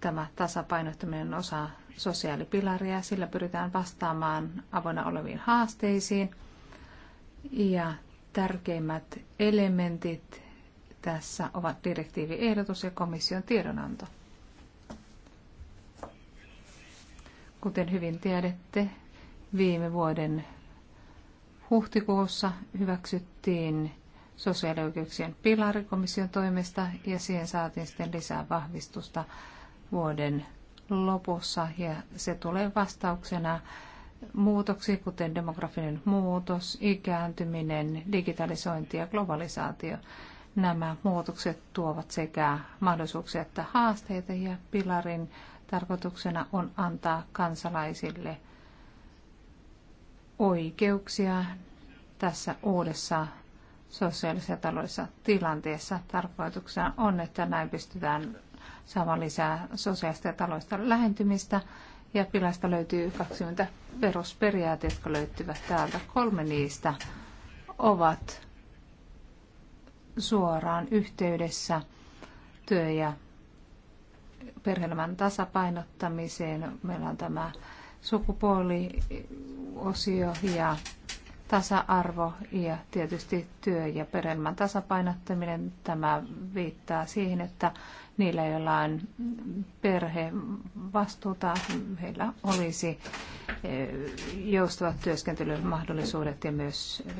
tämä tasapainottaminen on osa sosiaalipilaria. Sillä pyritään vastaamaan avoinna oleviin haasteisiin. Ja tärkeimmät elementit tässä ovat direktiiviehdotus ja komission tiedonanto. Kuten hyvin tiedätte, viime vuoden huhtikuussa hyväksyttiin sosiaalioikeuksien pilarikomission toimesta ja siihen saatiin sitten lisää vahvistusta vuoden lopussa ja se tulee vastauksena muutoksiin, kuten demografinen muutos, ikääntyminen, digitalisointi ja globalisaatio nämä muutokset tuovat sekä mahdollisuuksia että haasteita ja pilarin tarkoituksena on antaa kansalaisille oikeuksia tässä uudessa sosiaalisessa ja taloudessa tilanteessa. Tarkoituksena on, että näin pystytään saamaan lisää sosiaalista ja taloudellista lähentymistä. Ja pilasta löytyy 20 perusperiaatteet, jotka löytyvät täältä. Kolme niistä ovat suoraan yhteydessä työ- ja perhelämän tasapainottamiseen. Meillä on tämä sukupuoliosio ja tasa-arvo ja tietysti työ- ja perhelämän tasapainottaminen. Tämä viittaa siihen, että niillä, joilla on perhevastuuta, heillä olisi e, joustavat työskentelymahdollisuudet ja myös e,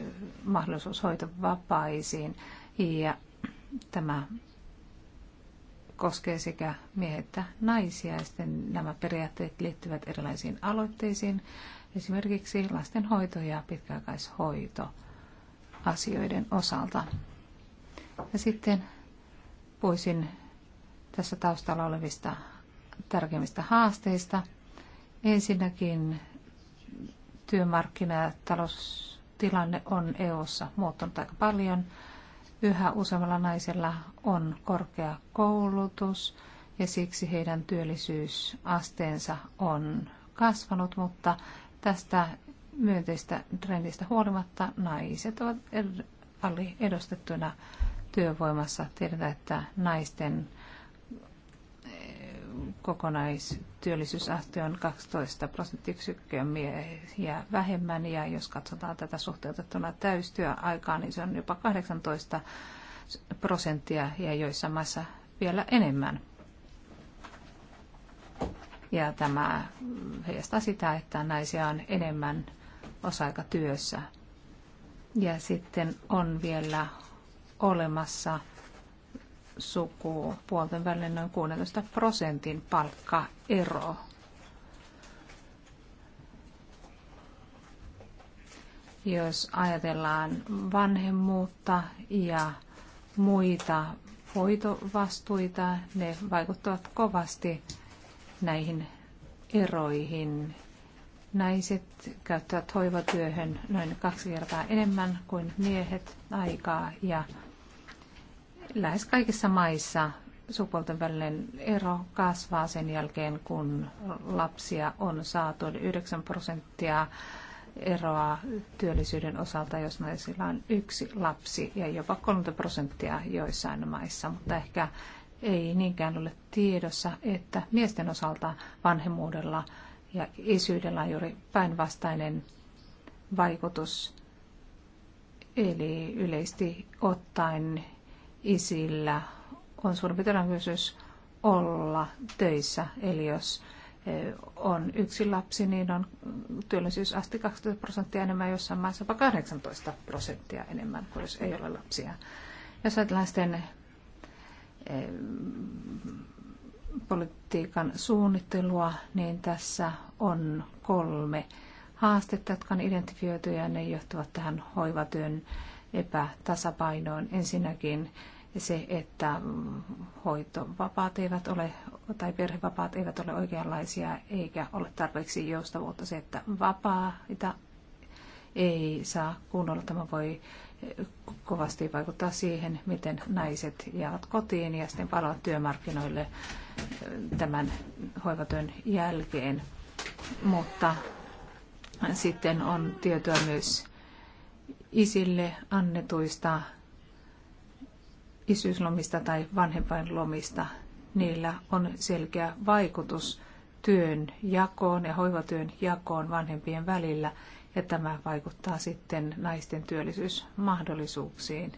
mahdollisuus hoitovapaisiin. Ja tämä koskee sekä miehet että naisia. Ja sitten nämä periaatteet liittyvät erilaisiin aloitteisiin, esimerkiksi lastenhoito ja pitkäaikaishoito asioiden osalta. Ja sitten voisin tässä taustalla olevista tärkeimmistä haasteista. Ensinnäkin työmarkkina- ja taloustilanne on EU-ssa muuttunut aika paljon – Yhä useammalla naisella on korkea koulutus ja siksi heidän työllisyysasteensa on kasvanut, mutta tästä myönteistä trendistä huolimatta naiset ovat er- edustettuina työvoimassa. Tiedetään, että naisten kokonaistyöllisyysaste on 12 prosenttiyksikköä miehiä vähemmän ja jos katsotaan tätä suhteutettuna täystyöaikaa, niin se on jopa 18 prosenttia ja joissa maissa vielä enemmän. Ja tämä heijastaa sitä, että naisia on enemmän osa-aikatyössä. Ja sitten on vielä olemassa sukupuolten välinen noin 16 prosentin palkkaero. Jos ajatellaan vanhemmuutta ja muita hoitovastuita, ne vaikuttavat kovasti näihin eroihin. Naiset käyttävät hoivatyöhön noin kaksi kertaa enemmän kuin miehet aikaa ja lähes kaikissa maissa sukupuolten välinen ero kasvaa sen jälkeen, kun lapsia on saatu 9 prosenttia eroa työllisyyden osalta, jos naisilla on yksi lapsi ja jopa 30 prosenttia joissain maissa, mutta ehkä ei niinkään ole tiedossa, että miesten osalta vanhemmuudella ja isyydellä on juuri päinvastainen vaikutus. Eli yleisesti ottaen isillä on suurempi todennäköisyys olla töissä. Eli jos e, on yksi lapsi, niin on työllisyysaste 20 prosenttia enemmän, jossain maassa jopa 18 prosenttia enemmän kuin jos ei ole lapsia. Jos ajatellaan sitten e, politiikan suunnittelua, niin tässä on kolme haastetta, jotka on identifioitu ja ne johtuvat tähän hoivatyön epätasapainoon. Ensinnäkin se, että hoitovapaat eivät ole, tai perhevapaat eivät ole oikeanlaisia, eikä ole tarpeeksi joustavuutta se, että vapaita ei saa kunnolla. Tämä voi kovasti vaikuttaa siihen, miten naiset jäävät kotiin ja sitten palaavat työmarkkinoille tämän hoivatyön jälkeen. Mutta sitten on tietoa myös isille annetuista isyyslomista tai vanhempainlomista. Niillä on selkeä vaikutus työn jakoon ja hoivatyön jakoon vanhempien välillä ja tämä vaikuttaa sitten naisten työllisyysmahdollisuuksiin.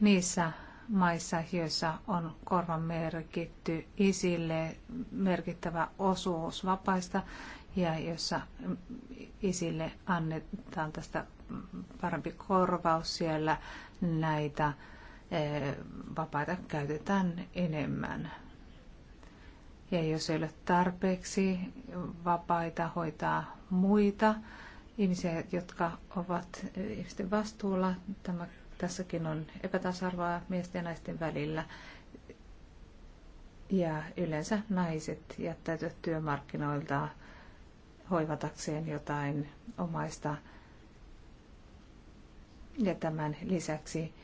Niissä maissa, joissa on korvan merkitty isille merkittävä osuus vapaista ja jossa isille annetaan tästä parempi korvaus siellä näitä eh, vapaita käytetään enemmän. Ja jos ei ole tarpeeksi vapaita hoitaa muita ihmisiä, jotka ovat eh, ihmisten vastuulla, tämä, tässäkin on epätasarvoa miesten ja naisten välillä. Ja yleensä naiset jättäytyvät työmarkkinoilta hoivatakseen jotain omaista ja tämän lisäksi,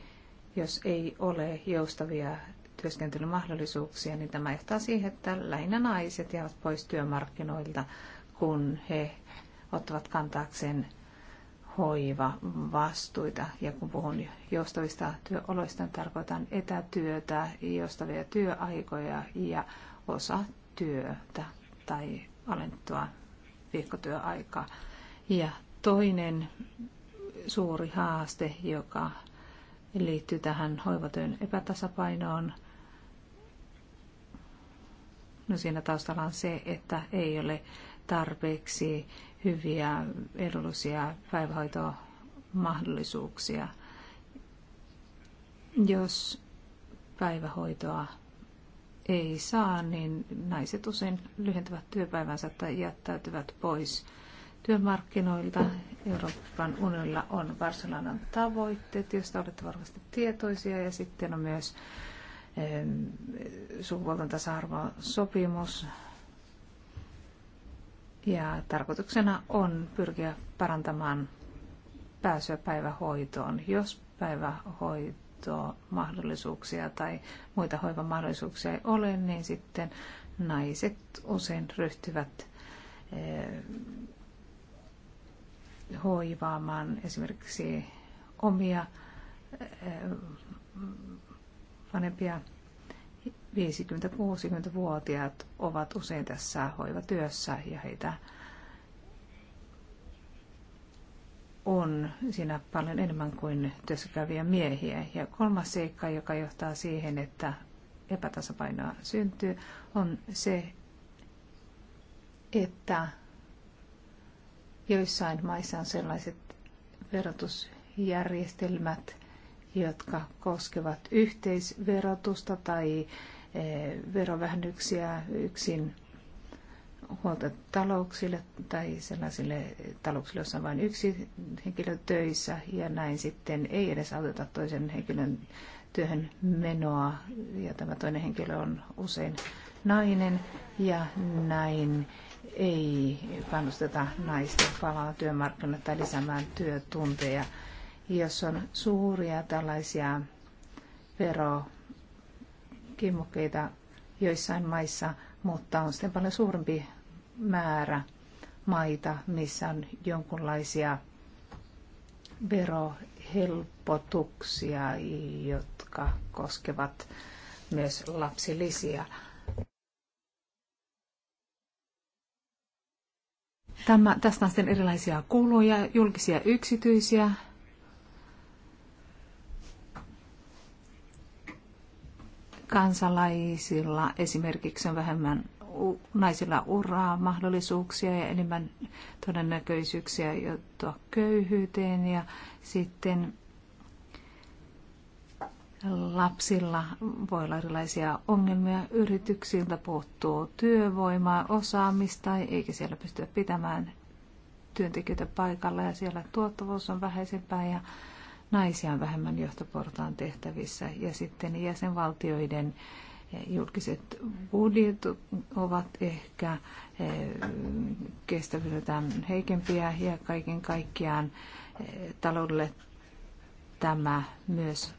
jos ei ole joustavia työskentelymahdollisuuksia, niin tämä johtaa siihen, että lähinnä naiset jäävät pois työmarkkinoilta, kun he ottavat kantaakseen hoiva vastuita. Ja kun puhun joustavista työoloista, niin tarkoitan etätyötä, joustavia työaikoja ja osa työtä tai alentua viikkotyöaikaa. Ja toinen suuri haaste, joka liittyy tähän hoivatyön epätasapainoon. No siinä taustalla on se, että ei ole tarpeeksi hyviä edullisia päivähoitomahdollisuuksia. Jos päivähoitoa ei saa, niin naiset usein lyhentävät työpäivänsä tai jättäytyvät pois työmarkkinoilta. Euroopan unionilla on Barcelonan tavoitteet, joista olette varmasti tietoisia, ja sitten on myös sukupuolten tasa sopimus. Ja tarkoituksena on pyrkiä parantamaan pääsyä päivähoitoon, jos päivähoito mahdollisuuksia tai muita hoivamahdollisuuksia ei ole, niin sitten naiset usein ryhtyvät hoivaamaan esimerkiksi omia eh, vanhempia 50-60-vuotiaat ovat usein tässä hoivatyössä ja heitä on siinä paljon enemmän kuin työssäkäyviä miehiä. Ja kolmas seikka, joka johtaa siihen, että epätasapainoa syntyy, on se, että Joissain maissa on sellaiset verotusjärjestelmät, jotka koskevat yhteisverotusta tai eh, verovähennyksiä yksin huoltotalouksille tai sellaisille talouksille, joissa on vain yksi henkilö töissä ja näin sitten ei edes auteta toisen henkilön työhön menoa ja tämä toinen henkilö on usein nainen ja näin ei kannusteta naisten palaamaan työmarkkinoille tai lisäämään työtunteja. Jos on suuria tällaisia verokimukkeita joissain maissa, mutta on sitten paljon suurempi määrä maita, missä on jonkunlaisia verohelpotuksia, jotka koskevat myös lapsilisiä. Tämä, tästä on sitten erilaisia kuluja, julkisia yksityisiä. Kansalaisilla esimerkiksi on vähemmän naisilla uraa, mahdollisuuksia ja enemmän todennäköisyyksiä joutua köyhyyteen ja sitten lapsilla voi olla erilaisia ongelmia. Yrityksiltä puuttuu työvoimaa, osaamista, eikä siellä pystytä pitämään työntekijöitä paikalla ja siellä tuottavuus on vähäisempää ja naisia on vähemmän johtoportaan tehtävissä. Ja sitten jäsenvaltioiden eh, julkiset budjetit ovat ehkä eh, kestävyydeltään heikempiä ja kaiken kaikkiaan eh, taloudelle tämä myös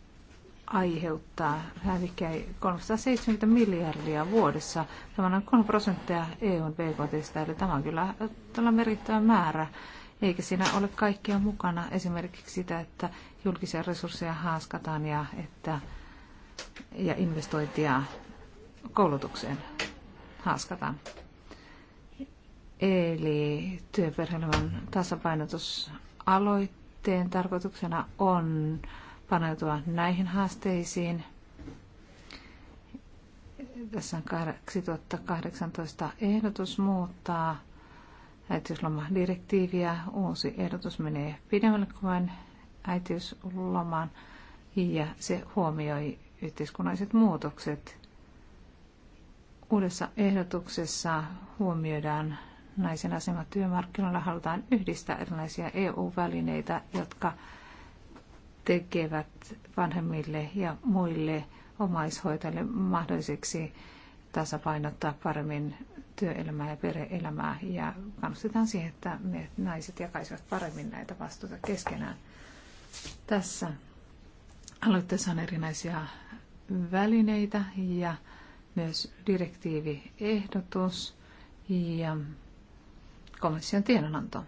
aiheuttaa hävikkiä 370 miljardia vuodessa. Tämä on 3 prosenttia EUn BKT, eli tämä on kyllä tällä merkittävä määrä. Eikä siinä ole kaikkia mukana, esimerkiksi sitä, että julkisia resursseja haaskataan ja, että, ja investointia koulutukseen haaskataan. Eli työperheelämän tasapainotusaloitteen tarkoituksena on paneutua näihin haasteisiin. Tässä on 2018 ehdotus muuttaa äitiyslomadirektiiviä. Uusi ehdotus menee pidemmälle kuin äitiysloman ja se huomioi yhteiskunnalliset muutokset. Uudessa ehdotuksessa huomioidaan naisen asema työmarkkinoilla. Halutaan yhdistää erilaisia EU-välineitä, jotka tekevät vanhemmille ja muille omaishoitajille mahdolliseksi tasapainottaa paremmin työelämää ja perheelämää ja kannustetaan siihen, että me naiset jakaisivat paremmin näitä vastuuta keskenään. Tässä aloitteessa on erinäisiä välineitä ja myös direktiiviehdotus ja komission tiedonanto.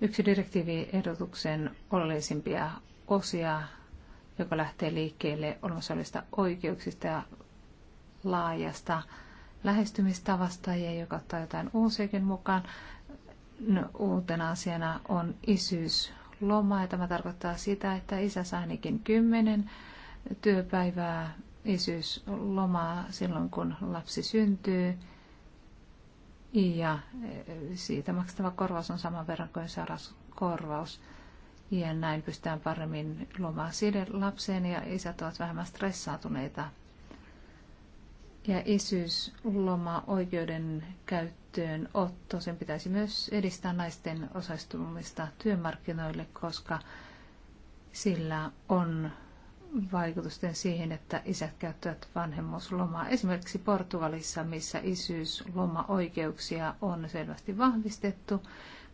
Yksi direktiiviehdotuksen oleellisimpia osia, joka lähtee liikkeelle olemassa olevista oikeuksista ja laajasta lähestymistavasta ja joka ottaa jotain uusiakin mukaan. No, uutena asiana on isyysloma ja tämä tarkoittaa sitä, että isä saa ainakin kymmenen työpäivää isyyslomaa silloin, kun lapsi syntyy ja eh, siitä maksettava korvaus on saman verran kuin sairauskorvaus. Ja näin pystytään paremmin luomaan side lapseen ja isät ovat vähemmän stressaantuneita. Ja isyysloma oikeuden käyttöön otto, sen pitäisi myös edistää naisten osallistumista työmarkkinoille, koska sillä on vaikutusten siihen, että isät käyttävät vanhemmuuslomaa. Esimerkiksi Portugalissa, missä isyyslomaoikeuksia on selvästi vahvistettu,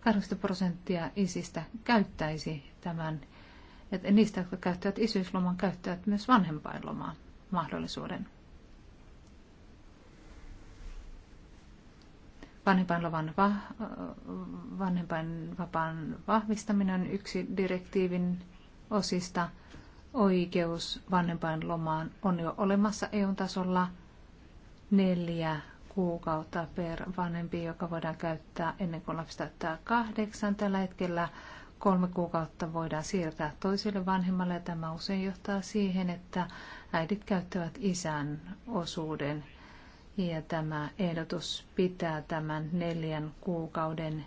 80 prosenttia isistä käyttäisi tämän, että niistä, jotka käyttävät isyysloman, käyttävät myös vanhempainlomaa mahdollisuuden. Vanhempainlovan va, vanhempainvapaan vahvistaminen on yksi direktiivin osista – oikeus vanhempainlomaan on jo olemassa EU-tasolla neljä kuukautta per vanhempi, joka voidaan käyttää ennen kuin lapsi täyttää kahdeksan. Tällä hetkellä kolme kuukautta voidaan siirtää toiselle vanhemmalle ja tämä usein johtaa siihen, että äidit käyttävät isän osuuden. Ja tämä ehdotus pitää tämän neljän kuukauden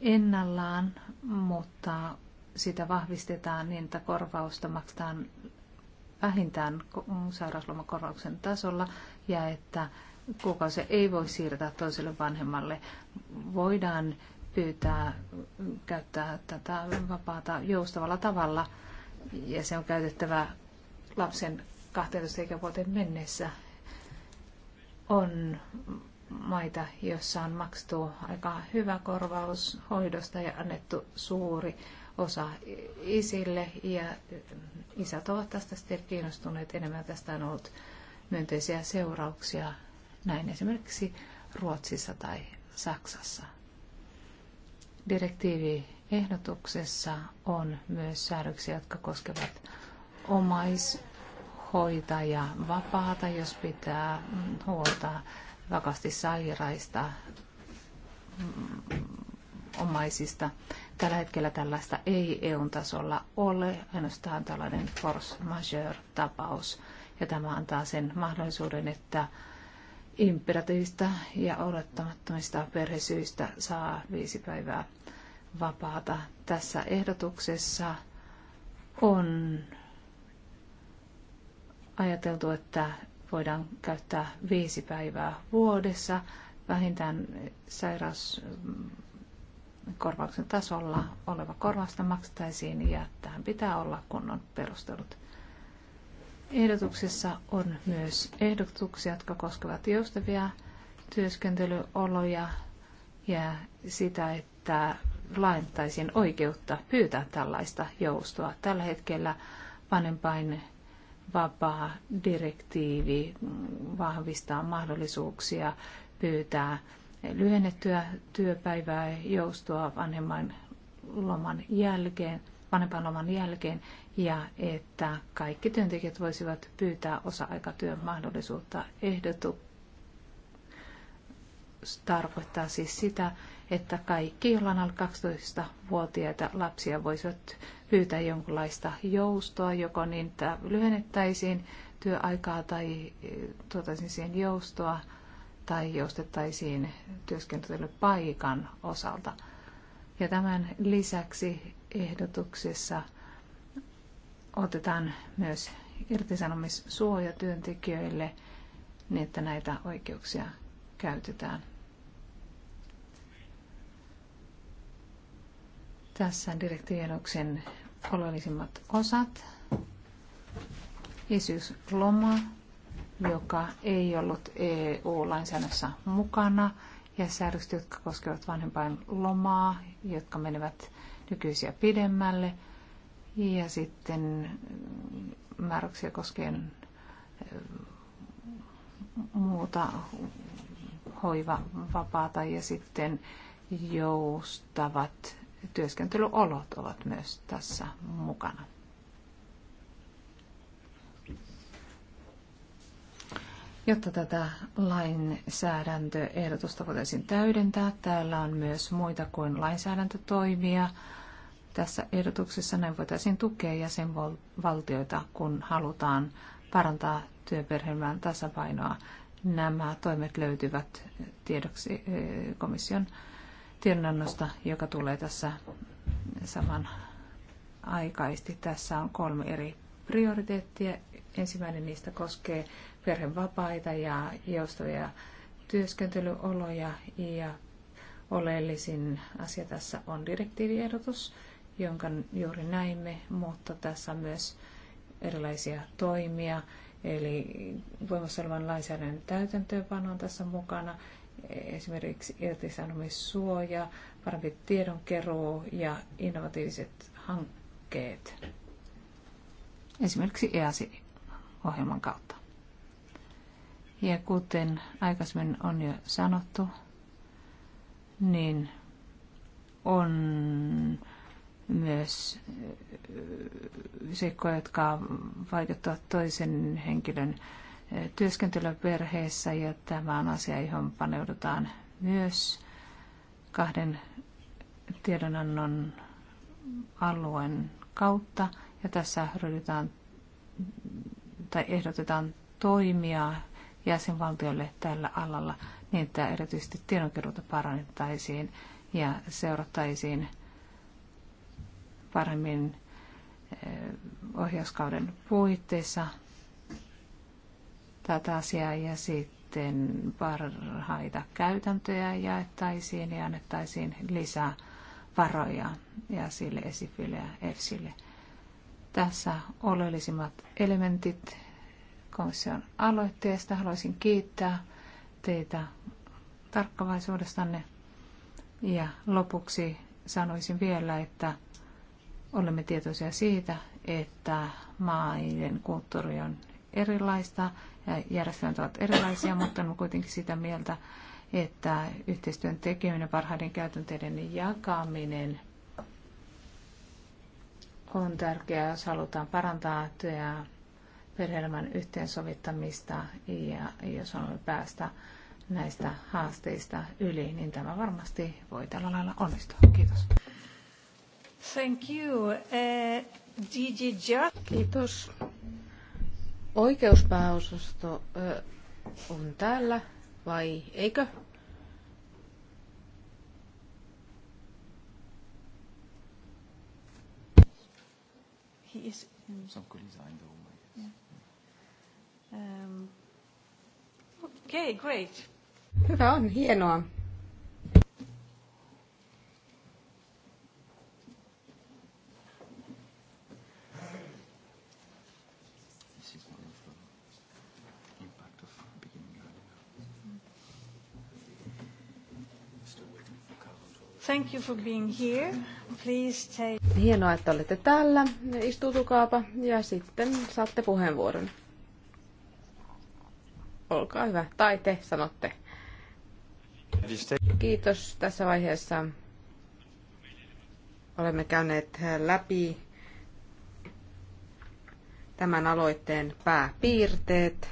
ennallaan, mutta sitä vahvistetaan niin, että korvausta maksetaan vähintään sairauslomakorvauksen tasolla ja että kuukausi ei voi siirtää toiselle vanhemmalle. Voidaan pyytää käyttää tätä vapaata joustavalla tavalla ja se on käytettävä lapsen 12 ikävuoteen mennessä. On maita, joissa on maksettu aika hyvä korvaus hoidosta ja annettu suuri osa isille ja mm, isät ovat tästä sitten kiinnostuneet enemmän. Tästä on ollut myönteisiä seurauksia näin esimerkiksi Ruotsissa tai Saksassa. Direktiiviehdotuksessa on myös säädöksiä, jotka koskevat omaishoitaja vapaata, jos pitää mm, huolta vakasti sairaista mm, omaisista Tällä hetkellä tällaista ei EUn tasolla ole, ainoastaan tällainen force majeure-tapaus. Ja tämä antaa sen mahdollisuuden, että imperatiivista ja odottamattomista perhesyistä saa viisi päivää vapaata. Tässä ehdotuksessa on ajateltu, että voidaan käyttää viisi päivää vuodessa vähintään sairaus korvauksen tasolla oleva korvausta maksettaisiin ja tähän pitää olla kunnon perustelut. Ehdotuksessa on myös ehdotuksia, jotka koskevat joustavia työskentelyoloja ja sitä, että laajentaisiin oikeutta pyytää tällaista joustoa. Tällä hetkellä vanhempain vapaa direktiivi vahvistaa mahdollisuuksia pyytää lyhennettyä työpäivää joustoa vanhemman loman jälkeen, vanhempan loman jälkeen ja että kaikki työntekijät voisivat pyytää osa-aikatyön mahdollisuutta ehdotu. tarkoittaa siis sitä, että kaikki, joilla on alle 12-vuotiaita lapsia, voisivat pyytää jonkinlaista joustoa, joko niin, että lyhennettäisiin työaikaa tai tuotaisiin siihen joustoa – tai joustettaisiin työskentelypaikan osalta. Ja tämän lisäksi ehdotuksessa otetaan myös irtisanomissuoja työntekijöille niin, että näitä oikeuksia käytetään. Tässä direktiiviennoksen oleellisimmat osat. Isyysloma joka ei ollut EU-lainsäädännössä mukana, ja säädökset, jotka koskevat vanhempain lomaa, jotka menevät nykyisiä pidemmälle, ja sitten mm, määräyksiä koskien mm, muuta hoivavapaata ja sitten joustavat työskentelyolot ovat myös tässä mukana. Jotta tätä lainsäädäntöehdotusta voitaisiin täydentää, täällä on myös muita kuin lainsäädäntötoimia. Tässä ehdotuksessa näin voitaisiin tukea jäsenvaltioita, kun halutaan parantaa työperheelmän tasapainoa. Nämä toimet löytyvät tiedoksi eh, komission tiedonannosta, joka tulee tässä saman aikaisesti. Tässä on kolme eri prioriteettia. Ensimmäinen niistä koskee perhevapaita ja joustavia työskentelyoloja ja oleellisin asia tässä on direktiiviehdotus, jonka juuri näimme, mutta tässä on myös erilaisia toimia, eli voimassa olevan lainsäädännön täytäntöönpano on tässä mukana, esimerkiksi irtisanomissuoja, parempi tiedonkeruu ja innovatiiviset hankkeet esimerkiksi EASI-ohjelman kautta. Ja kuten aikaisemmin on jo sanottu, niin on myös äh, seikkoja, jotka vaikuttavat toisen henkilön äh, työskentelyä perheessä ja tämä on asia, johon paneudutaan myös kahden tiedonannon alueen kautta – ja tässä ryhdytään tai ehdotetaan toimia jäsenvaltioille tällä alalla niin, että erityisesti tiedonkeruuta parannettaisiin ja seurattaisiin paremmin eh, ohjauskauden puitteissa tätä asiaa ja sitten parhaita käytäntöjä jaettaisiin ja annettaisiin lisää varoja ja sille esifille ja EFSille. Tässä oleellisimmat elementit komission aloitteesta. Haluaisin kiittää teitä tarkkavaisuudestanne. Ja lopuksi sanoisin vielä, että olemme tietoisia siitä, että maiden kulttuuri on erilaista ja järjestelmät ovat erilaisia, mutta on kuitenkin sitä mieltä, että yhteistyön tekeminen, parhaiden käytänteiden jakaminen on tärkeää, jos halutaan parantaa työ- ja perhe-elämän yhteensovittamista ja jos on päästä näistä haasteista yli, niin tämä varmasti voi tällä lailla onnistua. Kiitos. Thank you. Uh, eh, Just. Kiitos. Oikeuspääosasto on täällä, vai eikö? he is. Um, Some colleagues are room, I guess. Yeah. Um, okay, great. Hyvä on, hienoa. Thank you for being here. Please take... Hienoa, että olette täällä. Istutukaapa ja sitten saatte puheenvuoron. Olkaa hyvä. Tai te sanotte. Kiitos tässä vaiheessa. Olemme käyneet läpi tämän aloitteen pääpiirteet.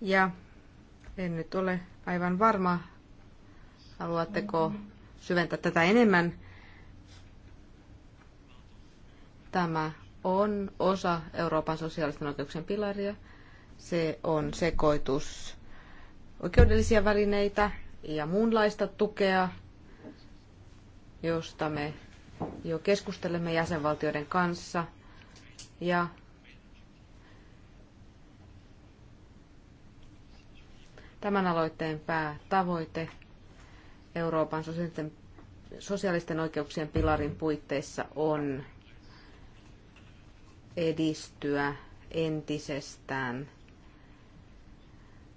Ja en nyt ole aivan varma, haluatteko syventää tätä enemmän. Tämä on osa Euroopan sosiaalisten oikeuksien pilaria. Se on sekoitus oikeudellisia välineitä ja muunlaista tukea, josta me jo keskustelemme jäsenvaltioiden kanssa. Ja tämän aloitteen päätavoite Euroopan sosiaalisten, sosiaalisten oikeuksien pilarin puitteissa on edistyä entisestään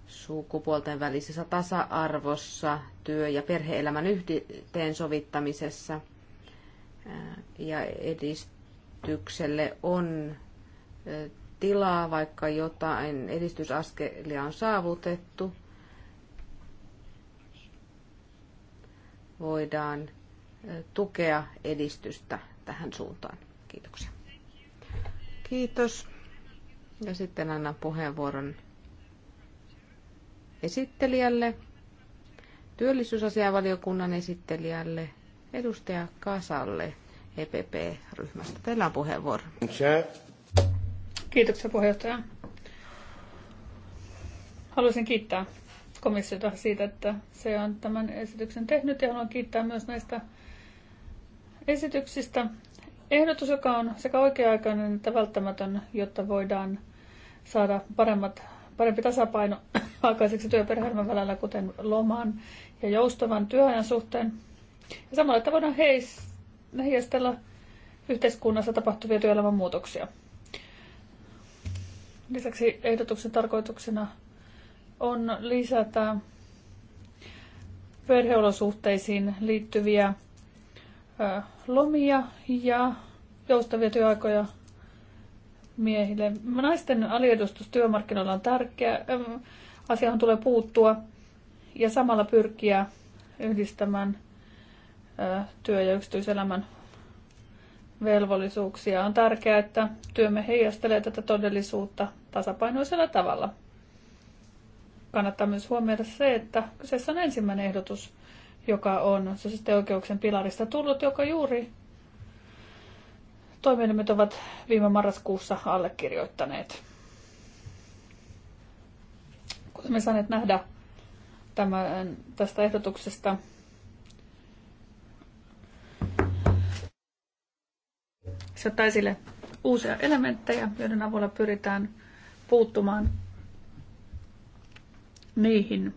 sukupuolten välisessä tasa-arvossa, työ- ja perheelämän yhteensovittamisessa ja edistykselle on tilaa, vaikka jotain edistysaskelia on saavutettu. voidaan tukea edistystä tähän suuntaan. Kiitoksia. Kiitos. Ja sitten annan puheenvuoron esittelijälle, työllisyysasiavaliokunnan esittelijälle, edustaja Kasalle EPP-ryhmästä. Teillä on puheenvuoro. Kiitoksia puheenjohtaja. Haluaisin kiittää komissiota siitä, että se on tämän esityksen tehnyt ja haluan kiittää myös näistä esityksistä. Ehdotus, joka on sekä oikea-aikainen että välttämätön, jotta voidaan saada paremmat, parempi tasapaino (coughs) aikaiseksi työperheelmän välillä, kuten loman ja joustavan työajan suhteen. Ja samalla, että voidaan heis, heijastella yhteiskunnassa tapahtuvia työelämän muutoksia. Lisäksi ehdotuksen tarkoituksena on lisätä perheolosuhteisiin liittyviä lomia ja joustavia työaikoja miehille. Naisten aliedustus työmarkkinoilla on tärkeä. Asiahan tulee puuttua ja samalla pyrkiä yhdistämään työ- ja yksityiselämän velvollisuuksia. On tärkeää, että työmme heijastelee tätä todellisuutta tasapainoisella tavalla kannattaa myös huomioida se, että kyseessä on ensimmäinen ehdotus, joka on sosiaalisten oikeuksien pilarista tullut, joka juuri toimielimet ovat viime marraskuussa allekirjoittaneet. Kuten me saaneet nähdä tämän, tästä ehdotuksesta, se ottaa esille uusia elementtejä, joiden avulla pyritään puuttumaan niihin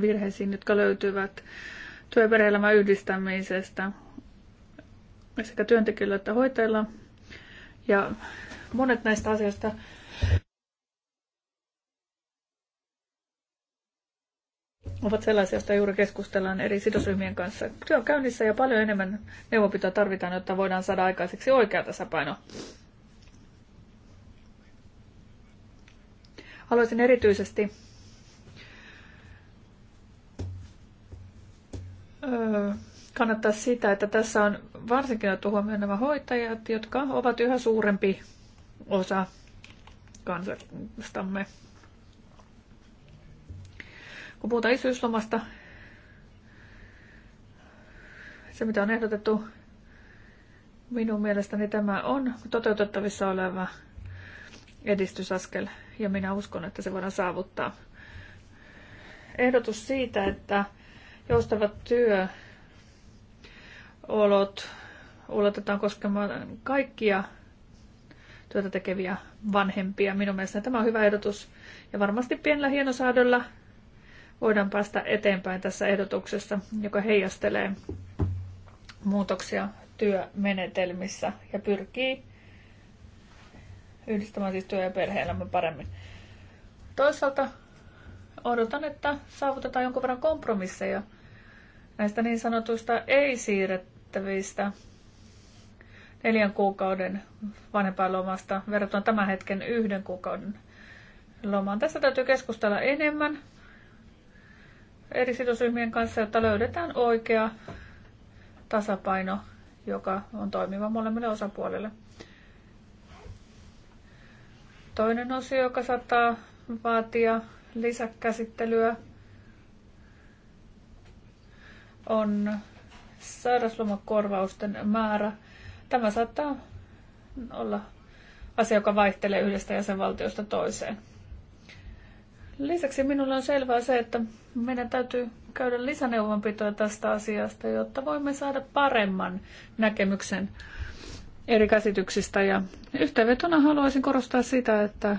virheisiin, jotka löytyvät työ- ja yhdistämisestä sekä työntekijöillä että hoitajilla. Ja monet näistä asioista ovat sellaisia, joista juuri keskustellaan eri sidosryhmien kanssa. Työ on käynnissä ja paljon enemmän neuvonpitoa tarvitaan, jotta voidaan saada aikaiseksi oikea tasapaino. Haluaisin erityisesti kannattaa sitä, että tässä on varsinkin otettu huomioon nämä hoitajat, jotka ovat yhä suurempi osa kansastamme. Kun puhutaan isyyslomasta, se mitä on ehdotettu, minun mielestäni tämä on toteutettavissa oleva edistysaskel ja minä uskon, että se voidaan saavuttaa. Ehdotus siitä, että Joustavat työolot ulotetaan koskemaan kaikkia työtä tekeviä vanhempia. Minun mielestäni tämä on hyvä ehdotus ja varmasti pienellä hienosäädöllä voidaan päästä eteenpäin tässä ehdotuksessa, joka heijastelee muutoksia työmenetelmissä ja pyrkii yhdistämään siis työ- ja perhe-elämän paremmin. Toisaalta odotan, että saavutetaan jonkun verran kompromisseja näistä niin sanotuista ei-siirrettävistä neljän kuukauden vanhempainlomasta verrattuna tämän hetken yhden kuukauden lomaan. Tästä täytyy keskustella enemmän eri sidosryhmien kanssa, jotta löydetään oikea tasapaino, joka on toimiva molemmille osapuolille. Toinen osio, joka saattaa vaatia lisäkäsittelyä on sairauslomakorvausten määrä. Tämä saattaa olla asia, joka vaihtelee yhdestä jäsenvaltiosta toiseen. Lisäksi minulle on selvää se, että meidän täytyy käydä lisäneuvonpitoa tästä asiasta, jotta voimme saada paremman näkemyksen eri käsityksistä. Ja yhteenvetona haluaisin korostaa sitä, että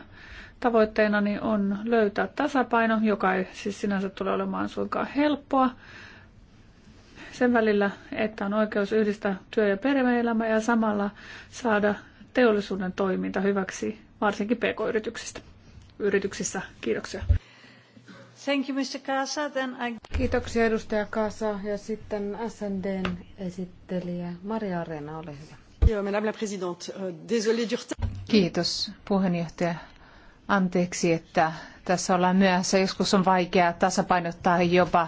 tavoitteena niin on löytää tasapaino, joka ei siis sinänsä tule olemaan suinkaan helppoa. Sen välillä, että on oikeus yhdistää työ- ja perhe-elämä ja samalla saada teollisuuden toiminta hyväksi, varsinkin pk-yrityksistä. Yrityksissä. Kiitoksia. Thank you, Mr. Kasa. Then I... Kiitoksia edustaja Kasa ja sitten SNDn esittelijä Maria Arena, ole hyvä. Euh, Kiitos puheenjohtaja. Anteeksi, että tässä ollaan myöhässä. Joskus on vaikea tasapainottaa jopa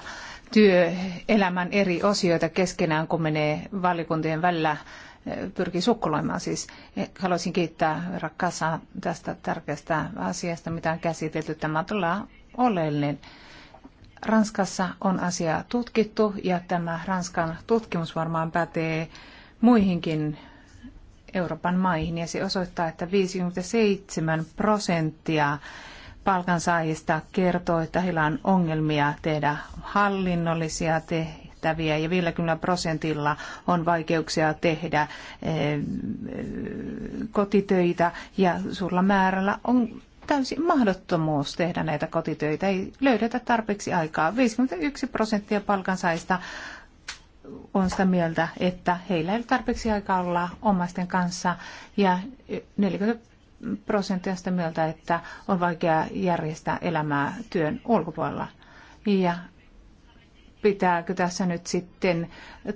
työelämän eri osioita keskenään, kun menee valikuntien välillä eh, pyrkii sukkuloimaan. Siis eh, haluaisin kiittää rakkaassa tästä tärkeästä asiasta, mitä on käsitelty. Tämä on todella oleellinen. Ranskassa on asiaa tutkittu ja tämä Ranskan tutkimus varmaan pätee muihinkin Euroopan maihin ja se osoittaa, että 57 prosenttia palkansaajista kertoo, että heillä on ongelmia tehdä hallinnollisia tehtäviä ja 50 prosentilla on vaikeuksia tehdä eh, kotitöitä ja suurella määrällä on täysin mahdottomuus tehdä näitä kotitöitä, ei löydetä tarpeeksi aikaa. 51 prosenttia palkansaista on sitä mieltä, että heillä ei ole tarpeeksi aikaa olla omaisten kanssa ja 40 prosenttia sitä mieltä, että on vaikea järjestää elämää työn ulkopuolella. Ja pitääkö tässä nyt sitten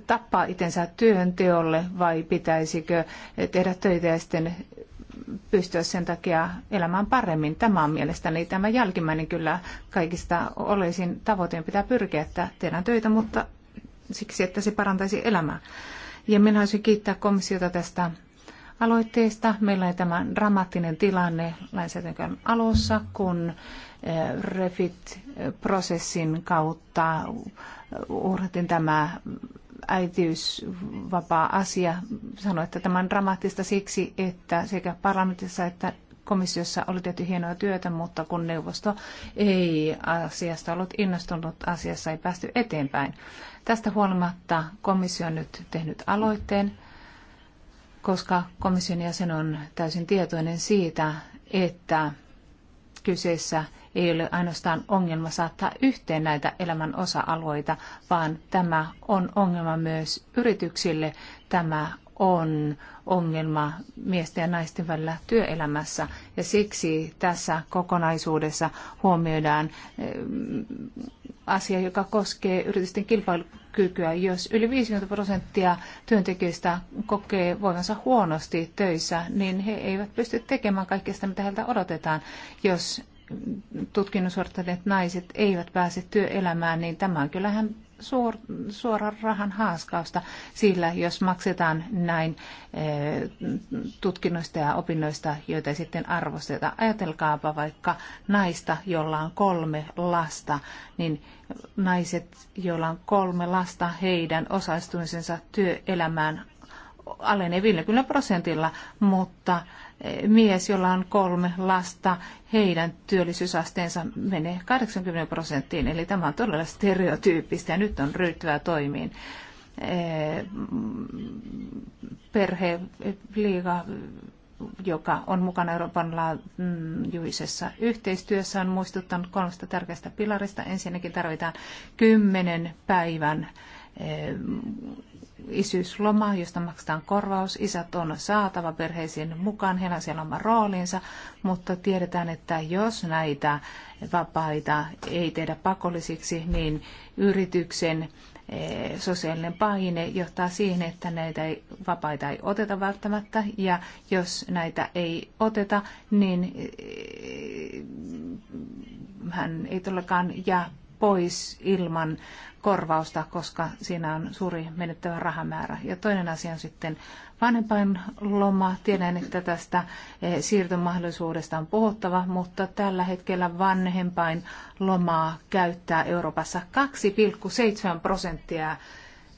tappaa itsensä työnteolle vai pitäisikö tehdä töitä ja sitten pystyä sen takia elämään paremmin. Tämä on mielestäni tämä jälkimmäinen kyllä kaikista olisin tavoitteen pitää pyrkiä, että tehdään töitä, mutta siksi, että se parantaisi elämää. Ja minä haluaisin kiittää komissiota tästä aloitteesta. Meillä on tämä dramaattinen tilanne lainsäädännön alussa, kun eh, refit-prosessin kautta eh, uhratin tämä äitiysvapaa-asia. Sanoin, että tämä on dramaattista siksi, että sekä parlamentissa että komissiossa oli tehty hienoa työtä, mutta kun neuvosto ei asiasta ollut innostunut, asiassa ei päästy eteenpäin. Tästä huolimatta komissio on nyt tehnyt aloitteen, koska komission jäsen on täysin tietoinen siitä, että kyseessä ei ole ainoastaan ongelma saattaa yhteen näitä elämän osa-alueita, vaan tämä on ongelma myös yrityksille, tämä on ongelma miesten ja naisten välillä työelämässä. Ja siksi tässä kokonaisuudessa huomioidaan eh, asia, joka koskee yritysten kilpailukykyä. Jos yli 50 prosenttia työntekijöistä kokee voivansa huonosti töissä, niin he eivät pysty tekemään kaikkea sitä, mitä heiltä odotetaan. Jos tutkinnon suorittaneet naiset eivät pääse työelämään, niin tämä on kyllähän suor, suoran rahan haaskausta, sillä jos maksetaan näin eh, tutkinnoista ja opinnoista, joita ei sitten arvosteta. Ajatelkaapa vaikka naista, jolla on kolme lasta, niin naiset, joilla on kolme lasta, heidän osaistumisensa työelämään alenee 50 prosentilla, mutta mies, jolla on kolme lasta, heidän työllisyysasteensa menee 80 prosenttiin. Eli tämä on todella stereotyyppistä ja nyt on ryhtyä toimiin perhe liiga, joka on mukana Euroopan laajuisessa yhteistyössä, on muistuttanut kolmesta tärkeästä pilarista. Ensinnäkin tarvitaan kymmenen päivän isyysloma, josta maksetaan korvaus. Isät on saatava perheisiin mukaan, heillä on siellä oma roolinsa, mutta tiedetään, että jos näitä vapaita ei tehdä pakollisiksi, niin yrityksen eh, sosiaalinen paine johtaa siihen, että näitä vapaita ei oteta välttämättä, ja jos näitä ei oteta, niin eh, hän ei todellakaan jää pois ilman korvausta, koska siinä on suuri menettävä rahamäärä. Ja toinen asia on sitten vanhempainloma. Tiedän, että tästä eh, siirtomahdollisuudesta on puhuttava, mutta tällä hetkellä vanhempainlomaa käyttää Euroopassa 2,7 prosenttia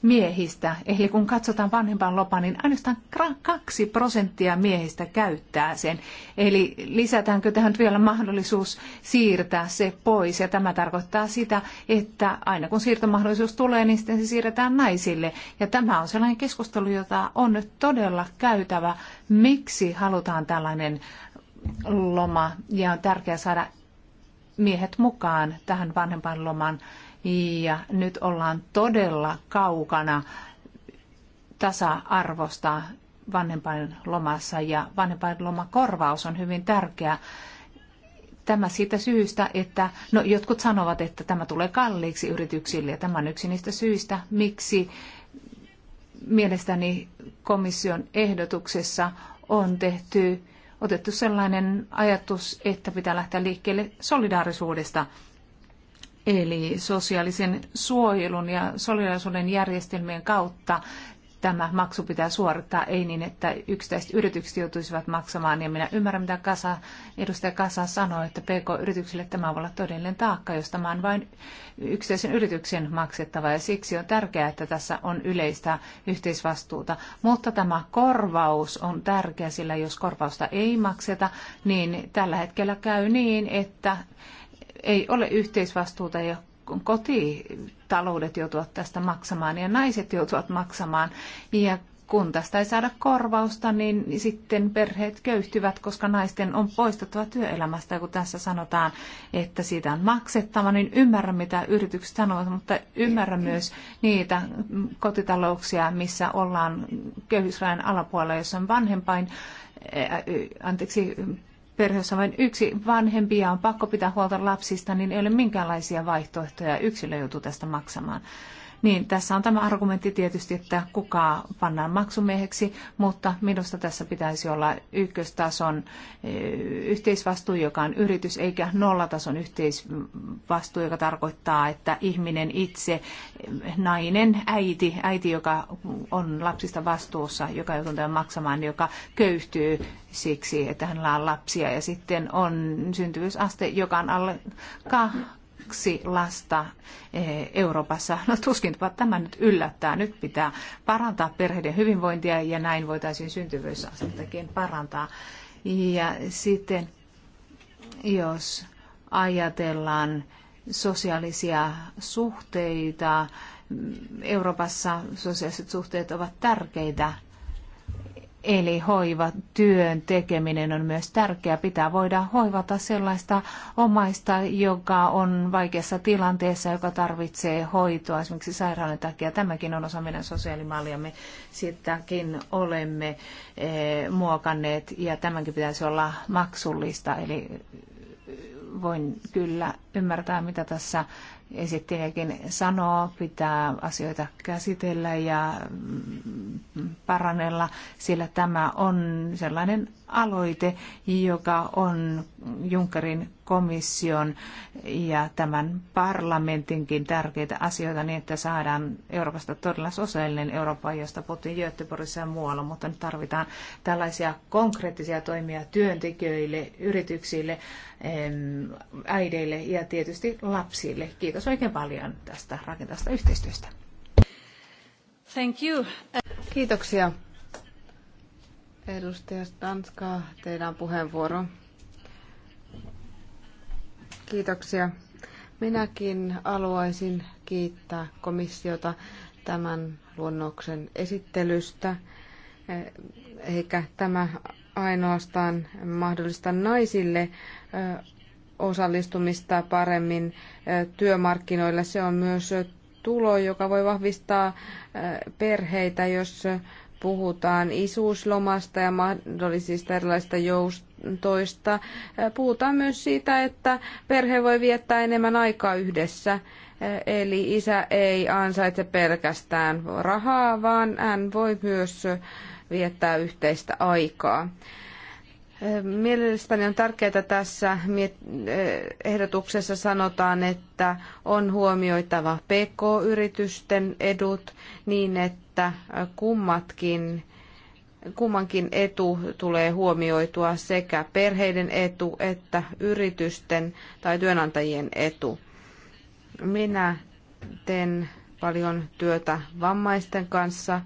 miehistä. Eli kun katsotaan vanhempaan lopaan, niin ainoastaan 2 prosenttia miehistä käyttää sen. Eli lisätäänkö tähän vielä mahdollisuus siirtää se pois. Ja tämä tarkoittaa sitä, että aina kun siirtomahdollisuus tulee, niin sitten se siirretään naisille. Ja tämä on sellainen keskustelu, jota on nyt todella käytävä. Miksi halutaan tällainen loma? Ja on tärkeää saada miehet mukaan tähän vanhempaan lomaan. Ja nyt ollaan todella kaukana tasa-arvosta vanhempainlomassa ja vanhempainlomakorvaus on hyvin tärkeä. Tämä siitä syystä, että no, jotkut sanovat, että tämä tulee kalliiksi yrityksille ja tämä on yksi niistä syistä, miksi mielestäni komission ehdotuksessa on tehty, otettu sellainen ajatus, että pitää lähteä liikkeelle solidaarisuudesta – Eli sosiaalisen suojelun ja solidaarisuuden järjestelmien kautta tämä maksu pitää suorittaa, ei niin, että yksittäiset yritykset joutuisivat maksamaan. Ja minä ymmärrän, mitä Kasa, edustaja Kasa sanoi, että PK-yrityksille tämä voi olla todellinen taakka, jos tämä on vain yksittäisen yrityksen maksettava. Ja siksi on tärkeää, että tässä on yleistä yhteisvastuuta. Mutta tämä korvaus on tärkeä, sillä jos korvausta ei makseta, niin tällä hetkellä käy niin, että ei ole yhteisvastuuta ja kotitaloudet joutuvat tästä maksamaan ja naiset joutuvat maksamaan. Ja kun tästä ei saada korvausta, niin sitten perheet köyhtyvät, koska naisten on poistettava työelämästä. Ja kun tässä sanotaan, että siitä on maksettava, niin ymmärrän mitä yritykset sanovat, mutta ymmärrän myös niitä kotitalouksia, missä ollaan köyhyysrajan alapuolella, jossa on vanhempain, anteeksi, perheessä on vain yksi vanhempi ja on pakko pitää huolta lapsista, niin ei ole minkäänlaisia vaihtoehtoja. Yksilö joutuu tästä maksamaan niin tässä on tämä argumentti tietysti, että kuka pannaan maksumieheksi, mutta minusta tässä pitäisi olla ykköstason e, yhteisvastuu, joka on yritys, eikä nollatason yhteisvastuu, joka tarkoittaa, että ihminen itse, nainen, äiti, äiti, joka on lapsista vastuussa, joka joutuu tämän maksamaan, joka köyhtyy siksi, että hänellä on lapsia ja sitten on syntyvyysaste, joka on alle kaksi lasta eh, Euroopassa. No tuskin tämä nyt yllättää. Nyt pitää parantaa perheiden hyvinvointia ja näin voitaisiin syntyvyysastettakin parantaa. Ja sitten jos ajatellaan sosiaalisia suhteita, mm, Euroopassa sosiaaliset suhteet ovat tärkeitä Eli hoivatyön tekeminen on myös tärkeää. Pitää voida hoivata sellaista omaista, joka on vaikeassa tilanteessa, joka tarvitsee hoitoa esimerkiksi sairauden takia. Tämäkin on osa meidän sosiaalimalliamme. Sitäkin olemme eh, muokanneet ja tämänkin pitäisi olla maksullista. Eli voin kyllä ymmärtää, mitä tässä esittäjäkin sanoo, pitää asioita käsitellä ja mm, parannella, sillä tämä on sellainen aloite, joka on Junckerin komission ja tämän parlamentinkin tärkeitä asioita niin, että saadaan Euroopasta todella sosiaalinen Eurooppa, josta puhuttiin Göteborgissa ja muualla, mutta nyt tarvitaan tällaisia konkreettisia toimia työntekijöille, yrityksille, äideille ja tietysti lapsille. Kiitos oikein paljon tästä rakentavasta yhteistyöstä. Thank you. Kiitoksia. Edustaja Stanska, teillä on puheenvuoro. Kiitoksia. Minäkin haluaisin kiittää komissiota tämän luonnoksen esittelystä. Eikä tämä ainoastaan mahdollista naisille osallistumista paremmin työmarkkinoilla. Se on myös tulo, joka voi vahvistaa perheitä, jos puhutaan isuuslomasta ja mahdollisista erilaisista joustoista. Puhutaan myös siitä, että perhe voi viettää enemmän aikaa yhdessä. Eli isä ei ansaitse pelkästään rahaa, vaan hän voi myös viettää yhteistä aikaa. Mielestäni on tärkeää tässä ehdotuksessa sanotaan, että on huomioitava PK-yritysten edut niin, että kummatkin kummankin etu tulee huomioitua sekä perheiden etu että yritysten tai työnantajien etu. Minä teen paljon työtä vammaisten kanssa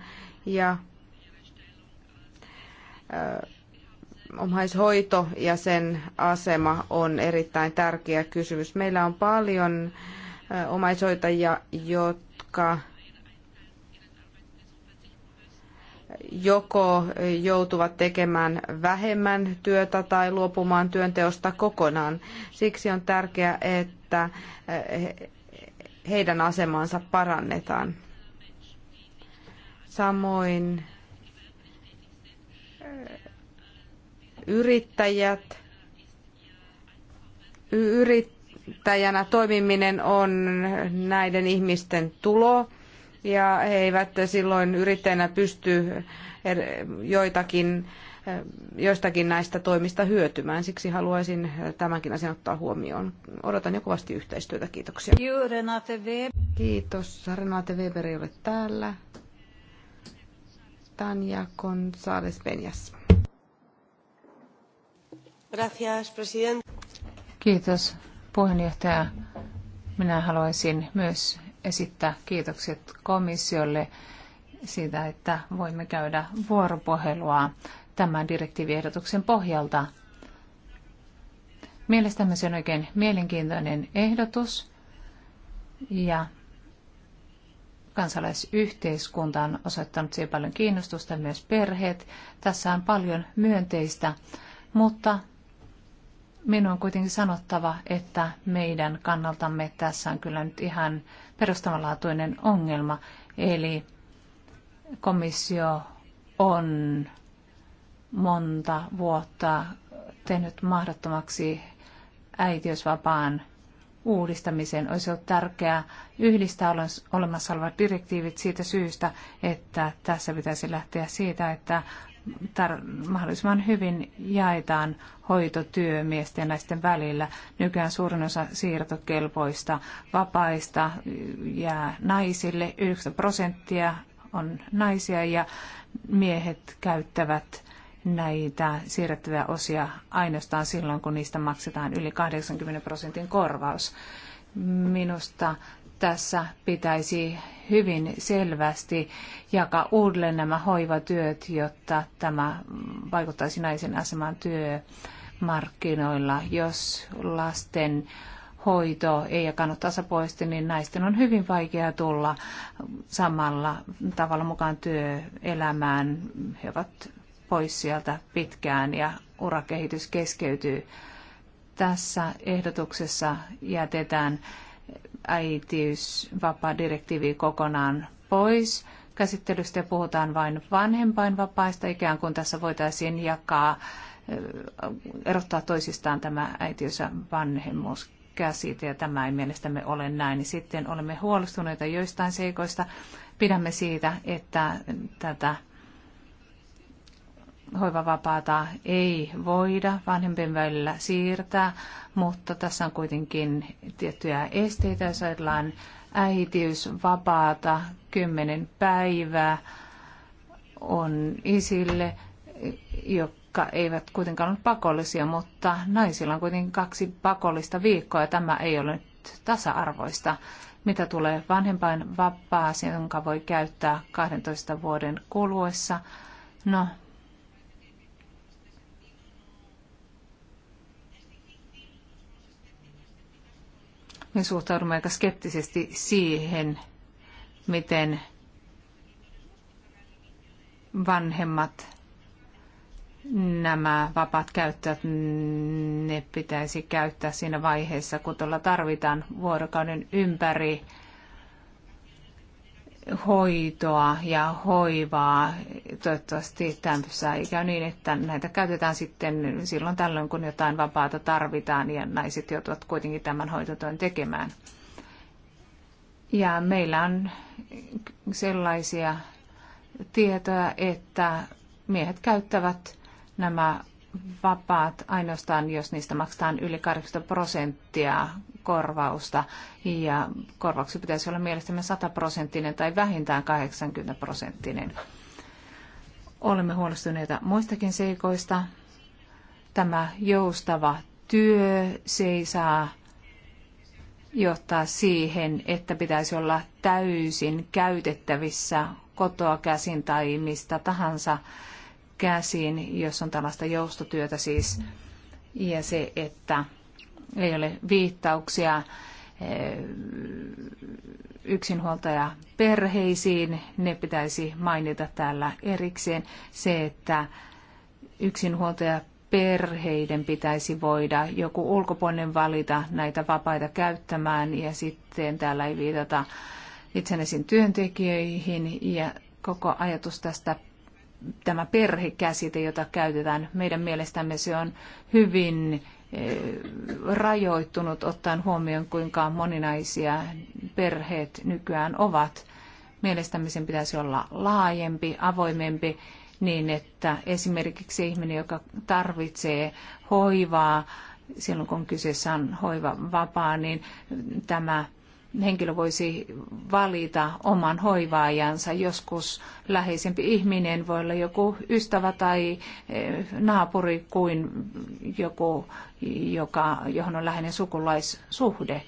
ja omaishoito ja sen asema on erittäin tärkeä kysymys. Meillä on paljon omaishoitajia, jotka joko joutuvat tekemään vähemmän työtä tai luopumaan työnteosta kokonaan. Siksi on tärkeää, että heidän asemansa parannetaan. Samoin yrittäjät. Yrittäjänä toimiminen on näiden ihmisten tulo ja he eivät silloin yrittäjänä pysty er- joitakin, eh, joistakin näistä toimista hyötymään. Siksi haluaisin tämänkin asian ottaa huomioon. Odotan jo kovasti yhteistyötä. Kiitoksia. Kiitos. Renate Weber ei ole täällä. Tanja González Peñas. Kiitos puheenjohtaja. Minä haluaisin myös esittää kiitokset komissiolle siitä, että voimme käydä vuoropuhelua tämän direktiiviehdotuksen pohjalta. Mielestämme se on oikein mielenkiintoinen ehdotus ja kansalaisyhteiskunta on osoittanut siihen paljon kiinnostusta, myös perheet. Tässä on paljon myönteistä, mutta minun on kuitenkin sanottava, että meidän kannaltamme tässä on kyllä nyt ihan perustavanlaatuinen ongelma. Eli komissio on monta vuotta tehnyt mahdottomaksi äitiysvapaan uudistamiseen. Olisi ollut tärkeää yhdistää olemassa olevat direktiivit siitä syystä, että tässä pitäisi lähteä siitä, että tar- mahdollisimman hyvin jaetaan hoitotyö miesten ja naisten välillä. Nykyään suurin osa siirtokelpoista vapaista jää naisille. 9 prosenttia on naisia ja miehet käyttävät näitä siirrettäviä osia ainoastaan silloin, kun niistä maksetaan yli 80 prosentin korvaus. Minusta tässä pitäisi hyvin selvästi jakaa uudelleen nämä hoivatyöt, jotta tämä vaikuttaisi naisen asemaan työmarkkinoilla. Jos lasten hoito ei jakanut tasapuolisesti, niin naisten on hyvin vaikea tulla samalla tavalla mukaan työelämään. He ovat pois sieltä pitkään ja urakehitys keskeytyy. Tässä ehdotuksessa jätetään äitiysvapaadirektiivi kokonaan pois käsittelystä ja puhutaan vain vanhempainvapaista, ikään kuin tässä voitaisiin jakaa, eh, erottaa toisistaan tämä äitiys- ja vanhemmuus käsite ja tämä ei mielestämme ole näin, sitten olemme huolestuneita joistain seikoista. Pidämme siitä, että tätä hoivavapaata ei voida vanhempien välillä siirtää, mutta tässä on kuitenkin tiettyjä esteitä, jos ajatellaan äitiysvapaata, kymmenen päivää on isille, jotka eivät kuitenkaan ole pakollisia, mutta naisilla on kuitenkin kaksi pakollista viikkoa ja tämä ei ole nyt tasa-arvoista. Mitä tulee vanhempain vapaaseen, jonka voi käyttää 12 vuoden kuluessa? No, me suhtaudumme aika skeptisesti siihen, miten vanhemmat nämä vapaat käyttäjät, ne pitäisi käyttää siinä vaiheessa, kun tuolla tarvitaan vuorokauden ympäri hoitoa ja hoivaa. Toivottavasti tämmöisessä ei käy niin, että näitä käytetään sitten silloin tällöin, kun jotain vapaata tarvitaan ja naiset joutuvat kuitenkin tämän hoitotyön tekemään. Ja meillä on sellaisia tietoja, että miehet käyttävät nämä vapaat ainoastaan, jos niistä maksetaan yli 80 prosenttia korvausta ja korvauksen pitäisi olla mielestämme 100 prosenttinen tai vähintään 80 prosenttinen. Olemme huolestuneita muistakin seikoista. Tämä joustava työ, se ei saa johtaa siihen, että pitäisi olla täysin käytettävissä kotoa käsin tai mistä tahansa käsin, jos on tällaista joustotyötä siis. Ja se, että ei ole viittauksia eh, yksinhuoltaja perheisiin, ne pitäisi mainita täällä erikseen. Se, että yksinhuoltaja perheiden pitäisi voida joku ulkopuolinen valita näitä vapaita käyttämään ja sitten täällä ei viitata itsenäisiin työntekijöihin ja koko ajatus tästä tämä perhekäsite, jota käytetään, meidän mielestämme se on hyvin Eh, rajoittunut ottaen huomioon, kuinka moninaisia perheet nykyään ovat. Mielestämme sen pitäisi olla laajempi, avoimempi, niin että esimerkiksi ihminen, joka tarvitsee hoivaa, silloin kun kyseessä on hoivavapaa, niin tämä henkilö voisi valita oman hoivaajansa. Joskus läheisempi ihminen voi olla joku ystävä tai eh, naapuri kuin joku, joka, johon on läheinen sukulaissuhde.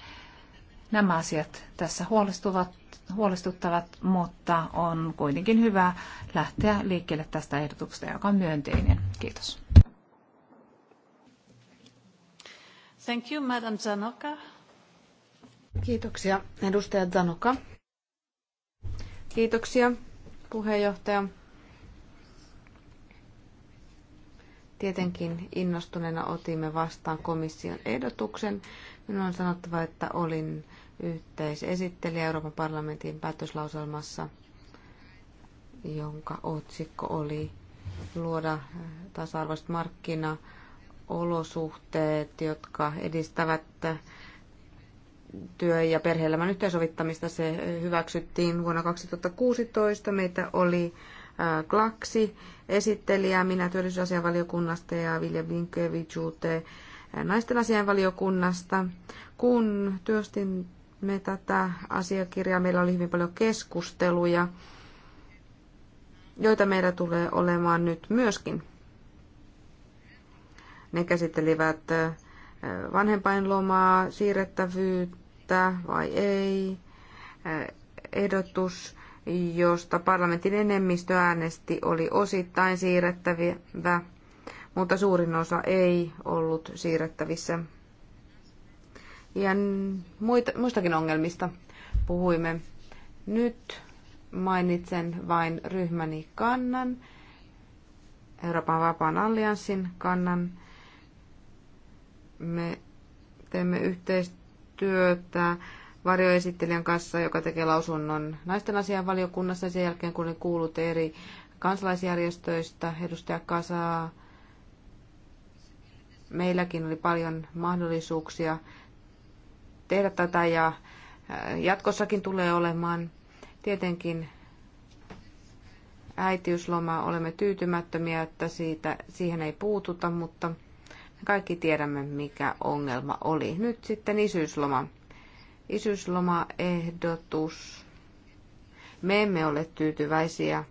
Nämä asiat tässä huolestuvat, huolestuttavat, mutta on kuitenkin hyvä lähteä liikkeelle tästä ehdotuksesta, joka on myönteinen. Kiitos. Thank you, Madam Zanoka. Kiitoksia, edustaja Zanoka. Kiitoksia, puheenjohtaja. Tietenkin innostuneena otimme vastaan komission ehdotuksen. Minun on sanottava, että olin yhteisesittelijä Euroopan parlamentin päätöslauselmassa, jonka otsikko oli luoda tasa-arvoiset markkinaolosuhteet, jotka edistävät työ- ja perhe-elämän yhteensovittamista. Se hyväksyttiin vuonna 2016. Meitä oli Klaksi esittelijä, minä työllisyysasianvaliokunnasta ja Vilja Vinkevichute naisten asianvaliokunnasta. Kun työstimme tätä asiakirjaa, meillä oli hyvin paljon keskusteluja, joita meillä tulee olemaan nyt myöskin. Ne käsittelivät vanhempainlomaa, siirrettävyyttä, hyväksytä vai ei. Ehdotus, josta parlamentin enemmistö äänesti, oli osittain siirrettävä, mutta suurin osa ei ollut siirrettävissä. Ja muita, muistakin ongelmista puhuimme. Nyt mainitsen vain ryhmäni kannan, Euroopan vapaan allianssin kannan. Me teemme yhteistyötä työtä varjoesittelijän kanssa, joka tekee lausunnon naisten asian valiokunnassa. Sen jälkeen, kun olin kuullut eri kansalaisjärjestöistä, edustaja Kasaa, meilläkin oli paljon mahdollisuuksia tehdä tätä ja äh, jatkossakin tulee olemaan. Tietenkin äitiysloma olemme tyytymättömiä, että siitä, siihen ei puututa, mutta kaikki tiedämme, mikä ongelma oli. Nyt sitten isyysloma. Isyyslomaehdotus. Me emme ole tyytyväisiä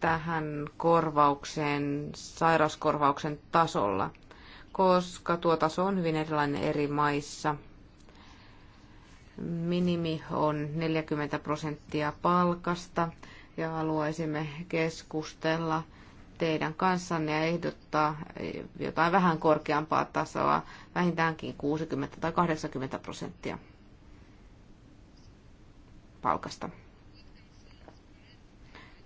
tähän korvaukseen sairauskorvauksen tasolla, koska tuo taso on hyvin erilainen eri maissa. Minimi on 40 prosenttia palkasta ja haluaisimme keskustella – teidän kanssanne ja ehdottaa jotain vähän korkeampaa tasoa, vähintäänkin 60 tai 80 prosenttia palkasta.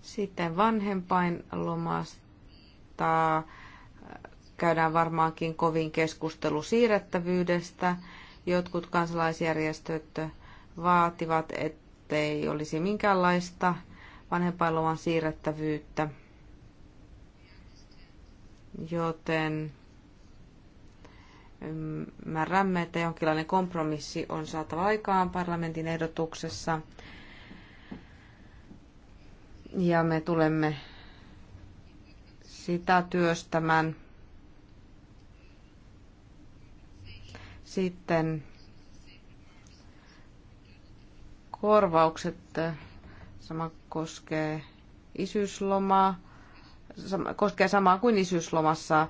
Sitten vanhempainlomasta käydään varmaankin kovin keskustelu siirrettävyydestä. Jotkut kansalaisjärjestöt vaativat, ettei olisi minkäänlaista vanhempainloman siirrettävyyttä – Joten ymmärrämme, että jonkinlainen kompromissi on saatava aikaan parlamentin ehdotuksessa. Ja me tulemme sitä työstämään. Sitten korvaukset, sama koskee isyyslomaa koskee samaa kuin isyyslomassa.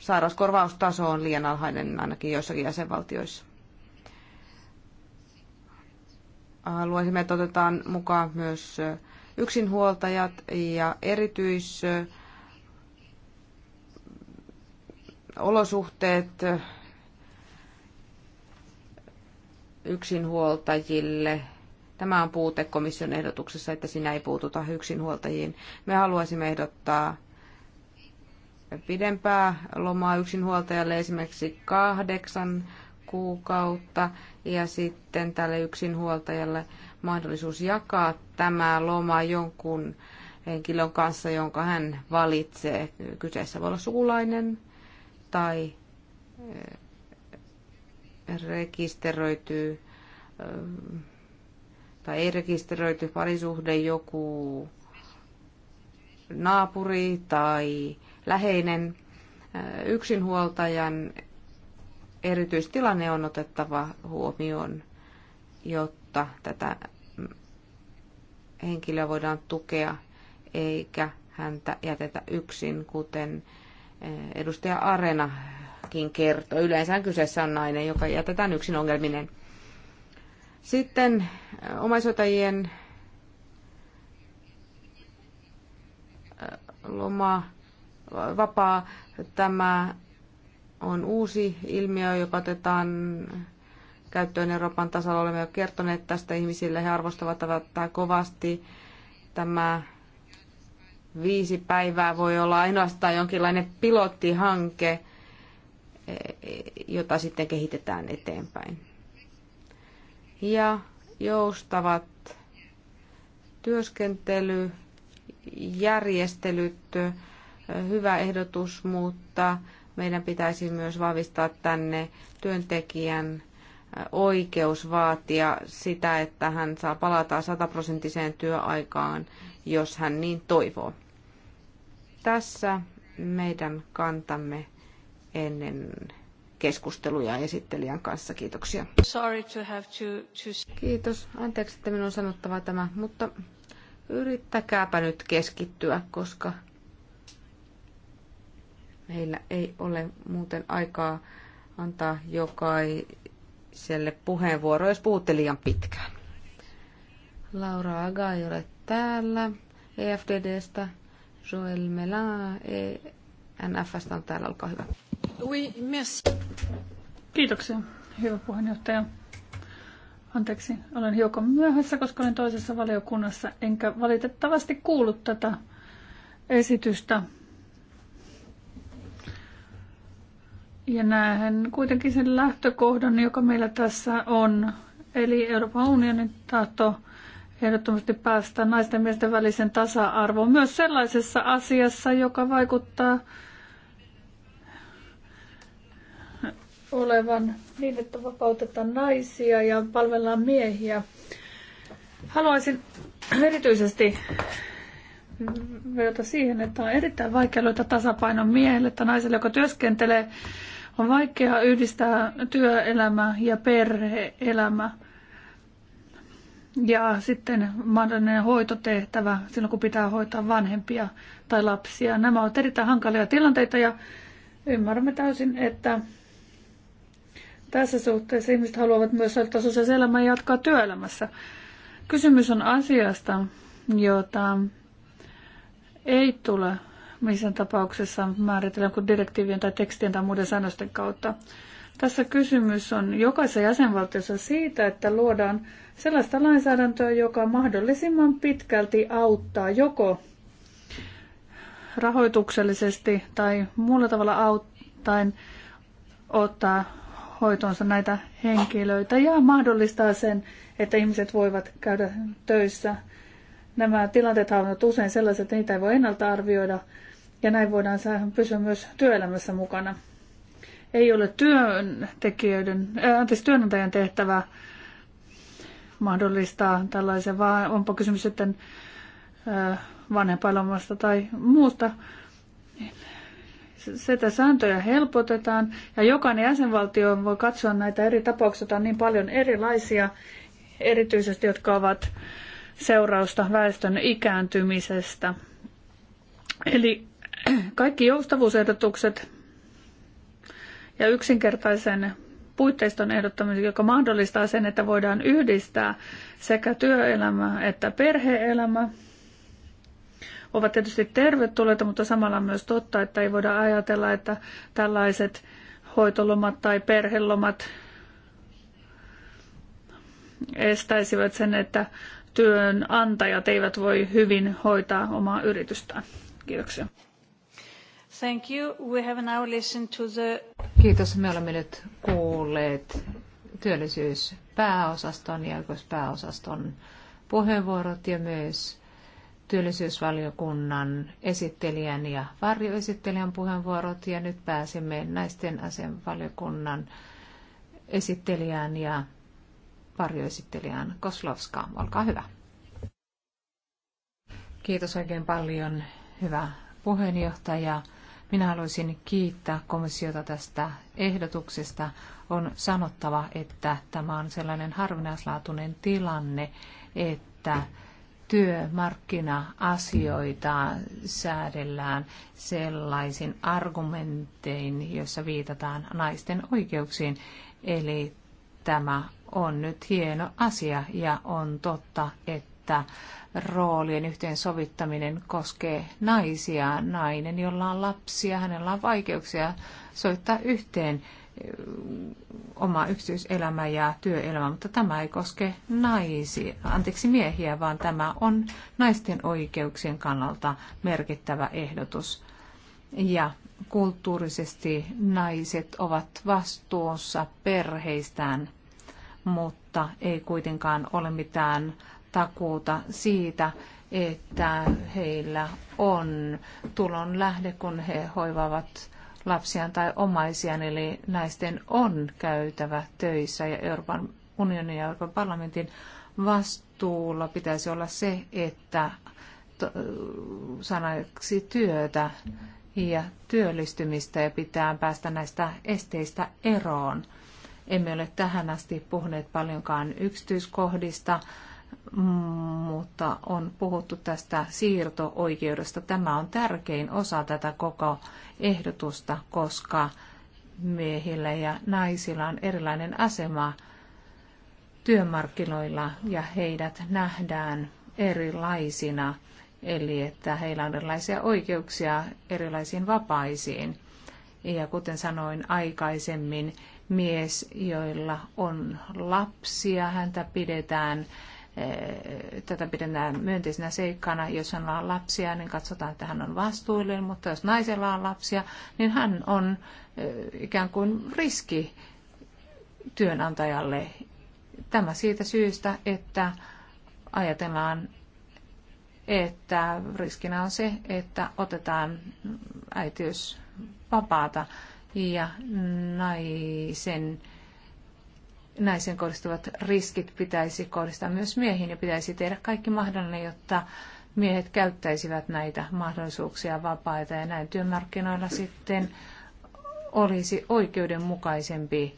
Sairauskorvaustaso on liian alhainen ainakin joissakin jäsenvaltioissa. Haluaisimme, että otetaan mukaan myös yksinhuoltajat ja erityisolosuhteet yksinhuoltajille – Tämä on puute komission ehdotuksessa, että siinä ei puututa yksinhuoltajiin. Me haluaisimme ehdottaa pidempää lomaa yksinhuoltajalle, esimerkiksi kahdeksan kuukautta, ja sitten tälle yksinhuoltajalle mahdollisuus jakaa tämä loma jonkun henkilön kanssa, jonka hän valitsee. Kyseessä voi olla sukulainen tai eh, rekisteröityy eh, tai ei rekisteröity parisuhde joku naapuri tai läheinen äh, yksinhuoltajan erityistilanne on otettava huomioon, jotta tätä henkilöä voidaan tukea eikä häntä jätetä yksin, kuten äh, edustaja Arenakin kertoi. Yleensä kyseessä on nainen, joka jätetään yksin ongelminen. Sitten äh, omaishoitajien äh, loma, äh, vapaa, tämä on uusi ilmiö, joka otetaan käyttöön Euroopan tasolla. Olemme jo kertoneet tästä ihmisille. He arvostavat tätä kovasti. Tämä viisi päivää voi olla ainoastaan jonkinlainen pilottihanke, eh, jota sitten kehitetään eteenpäin ja joustavat työskentelyjärjestelyt, hyvä ehdotus, mutta meidän pitäisi myös vahvistaa tänne työntekijän oikeus vaatia sitä, että hän saa palata sataprosenttiseen työaikaan, jos hän niin toivoo. Tässä meidän kantamme ennen keskusteluja esittelijän kanssa. Kiitoksia. Sorry to have to, to... Kiitos. Anteeksi, että minun on sanottava tämä, mutta yrittäkääpä nyt keskittyä, koska meillä ei ole muuten aikaa antaa jokaiselle puheenvuoro, jos puhutte liian pitkään. Laura Aga ei ole täällä EFDDstä. Joel Melan, e NFstä on täällä, olkaa hyvä. Oui, merci. Kiitoksia, hyvä puheenjohtaja. Anteeksi, olen hiukan myöhässä, koska olen toisessa valiokunnassa, enkä valitettavasti kuullut tätä esitystä. Ja näen kuitenkin sen lähtökohdan, joka meillä tässä on, eli Euroopan unionin tahto ehdottomasti päästä naisten ja miesten välisen tasa-arvoon myös sellaisessa asiassa, joka vaikuttaa olevan niin, että vapautetaan naisia ja palvellaan miehiä. Haluaisin erityisesti vedota siihen, että on erittäin vaikea löytää tasapaino miehelle tai naiselle, joka työskentelee. On vaikea yhdistää työelämä ja perheelämä ja sitten mahdollinen hoitotehtävä silloin, kun pitää hoitaa vanhempia tai lapsia. Nämä ovat erittäin hankalia tilanteita ja ymmärrämme täysin, että tässä suhteessa ihmiset haluavat myös ottaa sosiaalisen elämän jatkaa työelämässä. Kysymys on asiasta, jota ei tule missään tapauksessa määritellä kuin direktiivien tai tekstien tai muiden säännösten kautta. Tässä kysymys on jokaisessa jäsenvaltiossa siitä, että luodaan sellaista lainsäädäntöä, joka mahdollisimman pitkälti auttaa joko rahoituksellisesti tai muulla tavalla auttaen ottaa hoitonsa näitä henkilöitä ja mahdollistaa sen, että ihmiset voivat käydä töissä. Nämä tilanteet ovat usein sellaiset, että niitä ei voi ennalta arvioida ja näin voidaan pysyä myös työelämässä mukana. Ei ole työntekijöiden, äh, anteeksi, työnantajan tehtävä mahdollistaa tällaisen, vaan onpa kysymys sitten äh, vanhempailomasta tai muusta sitä sääntöjä helpotetaan ja jokainen jäsenvaltio voi katsoa näitä eri tapauksia, on niin paljon erilaisia, erityisesti jotka ovat seurausta väestön ikääntymisestä. Eli kaikki joustavuusehdotukset ja yksinkertaisen puitteiston ehdottaminen, joka mahdollistaa sen, että voidaan yhdistää sekä työelämä että perheelämä, elämä ovat tietysti tervetulleita, mutta samalla on myös totta, että ei voida ajatella, että tällaiset hoitolomat tai perhelomat estäisivät sen, että työnantajat eivät voi hyvin hoitaa omaa yritystään. Kiitoksia. Thank you. We have now listened to the... Kiitos. Me olemme nyt kuulleet työllisyyspääosaston ja oikeuspääosaston puheenvuorot ja myös työllisyysvaliokunnan esittelijän ja varjoesittelijän puheenvuorot ja nyt pääsemme naisten asianvaliokunnan esittelijän ja varjoesittelijän Koslovskaan. Olkaa hyvä. Kiitos oikein paljon, hyvä puheenjohtaja. Minä haluaisin kiittää komissiota tästä ehdotuksesta. On sanottava, että tämä on sellainen harvinaislaatuinen tilanne, että työmarkkina-asioita säädellään sellaisin argumentein, joissa viitataan naisten oikeuksiin. Eli tämä on nyt hieno asia ja on totta, että roolien yhteensovittaminen koskee naisia. Nainen, jolla on lapsia, hänellä on vaikeuksia soittaa yhteen oma yksityiselämä ja työelämä, mutta tämä ei koske naisia, anteeksi miehiä, vaan tämä on naisten oikeuksien kannalta merkittävä ehdotus. Ja kulttuurisesti naiset ovat vastuussa perheistään, mutta ei kuitenkaan ole mitään takuuta siitä, että heillä on tulon lähde, kun he hoivaavat lapsiaan tai omaisiaan, eli naisten on käytävä töissä ja Euroopan unionin ja Euroopan parlamentin vastuulla pitäisi olla se, että sanaksi työtä ja työllistymistä ja pitää päästä näistä esteistä eroon. Emme ole tähän asti puhuneet paljonkaan yksityiskohdista, mutta on puhuttu tästä siirto-oikeudesta. Tämä on tärkein osa tätä koko ehdotusta, koska miehillä ja naisilla on erilainen asema työmarkkinoilla ja heidät nähdään erilaisina, eli että heillä on erilaisia oikeuksia erilaisiin vapaisiin. Ja kuten sanoin aikaisemmin, mies, joilla on lapsia, häntä pidetään Eh, tätä pidetään myönteisenä seikkana. Jos hän on lapsia, niin katsotaan, että hän on vastuullinen, mutta jos naisella on lapsia, niin hän on eh, ikään kuin riski työnantajalle. Tämä siitä syystä, että ajatellaan, että riskinä on se, että otetaan vapaata ja naisen naisen kohdistuvat riskit pitäisi kohdistaa myös miehiin ja pitäisi tehdä kaikki mahdollinen, jotta miehet käyttäisivät näitä mahdollisuuksia vapaita ja näin työmarkkinoilla sitten olisi oikeudenmukaisempi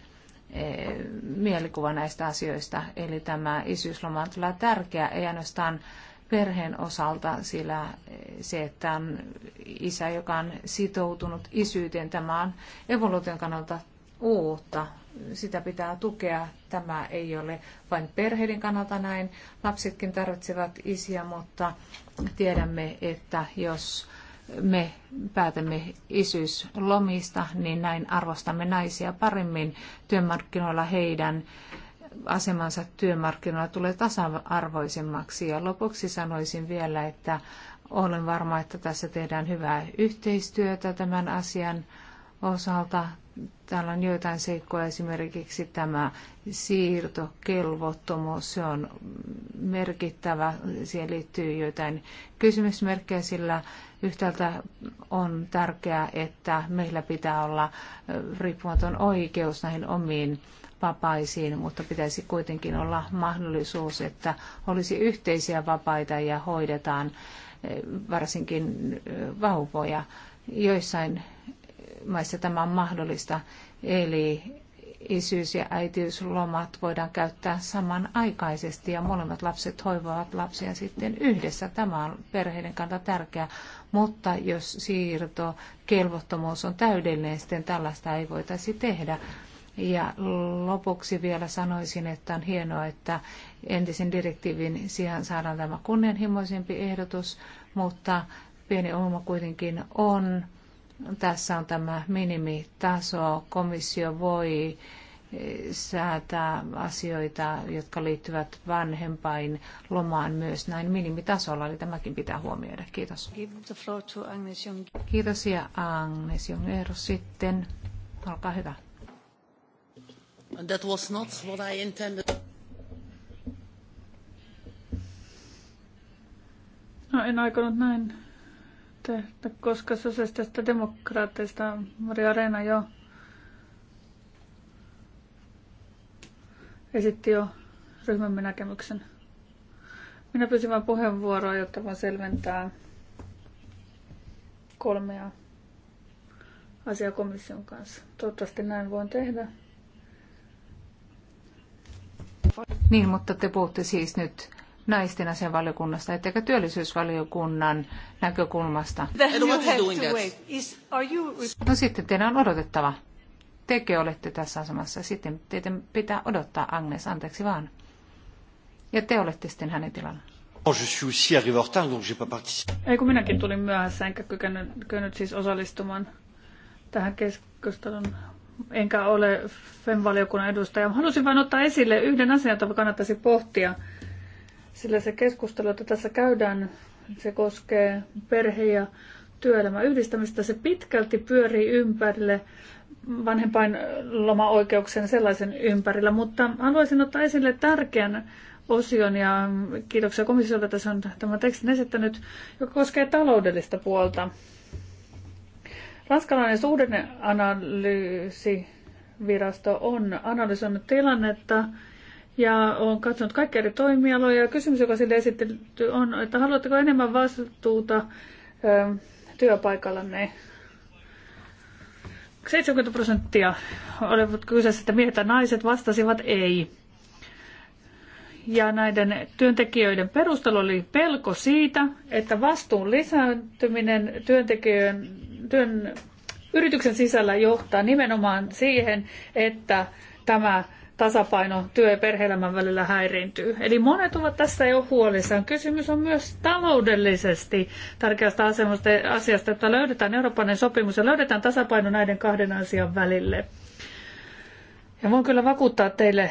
eh, mielikuva näistä asioista. Eli tämä isyysloma on todella tärkeä, ei ainoastaan perheen osalta, sillä eh, se, että on isä, joka on sitoutunut isyyteen, tämä on evoluution kannalta uutta sitä pitää tukea. Tämä ei ole vain perheiden kannalta näin. Lapsetkin tarvitsevat isiä, mutta tiedämme, että jos me päätämme isyyslomista, niin näin arvostamme naisia paremmin työmarkkinoilla heidän asemansa työmarkkinoilla tulee tasa-arvoisemmaksi. Ja lopuksi sanoisin vielä, että olen varma, että tässä tehdään hyvää yhteistyötä tämän asian osalta täällä on joitain seikkoja, esimerkiksi tämä siirtokelvottomuus, se on merkittävä, siihen liittyy joitain kysymysmerkkejä, sillä yhtäältä on tärkeää, että meillä pitää olla riippumaton oikeus näihin omiin vapaisiin, mutta pitäisi kuitenkin olla mahdollisuus, että olisi yhteisiä vapaita ja hoidetaan eh, varsinkin eh, vauvoja. Joissain maissa tämä on mahdollista. Eli isyys- ja äitiyslomat voidaan käyttää samanaikaisesti ja molemmat lapset hoivaavat lapsia sitten yhdessä. Tämä on perheiden kannalta tärkeää, mutta jos siirto, kelvottomuus on täydellinen, sitten tällaista ei voitaisi tehdä. Ja lopuksi vielä sanoisin, että on hienoa, että entisen direktiivin sijaan saadaan tämä kunnianhimoisempi ehdotus, mutta pieni ongelma kuitenkin on, tässä on tämä minimitaso. Komissio voi eh, säätää asioita, jotka liittyvät vanhempain lomaan myös näin minimitasolla, eli tämäkin pitää huomioida. Kiitos. Kiitos ja Agnes Jongero sitten. Olkaa hyvä. That was not what I intended. No, en aikonut näin että koska sosiaalista demokraatteista Mari Areena jo esitti jo ryhmämme näkemyksen. Minä pyysin vain puheenvuoroa, jotta voin selventää kolmea asiaa komission kanssa. Toivottavasti näin voin tehdä. Niin, mutta te puhutte siis nyt naisten asianvaliokunnasta, ettekä työllisyysvaliokunnan näkökulmasta. No sitten teidän on odotettava. Tekö olette tässä asemassa. Sitten teidän pitää odottaa Agnes, anteeksi vaan. Ja te olette sitten hänen tilalla. Oh, Ei kun minäkin tulin myöhässä, enkä kykennyt, kykennyt siis osallistumaan tähän keskustelun enkä ole FEM-valiokunnan edustaja. Halusin vain ottaa esille yhden asian, jota kannattaisi pohtia sillä se keskustelu, jota tässä käydään, se koskee perhe- ja työelämän yhdistämistä. Se pitkälti pyörii ympärille vanhempainlomaoikeuksien sellaisen ympärillä, mutta haluaisin ottaa esille tärkeän osion ja kiitoksia komissiolta, että se on tämän tekstin esittänyt, joka koskee taloudellista puolta. Ranskalainen suhdanneanalyysivirasto on analysoinut tilannetta ja olen katsonut kaikkia eri toimialoja. kysymys, joka sille esitetty on, että haluatteko enemmän vastuuta ö, työpaikallanne? 70 prosenttia olivat kyseessä, että miehet ja naiset vastasivat ei. Ja näiden työntekijöiden perustelu oli pelko siitä, että vastuun lisääntyminen työntekijöiden, työn, yrityksen sisällä johtaa nimenomaan siihen, että tämä tasapaino työ- ja perhe välillä häiriintyy. Eli monet ovat tässä jo huolissaan. Kysymys on myös taloudellisesti tärkeästä asemasta, asiasta, että löydetään Euroopanen sopimus ja löydetään tasapaino näiden kahden asian välille. Ja voin kyllä vakuuttaa teille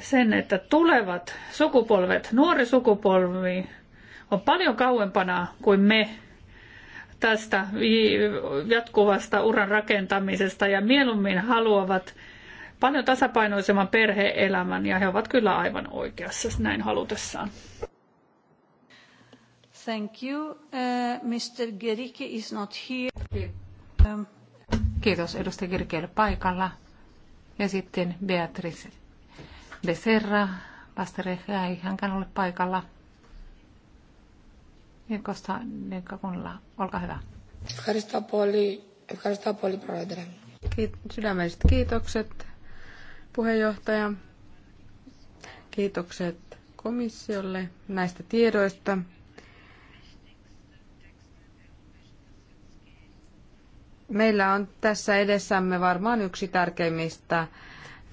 sen, että tulevat sukupolvet, nuori sukupolvi, on paljon kauempana kuin me tästä jatkuvasta uran rakentamisesta ja mieluummin haluavat paljon tasapainoisemman perhe-elämän ja he ovat kyllä aivan oikeassa näin halutessaan. Thank you. Uh, Mr. Gerike is not here. Um, Kiitos edustaja Gerikeille paikalla. Ja sitten Beatrice Becerra, Pasterehä ei hänkään ole paikalla. Ja Kosta Nekkakunla, olkaa hyvä. Ευχαριστώ πολύ, ευχαριστώ πολύ Πρόεδρε. Sydämelliset kiitokset puheenjohtaja. Kiitokset komissiolle näistä tiedoista. Meillä on tässä edessämme varmaan yksi tärkeimmistä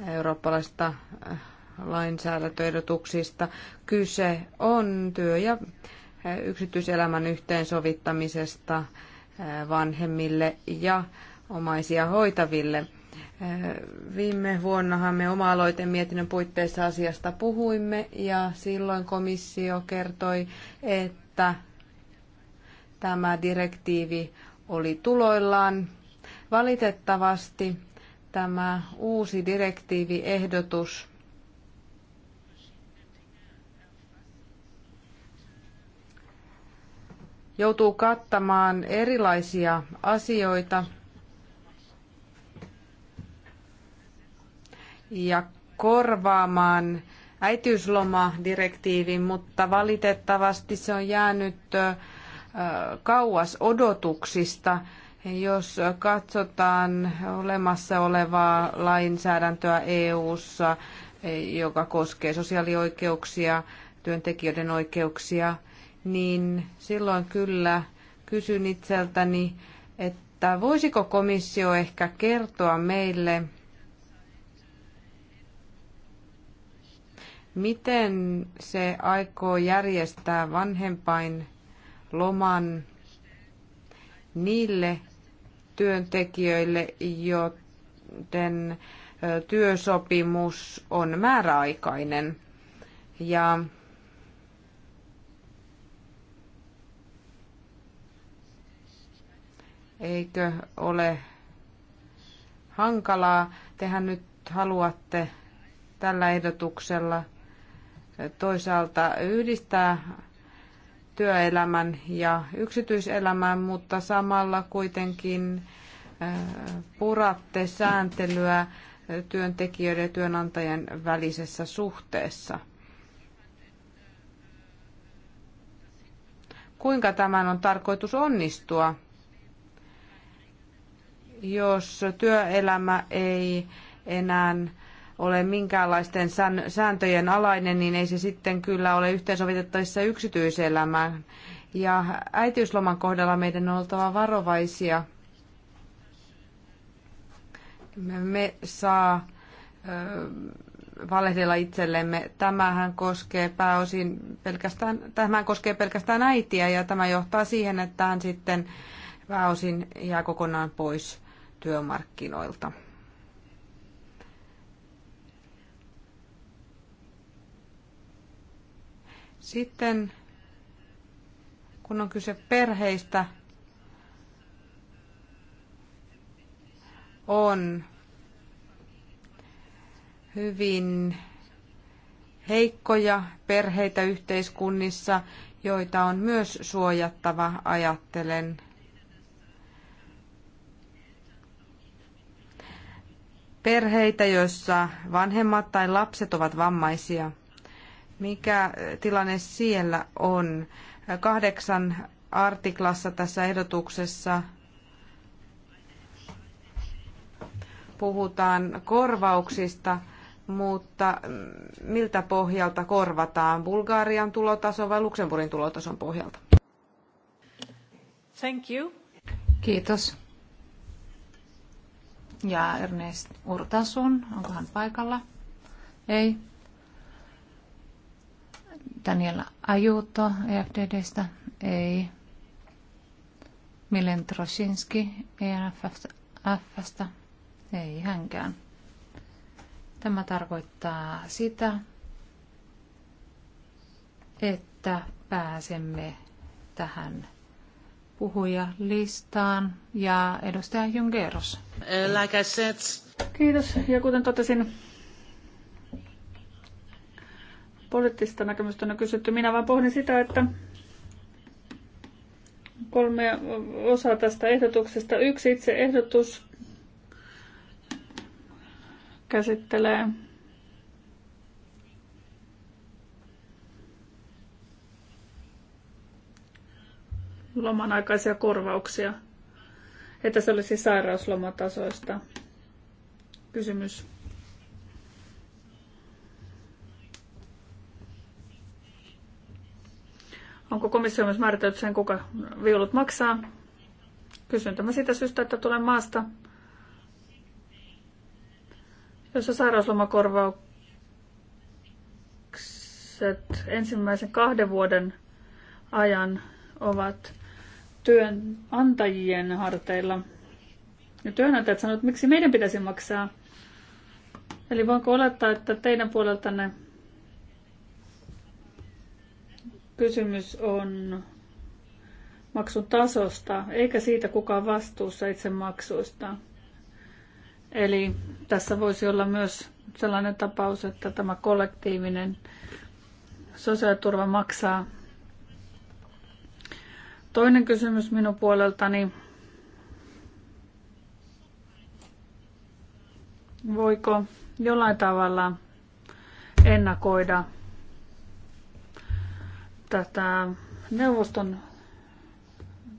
eurooppalaista äh, lainsäädäntöehdotuksista. Kyse on työ- ja äh, yksityiselämän yhteensovittamisesta äh, vanhemmille ja omaisia hoitaville. Viime vuonnahan me oma mietinnön puitteissa asiasta puhuimme ja silloin komissio kertoi, että tämä direktiivi oli tuloillaan. Valitettavasti tämä uusi direktiiviehdotus joutuu kattamaan erilaisia asioita – ja korvaamaan äitiyslomadirektiivin, mutta valitettavasti se on jäänyt kauas odotuksista. Jos katsotaan olemassa olevaa lainsäädäntöä EU:ssa, joka koskee sosiaalioikeuksia, työntekijöiden oikeuksia, niin silloin kyllä kysyn itseltäni, että voisiko komissio ehkä kertoa meille Miten se aikoo järjestää vanhempain loman niille työntekijöille, joten työsopimus on määräaikainen. Ja eikö ole hankalaa? Tehän nyt haluatte tällä ehdotuksella toisaalta yhdistää työelämän ja yksityiselämän, mutta samalla kuitenkin puratte sääntelyä työntekijöiden ja työnantajan välisessä suhteessa. Kuinka tämän on tarkoitus onnistua, jos työelämä ei enää ole minkäänlaisten sääntöjen alainen, niin ei se sitten kyllä ole yhteensovitettavissa yksityiselämään. Ja äitiysloman kohdalla meidän on oltava varovaisia. Me saa valehdella itsellemme. Tämähän koskee pääosin pelkästään, tämähän koskee pelkästään äitiä ja tämä johtaa siihen, että hän sitten pääosin jää kokonaan pois työmarkkinoilta. Sitten kun on kyse perheistä, on hyvin heikkoja perheitä yhteiskunnissa, joita on myös suojattava, ajattelen. Perheitä, joissa vanhemmat tai lapset ovat vammaisia. Mikä tilanne siellä on? Kahdeksan artiklassa tässä ehdotuksessa puhutaan korvauksista, mutta miltä pohjalta korvataan? Bulgarian tulotason vai Luxemburgin tulotason pohjalta? Thank you. Kiitos. Ja Ernest Urtasun, onko hän paikalla? Ei. Daniela Ajuto EFDDstä, ei. Milen Trosinski ENFFstä, ei hänkään. Tämä tarkoittaa sitä, että pääsemme tähän puhujalistaan ja edustaja Jungeros. Like I said. Kiitos ja kuten totesin, poliittista näkemystä on kysytty. Minä vaan pohdin sitä, että kolme osaa tästä ehdotuksesta. Yksi itse ehdotus käsittelee loman aikaisia korvauksia. Että se olisi sairauslomatasoista kysymys. Onko komissio myös määritellyt sen, kuka viulut maksaa? Kysyn tämä siitä syystä, että tulen maasta, jossa sairauslomakorvaukset ensimmäisen kahden vuoden ajan ovat työnantajien harteilla. Ja työnantajat sanovat, että miksi meidän pitäisi maksaa. Eli voinko olettaa, että teidän puoleltanne Kysymys on maksun tasosta, eikä siitä kuka vastuussa itse maksuista. Eli tässä voisi olla myös sellainen tapaus, että tämä kollektiivinen sosiaaliturva maksaa. Toinen kysymys minun puoleltani. Voiko jollain tavalla ennakoida tätä neuvoston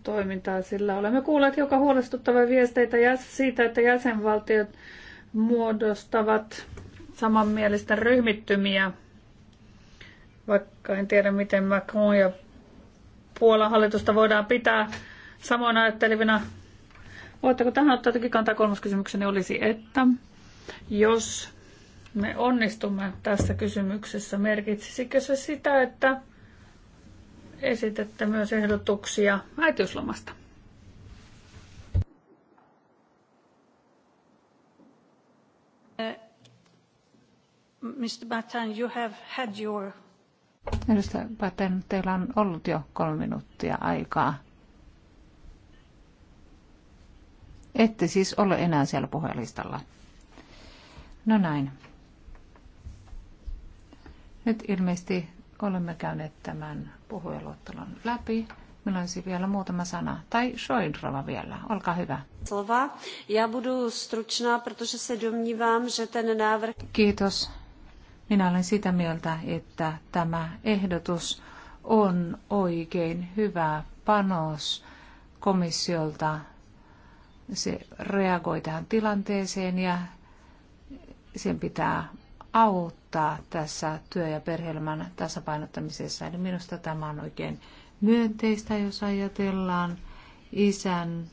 toimintaa, sillä olemme kuulleet joka huolestuttavia viesteitä siitä, että jäsenvaltiot muodostavat samanmielisten ryhmittymiä, vaikka en tiedä miten Macron ja Puolan hallitusta voidaan pitää samoin ajattelivina. Voitteko tähän ottaa toki kantaa? Kolmas kysymykseni olisi, että jos me onnistumme tässä kysymyksessä, merkitsisikö se sitä, että esitettä myös ehdotuksia äitiyslomasta. Uh, Mr. Batten, you have had your... Edustaja Batten, teillä on ollut jo kolme minuuttia aikaa. Ette siis ole enää siellä puhelistalla. No näin. Nyt ilmeisesti olemme käyneet tämän puhujaluottelon läpi. Meillä olisi vielä muutama sana. Tai Šojdrova vielä. Olkaa hyvä. Slova. Ja budu stručná, protože se domnívám, že ten návrh... Kiitos. Minä olen sitä mieltä, että tämä ehdotus on oikein hyvä panos komissiolta. Se reagoi tähän tilanteeseen ja sen pitää auttaa auttaa tässä työ- ja perheelämän tasapainottamisessa. Eli minusta tämä on oikein myönteistä, jos ajatellaan isän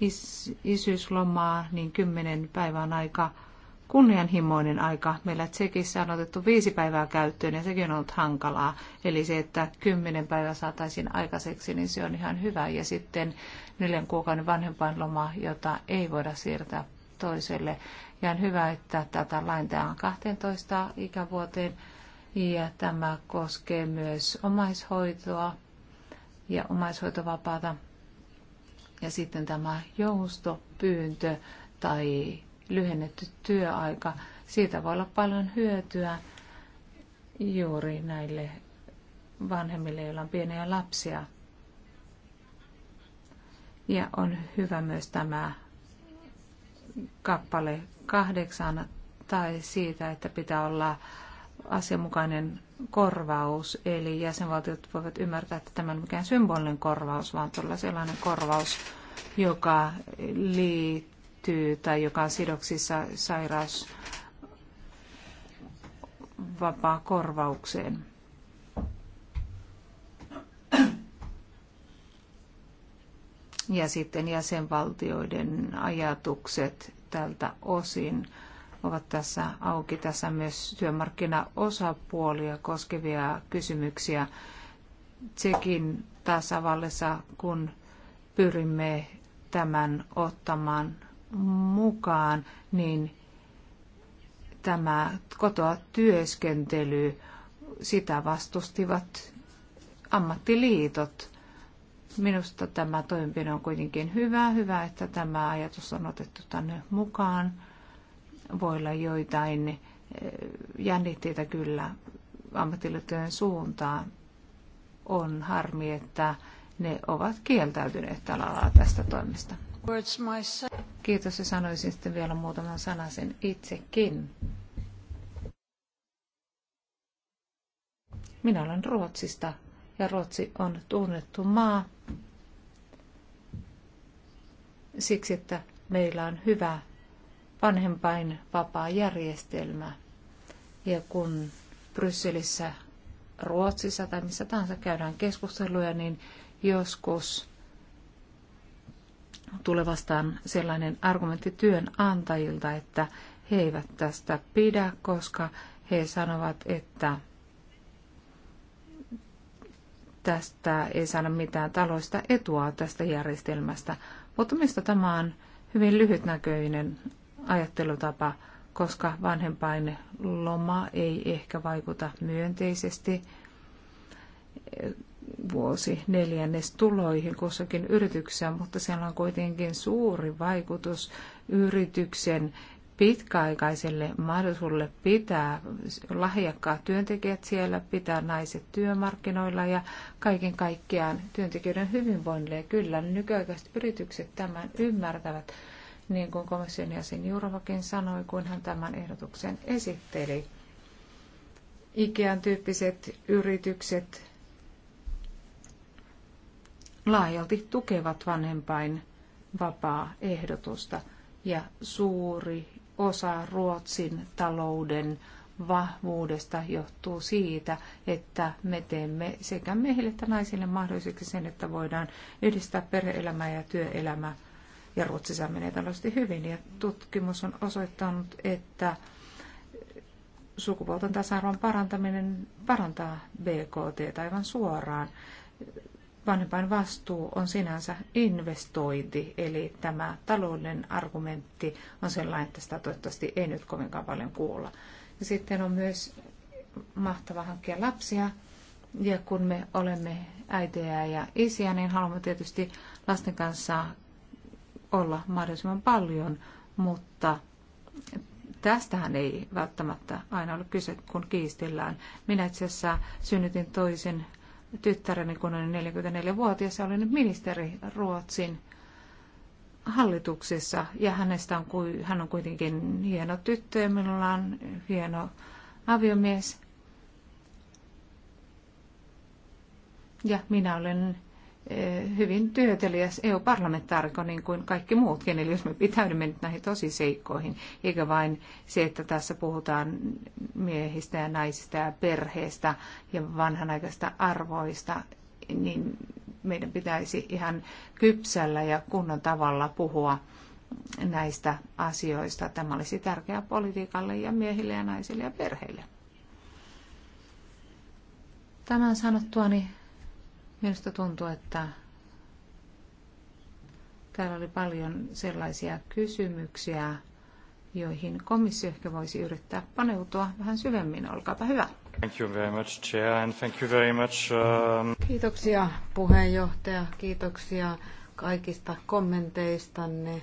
is, isyyslomaa, niin kymmenen päivän aika kunnianhimoinen aika. Meillä Tsekissä on otettu viisi päivää käyttöön ja sekin on ollut hankalaa. Eli se, että kymmenen päivää saataisiin aikaiseksi, niin se on ihan hyvä. Ja sitten neljän kuukauden vanhempainloma, jota ei voida siirtää toiselle ja on hyvä, että tätä laintetaan 12 ikävuoteen. Ja tämä koskee myös omaishoitoa ja omaishoitovapaata. Ja sitten tämä joustopyyntö tai lyhennetty työaika. Siitä voi olla paljon hyötyä juuri näille vanhemmille, joilla on pieniä lapsia. Ja on hyvä myös tämä kappale kahdeksan tai siitä, että pitää olla asianmukainen korvaus, eli jäsenvaltiot voivat ymmärtää, että tämä on mikään symbolinen korvaus, vaan todella sellainen korvaus, joka liittyy tai joka on sidoksissa sairaus vapaa korvaukseen. Ja sitten jäsenvaltioiden ajatukset tältä osin ovat tässä auki. Tässä myös työmarkkinaosapuolia koskevia kysymyksiä. Tsekin tasavallassa, kun pyrimme tämän ottamaan mukaan, niin tämä kotoa työskentely, sitä vastustivat ammattiliitot. Minusta tämä toimenpide on kuitenkin hyvä. Hyvä, että tämä ajatus on otettu tänne mukaan. Voi olla joitain eh, jännitteitä kyllä ammattiliittojen suuntaan. On harmi, että ne ovat kieltäytyneet tällä alalla tästä toimesta. Kiitos ja sanoisin sitten vielä muutaman sanasen itsekin. Minä olen Ruotsista ja Ruotsi on tunnettu maa, siksi, että meillä on hyvä vanhempain vapaa järjestelmä. Ja kun Brysselissä, Ruotsissa tai missä tahansa käydään keskusteluja, niin joskus tulee vastaan sellainen argumentti työnantajilta, että he eivät tästä pidä, koska he sanovat, että tästä ei saada mitään taloista etua tästä järjestelmästä, mutta mistä tämä on hyvin lyhytnäköinen ajattelutapa, koska vanhempain loma ei ehkä vaikuta myönteisesti vuosi neljännes tuloihin kussakin yrityksessä, mutta siellä on kuitenkin suuri vaikutus yrityksen pitkäaikaiselle mahdollisuudelle pitää lahjakkaat työntekijät siellä, pitää naiset työmarkkinoilla ja kaiken kaikkiaan työntekijöiden hyvinvoinnille. kyllä nykyaikaiset yritykset tämän ymmärtävät, niin kuin komission jäsen Jurovakin sanoi, kun hän tämän ehdotuksen esitteli. Ikean tyyppiset yritykset laajalti tukevat vanhempain vapaa ehdotusta ja suuri osa Ruotsin talouden vahvuudesta johtuu siitä, että me teemme sekä miehille että naisille mahdolliseksi sen, että voidaan yhdistää perheelämä ja työelämä. Ja Ruotsissa menee taloudellisesti hyvin. Ja tutkimus on osoittanut, että sukupuolten tasa-arvon parantaminen parantaa BKT aivan suoraan vanhempain vastuu on sinänsä investointi, eli tämä talouden argumentti on sellainen, että sitä toivottavasti ei nyt kovinkaan paljon kuulla. Ja sitten on myös mahtava hankkia lapsia, ja kun me olemme äitejä ja isiä, niin haluamme tietysti lasten kanssa olla mahdollisimman paljon, mutta tästähän ei välttämättä aina ole kyse, kun kiistellään. Minä itse asiassa synnytin toisen tyttäreni, kun olin 44-vuotias ja olin nyt ministeri Ruotsin hallituksessa. Ja hänestä on, hän on kuitenkin hieno tyttö ja minulla on hieno aviomies. Ja minä olen Eh, hyvin työtelijäs EU-parlamentaarikko niin kuin kaikki muutkin. Eli jos me pitäydymme nyt näihin seikkoihin, eikä vain se, että tässä puhutaan miehistä ja naisista ja perheestä ja vanhanaikaista arvoista, niin meidän pitäisi ihan kypsällä ja kunnon tavalla puhua näistä asioista. Tämä olisi tärkeää politiikalle ja miehille ja naisille ja perheille. Tämän sanottuani Minusta tuntuu, että täällä oli paljon sellaisia kysymyksiä, joihin komissio ehkä voisi yrittää paneutua vähän syvemmin. Olkaapa hyvä. Thank you very much, Chair, and thank you very much. Um... Kiitoksia puheenjohtaja, kiitoksia kaikista kommenteistanne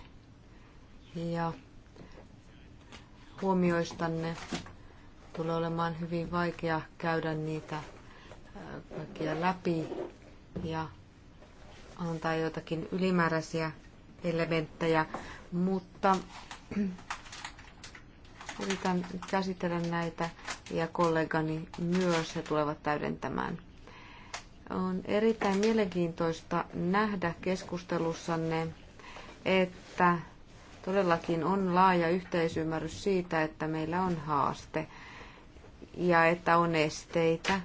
ja huomioistanne. Tulee olemaan hyvin vaikea käydä niitä äh, kaikkia läpi ja antaa jotakin ylimääräisiä elementtejä, mutta yritän käsitellä näitä ja kollegani myös he tulevat täydentämään. On erittäin mielenkiintoista nähdä keskustelussanne, että todellakin on laaja yhteisymmärrys siitä, että meillä on haaste ja että on esteitä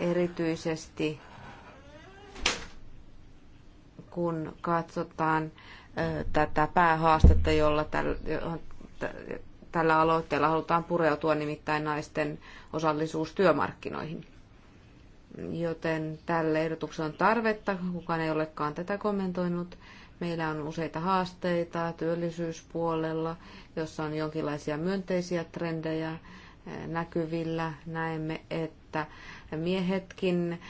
erityisesti kun katsotaan tätä päähaastetta, jolla tällä aloitteella halutaan pureutua, nimittäin naisten osallisuus työmarkkinoihin. Joten tälle ehdotukselle on tarvetta, kukaan ei olekaan tätä kommentoinut. Meillä on useita haasteita työllisyyspuolella, jossa on jonkinlaisia myönteisiä trendejä näkyvillä. Näemme, että miehetkin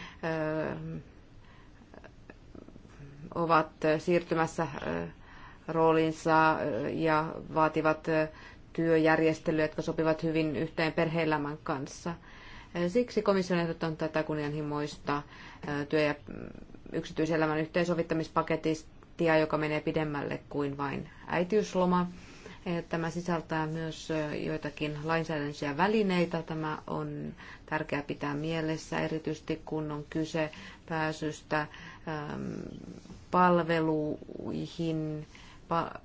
ovat siirtymässä roolinsa ja vaativat työjärjestelyjä, jotka sopivat hyvin yhteen perheelämän kanssa. Siksi komission ehdoton tätä kunnianhimoista työ- ja mm, yksityiselämän yhteensovittamispaketistia, joka menee pidemmälle kuin vain äitiysloma. Tämä sisältää myös joitakin lainsäädännöllisiä välineitä. Tämä on tärkeää pitää mielessä, erityisesti kun on kyse pääsystä Ähm, palveluihin, pa-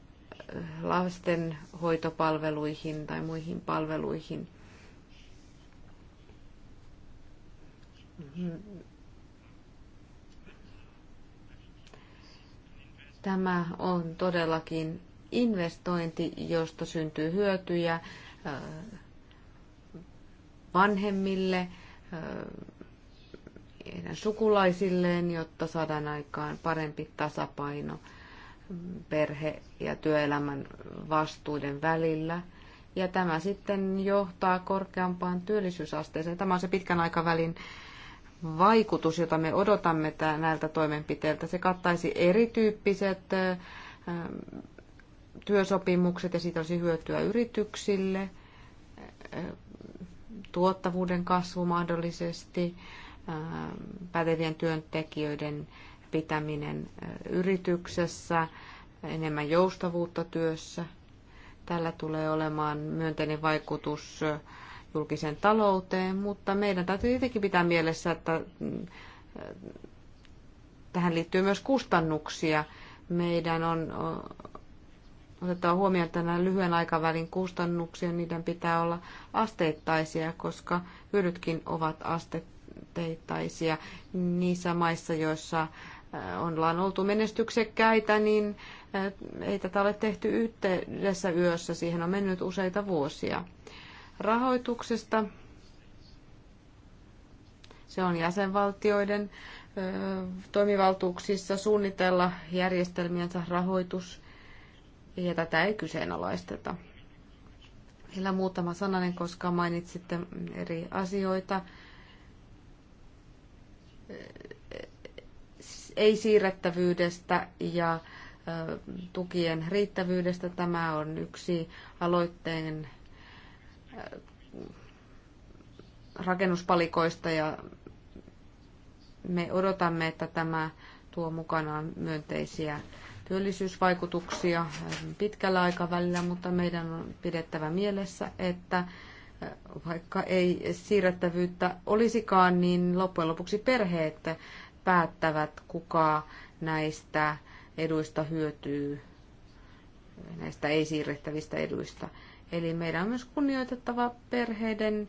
lastenhoitopalveluihin tai muihin palveluihin. Tämä on todellakin investointi, josta syntyy hyötyjä äh, vanhemmille, äh, heidän sukulaisilleen, jotta saadaan aikaan parempi tasapaino perhe- ja työelämän vastuiden välillä. Ja tämä sitten johtaa korkeampaan työllisyysasteeseen. Tämä on se pitkän aikavälin vaikutus, jota me odotamme näiltä toimenpiteiltä. Se kattaisi erityyppiset työsopimukset ja siitä olisi hyötyä yrityksille, tuottavuuden kasvu mahdollisesti, pätevien työntekijöiden pitäminen yrityksessä, enemmän joustavuutta työssä. Tällä tulee olemaan myönteinen vaikutus julkiseen talouteen, mutta meidän täytyy tietenkin pitää mielessä, että tähän liittyy myös kustannuksia. Meidän on otettava huomioon, että nämä lyhyen aikavälin kustannuksia, niiden pitää olla asteittaisia, koska hyödytkin ovat asteittaisia aloitteitaisia niissä maissa, joissa äh, ollaan oltu menestyksekkäitä, niin äh, ei tätä ole tehty yhdessä yössä. Siihen on mennyt useita vuosia. Rahoituksesta se on jäsenvaltioiden äh, toimivaltuuksissa suunnitella järjestelmiensä rahoitus, ja tätä ei kyseenalaisteta. Vielä muutama sananen, koska mainitsitte eri asioita ei-siirrettävyydestä ja tukien riittävyydestä. Tämä on yksi aloitteen rakennuspalikoista ja me odotamme, että tämä tuo mukanaan myönteisiä työllisyysvaikutuksia pitkällä aikavälillä, mutta meidän on pidettävä mielessä, että vaikka ei siirrettävyyttä olisikaan, niin loppujen lopuksi perheet päättävät, kuka näistä eduista hyötyy, näistä ei siirrettävistä eduista. Eli meidän on myös kunnioitettava perheiden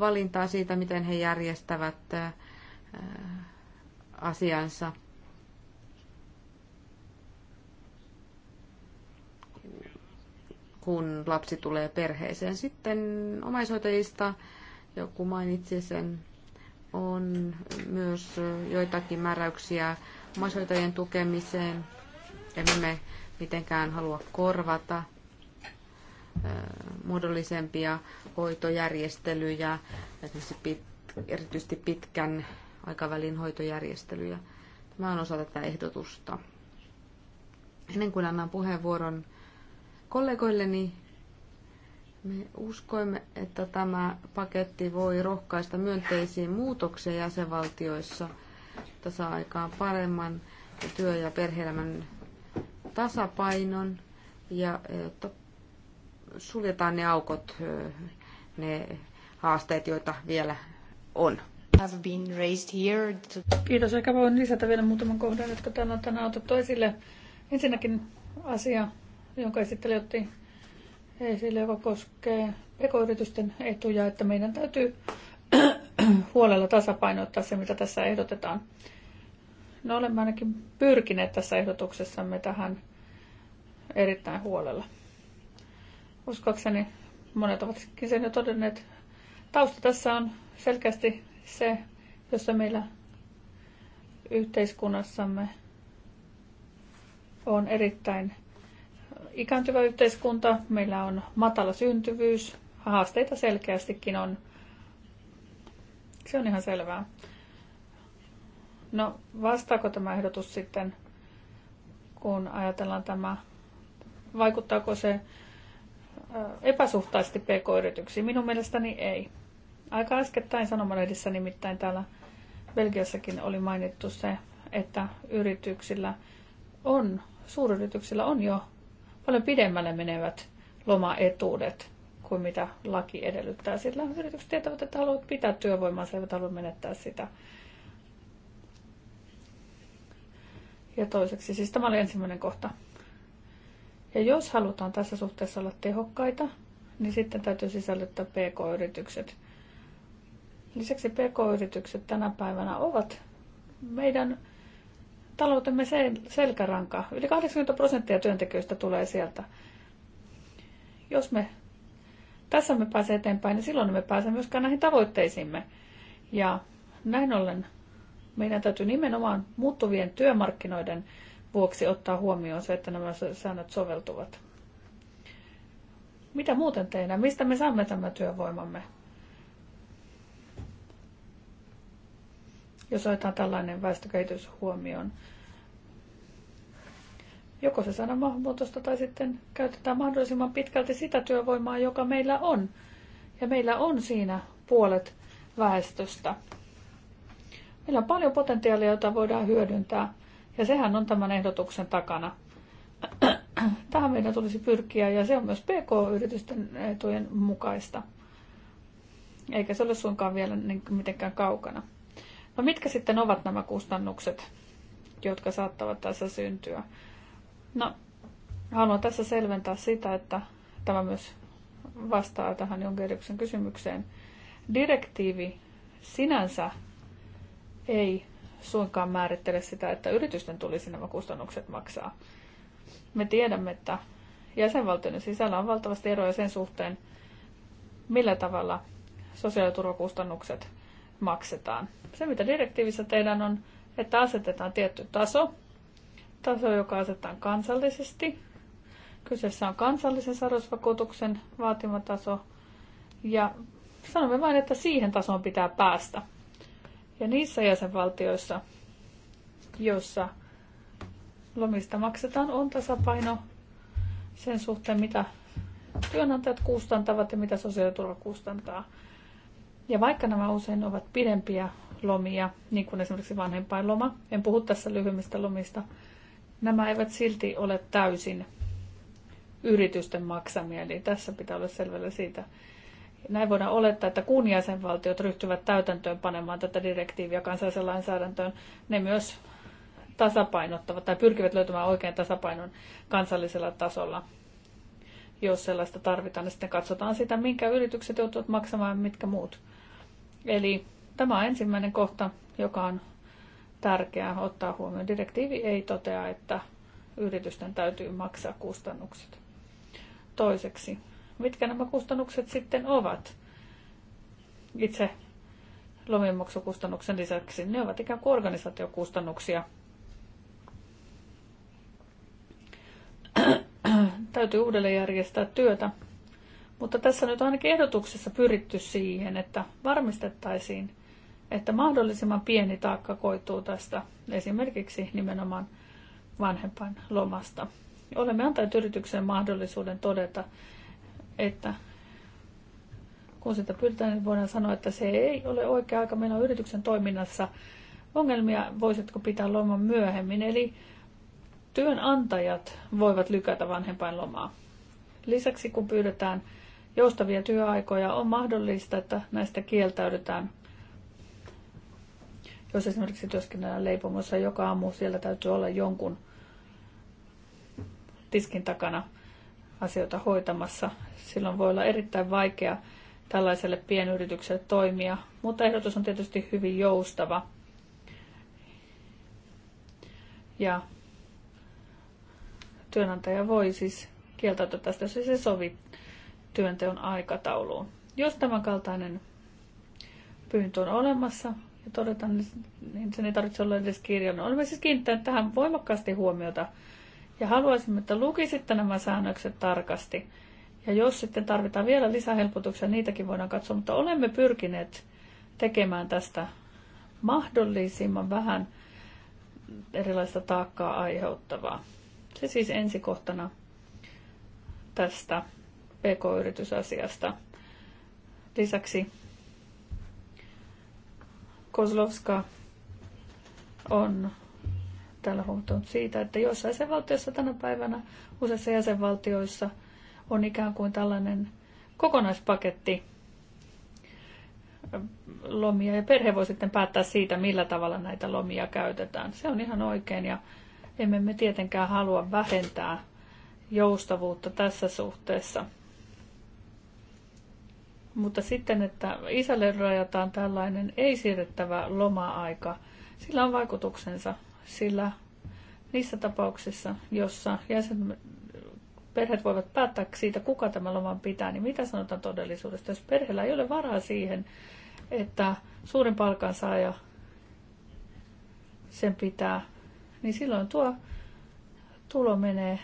valintaa siitä, miten he järjestävät asiansa. kun lapsi tulee perheeseen. Sitten omaishoitajista, joku mainitsi sen, on myös joitakin määräyksiä omaishoitajien tukemiseen. Emme me mitenkään halua korvata muodollisempia hoitojärjestelyjä, esimerkiksi pit, erityisesti pitkän aikavälin hoitojärjestelyjä. Tämä on osa tätä ehdotusta. Ennen kuin annan puheenvuoron Kollegoilleni me uskoimme, että tämä paketti voi rohkaista myönteisiin muutoksia jäsenvaltioissa, että saa aikaan paremman työ- ja perheelämän tasapainon ja että suljetaan ne aukot, ne haasteet, joita vielä on. Have Kiitos. Ehkä voin lisätä vielä muutaman kohdan, jotka täällä on tänään otettu esille. Ensinnäkin asia, jonka esittelijä otti esille, joka koskee pekoyritysten etuja, että meidän täytyy (clears throat) huolella tasapainottaa se, mitä tässä ehdotetaan. No olemme ainakin pyrkineet tässä ehdotuksessamme tähän erittäin huolella. Uskoakseni monet ovatkin sen jo todenneet. Tausta tässä on selkeästi se, jossa meillä yhteiskunnassamme on erittäin ikääntyvä yhteiskunta, meillä on matala syntyvyys, haasteita selkeästikin on. Se on ihan selvää. No, vastaako tämä ehdotus sitten, kun ajatellaan tämä, vaikuttaako se epäsuhtaisesti pk-yrityksiin? Minun mielestäni ei. Aika äskettäin sanomalehdissä nimittäin täällä Belgiassakin oli mainittu se, että yrityksillä on, suuryrityksillä on jo paljon pidemmälle menevät lomaetuudet kuin mitä laki edellyttää. Sillä yritykset tietävät, että haluavat pitää työvoimansa, eivät halua menettää sitä. Ja toiseksi, siis tämä oli ensimmäinen kohta. Ja jos halutaan tässä suhteessa olla tehokkaita, niin sitten täytyy sisällyttää pk-yritykset. Lisäksi pk-yritykset tänä päivänä ovat meidän taloutemme sel- selkäranka. Yli 80 prosenttia työntekijöistä tulee sieltä. Jos me tässä me pääsemme eteenpäin, niin silloin me pääsemme myöskään näihin tavoitteisiimme. Ja näin ollen meidän täytyy nimenomaan muuttuvien työmarkkinoiden vuoksi ottaa huomioon se, että nämä säännöt soveltuvat. Mitä muuten tehdään? Mistä me saamme tämän työvoimamme? jos otetaan tällainen väestökehitys huomioon. Joko se saadaan maahanmuutosta tai sitten käytetään mahdollisimman pitkälti sitä työvoimaa, joka meillä on. Ja meillä on siinä puolet väestöstä. Meillä on paljon potentiaalia, jota voidaan hyödyntää. Ja sehän on tämän ehdotuksen takana. (clears throat) Tähän meidän tulisi pyrkiä ja se on myös PK-yritysten etujen mukaista. Eikä se ole suinkaan vielä niin mitenkään kaukana. No mitkä sitten ovat nämä kustannukset, jotka saattavat tässä syntyä? No, haluan tässä selventää sitä, että tämä myös vastaa tähän jonkin kysymykseen. Direktiivi sinänsä ei suinkaan määrittele sitä, että yritysten tulisi nämä kustannukset maksaa. Me tiedämme, että jäsenvaltioiden sisällä on valtavasti eroja sen suhteen, millä tavalla sosiaaliturvakustannukset maksetaan. Se, mitä direktiivissä tehdään, on, että asetetaan tietty taso, taso, joka asetetaan kansallisesti. Kyseessä on kansallisen sairausvakuutuksen vaatima taso, ja sanomme vain, että siihen tasoon pitää päästä. Ja niissä jäsenvaltioissa, joissa lomista maksetaan, on tasapaino sen suhteen, mitä työnantajat kustantavat ja mitä sosiaaliturva kustantaa. Ja vaikka nämä usein ovat pidempiä lomia, niin kuin esimerkiksi vanhempainloma, en puhu tässä lyhyimmistä lomista, nämä eivät silti ole täysin yritysten maksamia, eli tässä pitää olla selvällä siitä. Näin voidaan olettaa, että kun jäsenvaltiot ryhtyvät täytäntöön panemaan tätä direktiiviä kansallisen lainsäädäntöön, ne myös tasapainottavat tai pyrkivät löytämään oikean tasapainon kansallisella tasolla. Jos sellaista tarvitaan, niin sitten katsotaan sitä, minkä yritykset joutuvat maksamaan, mitkä muut. Eli tämä on ensimmäinen kohta, joka on tärkeää ottaa huomioon. Direktiivi ei totea, että yritysten täytyy maksaa kustannukset. Toiseksi, mitkä nämä kustannukset sitten ovat? Itse lomimaksukustannuksen lisäksi ne ovat ikään kuin organisaatiokustannuksia. täytyy uudelleen järjestää työtä mutta tässä nyt ainakin ehdotuksessa pyritty siihen, että varmistettaisiin, että mahdollisimman pieni taakka koituu tästä esimerkiksi nimenomaan vanhempain lomasta. Olemme antaneet yritykseen mahdollisuuden todeta, että kun sitä pyritään, niin voidaan sanoa, että se ei ole oikea aika. Meillä on yrityksen toiminnassa ongelmia, voisitko pitää loman myöhemmin. Eli työnantajat voivat lykätä vanhempainlomaa. Lisäksi kun pyydetään joustavia työaikoja, on mahdollista, että näistä kieltäydytään. Jos esimerkiksi työskennellään leipomossa joka aamu, siellä täytyy olla jonkun tiskin takana asioita hoitamassa. Silloin voi olla erittäin vaikea tällaiselle pienyritykselle toimia, mutta ehdotus on tietysti hyvin joustava. Ja työnantaja voi siis kieltäytyä tästä, jos ei se sovi työnteon aikatauluun. Jos tämän kaltainen pyyntö on olemassa ja todetaan, niin sen ei tarvitse olla edes kirjallinen. Olemme siis kiinnittäneet tähän voimakkaasti huomiota ja haluaisimme, että lukisitte nämä säännökset tarkasti. Ja jos sitten tarvitaan vielä lisähelpotuksia, niitäkin voidaan katsoa, mutta olemme pyrkineet tekemään tästä mahdollisimman vähän erilaista taakkaa aiheuttavaa. Se siis ensikohtana tästä PK-yritysasiasta. Lisäksi Kozlovska on täällä huutunut siitä, että jossain jäsenvaltiossa tänä päivänä, useissa jäsenvaltioissa on ikään kuin tällainen kokonaispaketti lomia ja perhe voi sitten päättää siitä, millä tavalla näitä lomia käytetään. Se on ihan oikein ja emme me tietenkään halua vähentää joustavuutta tässä suhteessa. Mutta sitten, että isälle rajataan tällainen ei-siirrettävä loma-aika, sillä on vaikutuksensa, sillä niissä tapauksissa, jossa jäsen, perheet voivat päättää siitä, kuka tämä loman pitää, niin mitä sanotaan todellisuudesta, jos perheellä ei ole varaa siihen, että suurin palkansaaja sen pitää, niin silloin tuo tulo menee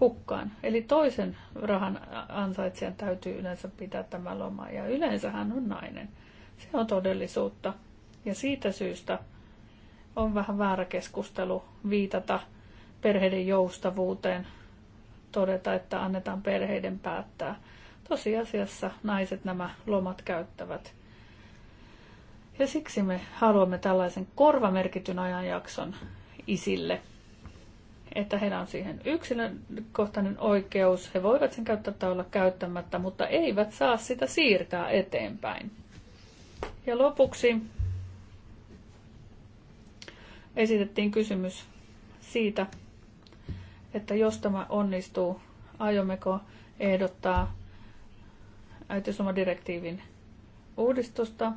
hukkaan. Eli toisen rahan ansaitsijan täytyy yleensä pitää tämä loma, ja yleensä hän on nainen. Se on todellisuutta. Ja siitä syystä on vähän väärä keskustelu viitata perheiden joustavuuteen, todeta, että annetaan perheiden päättää. Tosiasiassa naiset nämä lomat käyttävät. Ja siksi me haluamme tällaisen korvamerkityn ajanjakson isille – että heillä on siihen yksilökohtainen oikeus. He voivat sen käyttää tai olla käyttämättä, mutta eivät saa sitä siirtää eteenpäin. Ja lopuksi esitettiin kysymys siitä, että jos tämä onnistuu, aiommeko ehdottaa äitiysomadirektiivin uudistusta.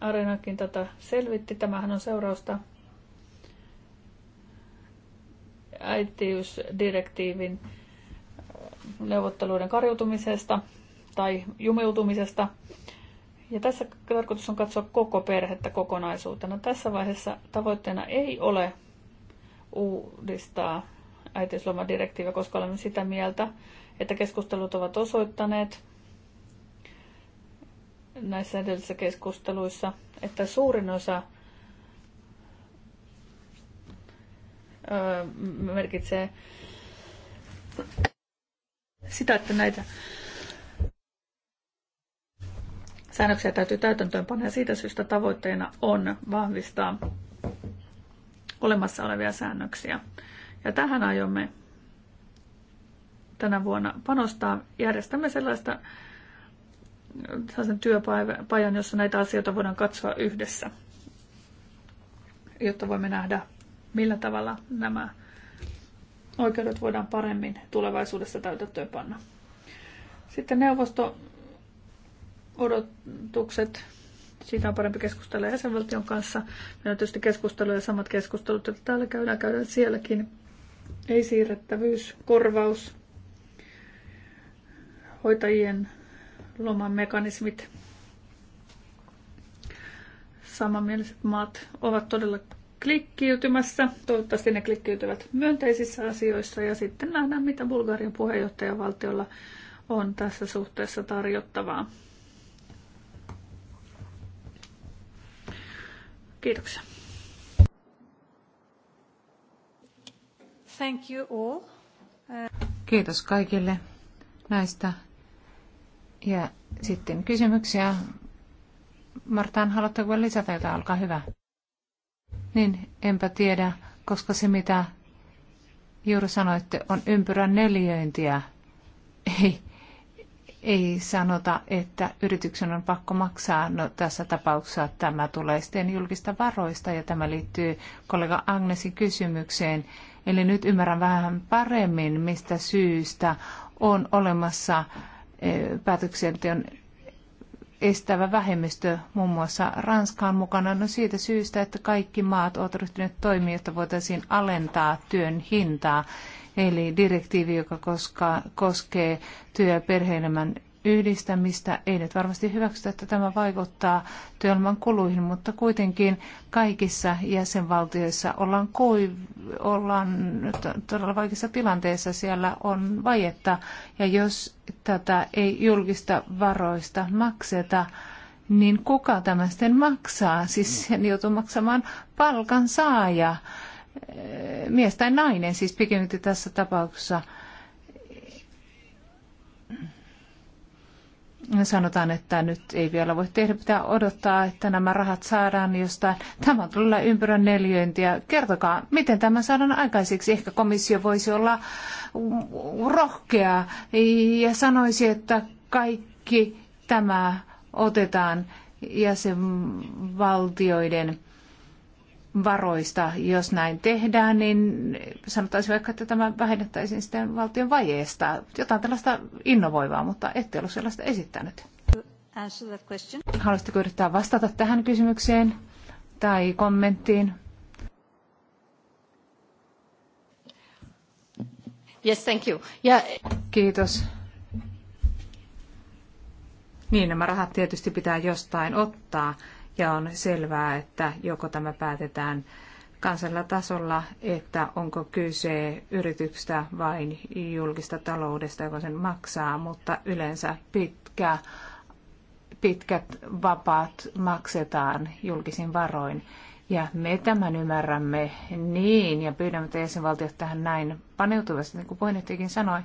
Areenakin tätä selvitti. Tämähän on seurausta äitiysdirektiivin neuvotteluiden karjutumisesta tai jumiutumisesta. Ja tässä tarkoitus on katsoa koko perhettä kokonaisuutena. Tässä vaiheessa tavoitteena ei ole uudistaa äitiyslomadirektiiviä, koska olemme sitä mieltä, että keskustelut ovat osoittaneet näissä edellisissä keskusteluissa, että suurin osa merkitsee sitä, että näitä säännöksiä täytyy täytäntöönpanna ja siitä syystä tavoitteena on vahvistaa olemassa olevia säännöksiä. Ja tähän aiomme tänä vuonna panostaa. Järjestämme sellaista sellaisen työpajan, jossa näitä asioita voidaan katsoa yhdessä, jotta voimme nähdä millä tavalla nämä oikeudet voidaan paremmin tulevaisuudessa täytäntöön panna. Sitten neuvosto odotukset. Siitä on parempi keskustella jäsenvaltion kanssa. Meillä on tietysti keskusteluja samat keskustelut, joita täällä käydään, käydään sielläkin. Ei siirrettävyys, korvaus, hoitajien loman mekanismit, samanmieliset maat ovat todella klikkiytymässä. Toivottavasti ne klikkiytyvät myönteisissä asioissa ja sitten nähdään, mitä Bulgarian puheenjohtajavaltiolla on tässä suhteessa tarjottavaa. Kiitoksia. Thank you all. Kiitos kaikille näistä. Ja sitten kysymyksiä. Martaan, haluatteko lisätä jotain? Olkaa hyvä. Niin, enpä tiedä, koska se mitä juuri sanoitte on ympyrän neljöintiä. Ei, ei sanota, että yrityksen on pakko maksaa. No, tässä tapauksessa tämä tulee sitten julkista varoista ja tämä liittyy kollega Agnesin kysymykseen. Eli nyt ymmärrän vähän paremmin, mistä syystä on olemassa eh, päätöksenteon estävä vähemmistö, muun muassa Ranskaan mukana, no siitä syystä, että kaikki maat ovat ryhtyneet toimia, että voitaisiin alentaa työn hintaa. Eli direktiivi, joka koska, koskee työ- ja perheelämän yhdistämistä. Ei nyt varmasti hyväksytä, että tämä vaikuttaa työelämän kuluihin, mutta kuitenkin kaikissa jäsenvaltioissa ollaan, koi, ollaan todella vaikeassa tilanteessa. Siellä on vajetta ja jos tätä ei julkista varoista makseta, niin kuka tämä sitten maksaa? Siis sen joutuu maksamaan palkansaaja, mies tai nainen siis pikemminkin tässä tapauksessa – sanotaan, että nyt ei vielä voi tehdä, pitää odottaa, että nämä rahat saadaan jostain. Tämä on tullut ympyrän neljöintiä. Kertokaa, miten tämä saadaan aikaiseksi. Ehkä komissio voisi olla rohkea ja sanoisi, että kaikki tämä otetaan jäsenvaltioiden varoista. Jos näin tehdään, niin sanotaan vaikka, että tämä vähennettäisiin sitten valtion vajeesta. Jotain tällaista innovoivaa, mutta ette ole sellaista esittänyt. Haluaisitteko yrittää vastata tähän kysymykseen tai kommenttiin? Yes, thank you. Yeah. Kiitos. Niin, nämä rahat tietysti pitää jostain ottaa ja on selvää, että joko tämä päätetään kansalla tasolla, että onko kyse yrityksestä vai julkista taloudesta, joka sen maksaa, mutta yleensä pitkä, pitkät vapaat maksetaan julkisin varoin. Ja me tämän ymmärrämme niin ja pyydämme, että jäsenvaltiot tähän näin paneutuvasti, niin kuin puheenjohtajakin sanoi,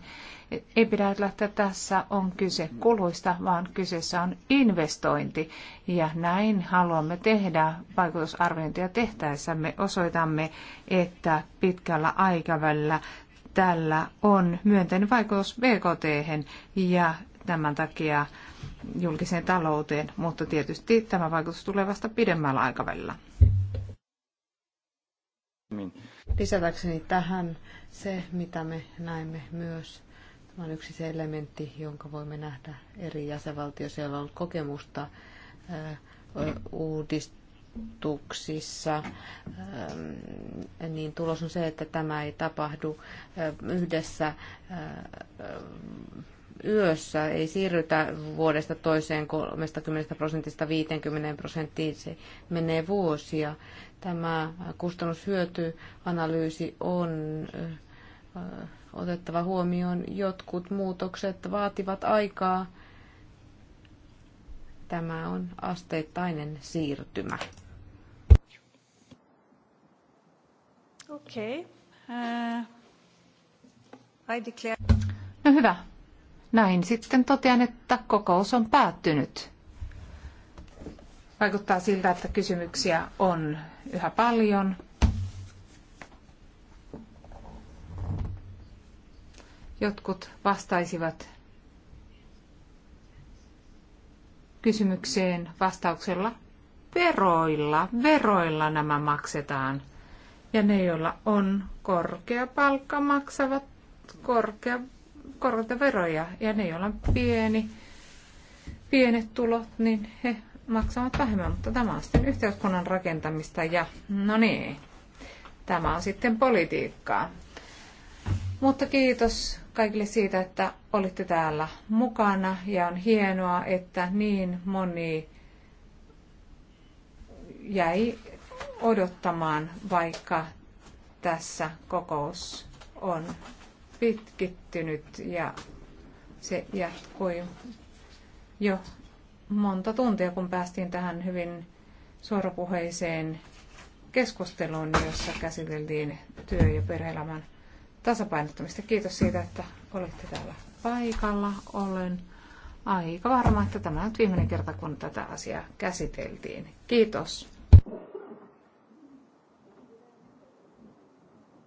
ei pidä lähteä tässä on kyse kuluista, vaan kyseessä on investointi. Ja näin haluamme tehdä vaikutusarviointia Me Osoitamme, että pitkällä aikavälillä tällä on myönteinen vaikutus BKT ja tämän takia julkiseen talouteen, mutta tietysti tämä vaikutus tulee vasta pidemmällä aikavälillä. Lisätäkseni tähän se, mitä me näemme myös Tämä on yksi se elementti, jonka voimme nähdä eri jäsenvaltioissa, joilla on kokemusta uudistuksissa, niin tulos on se, että tämä ei tapahdu yhdessä yössä. Ei siirrytä vuodesta toiseen 30 prosentista 50 prosenttiin, se menee vuosia tämä kustannushyötyanalyysi on otettava huomioon. Jotkut muutokset vaativat aikaa. Tämä on asteittainen siirtymä. Okei. Okay. Uh, äh, I declare... No hyvä. Näin sitten totean, että kokous on päättynyt. Vaikuttaa siltä, että kysymyksiä on yhä paljon. Jotkut vastaisivat kysymykseen vastauksella veroilla. Veroilla nämä maksetaan. Ja ne, joilla on korkea palkka, maksavat korkea, korkeita veroja. Ja ne, joilla on pieni, pienet tulot, niin he maksavat vähemmän, mutta tämä on sitten yhteiskunnan rakentamista ja no niin, tämä on sitten politiikkaa. Mutta kiitos kaikille siitä, että olitte täällä mukana ja on hienoa, että niin moni jäi odottamaan, vaikka tässä kokous on pitkittynyt ja se jatkui jo monta tuntia, kun päästiin tähän hyvin suorapuheiseen keskusteluun, jossa käsiteltiin työ- ja perhe-elämän tasapainottamista. Kiitos siitä, että olitte täällä paikalla. Olen aika varma, että tämä on viimeinen kerta, kun tätä asiaa käsiteltiin. Kiitos.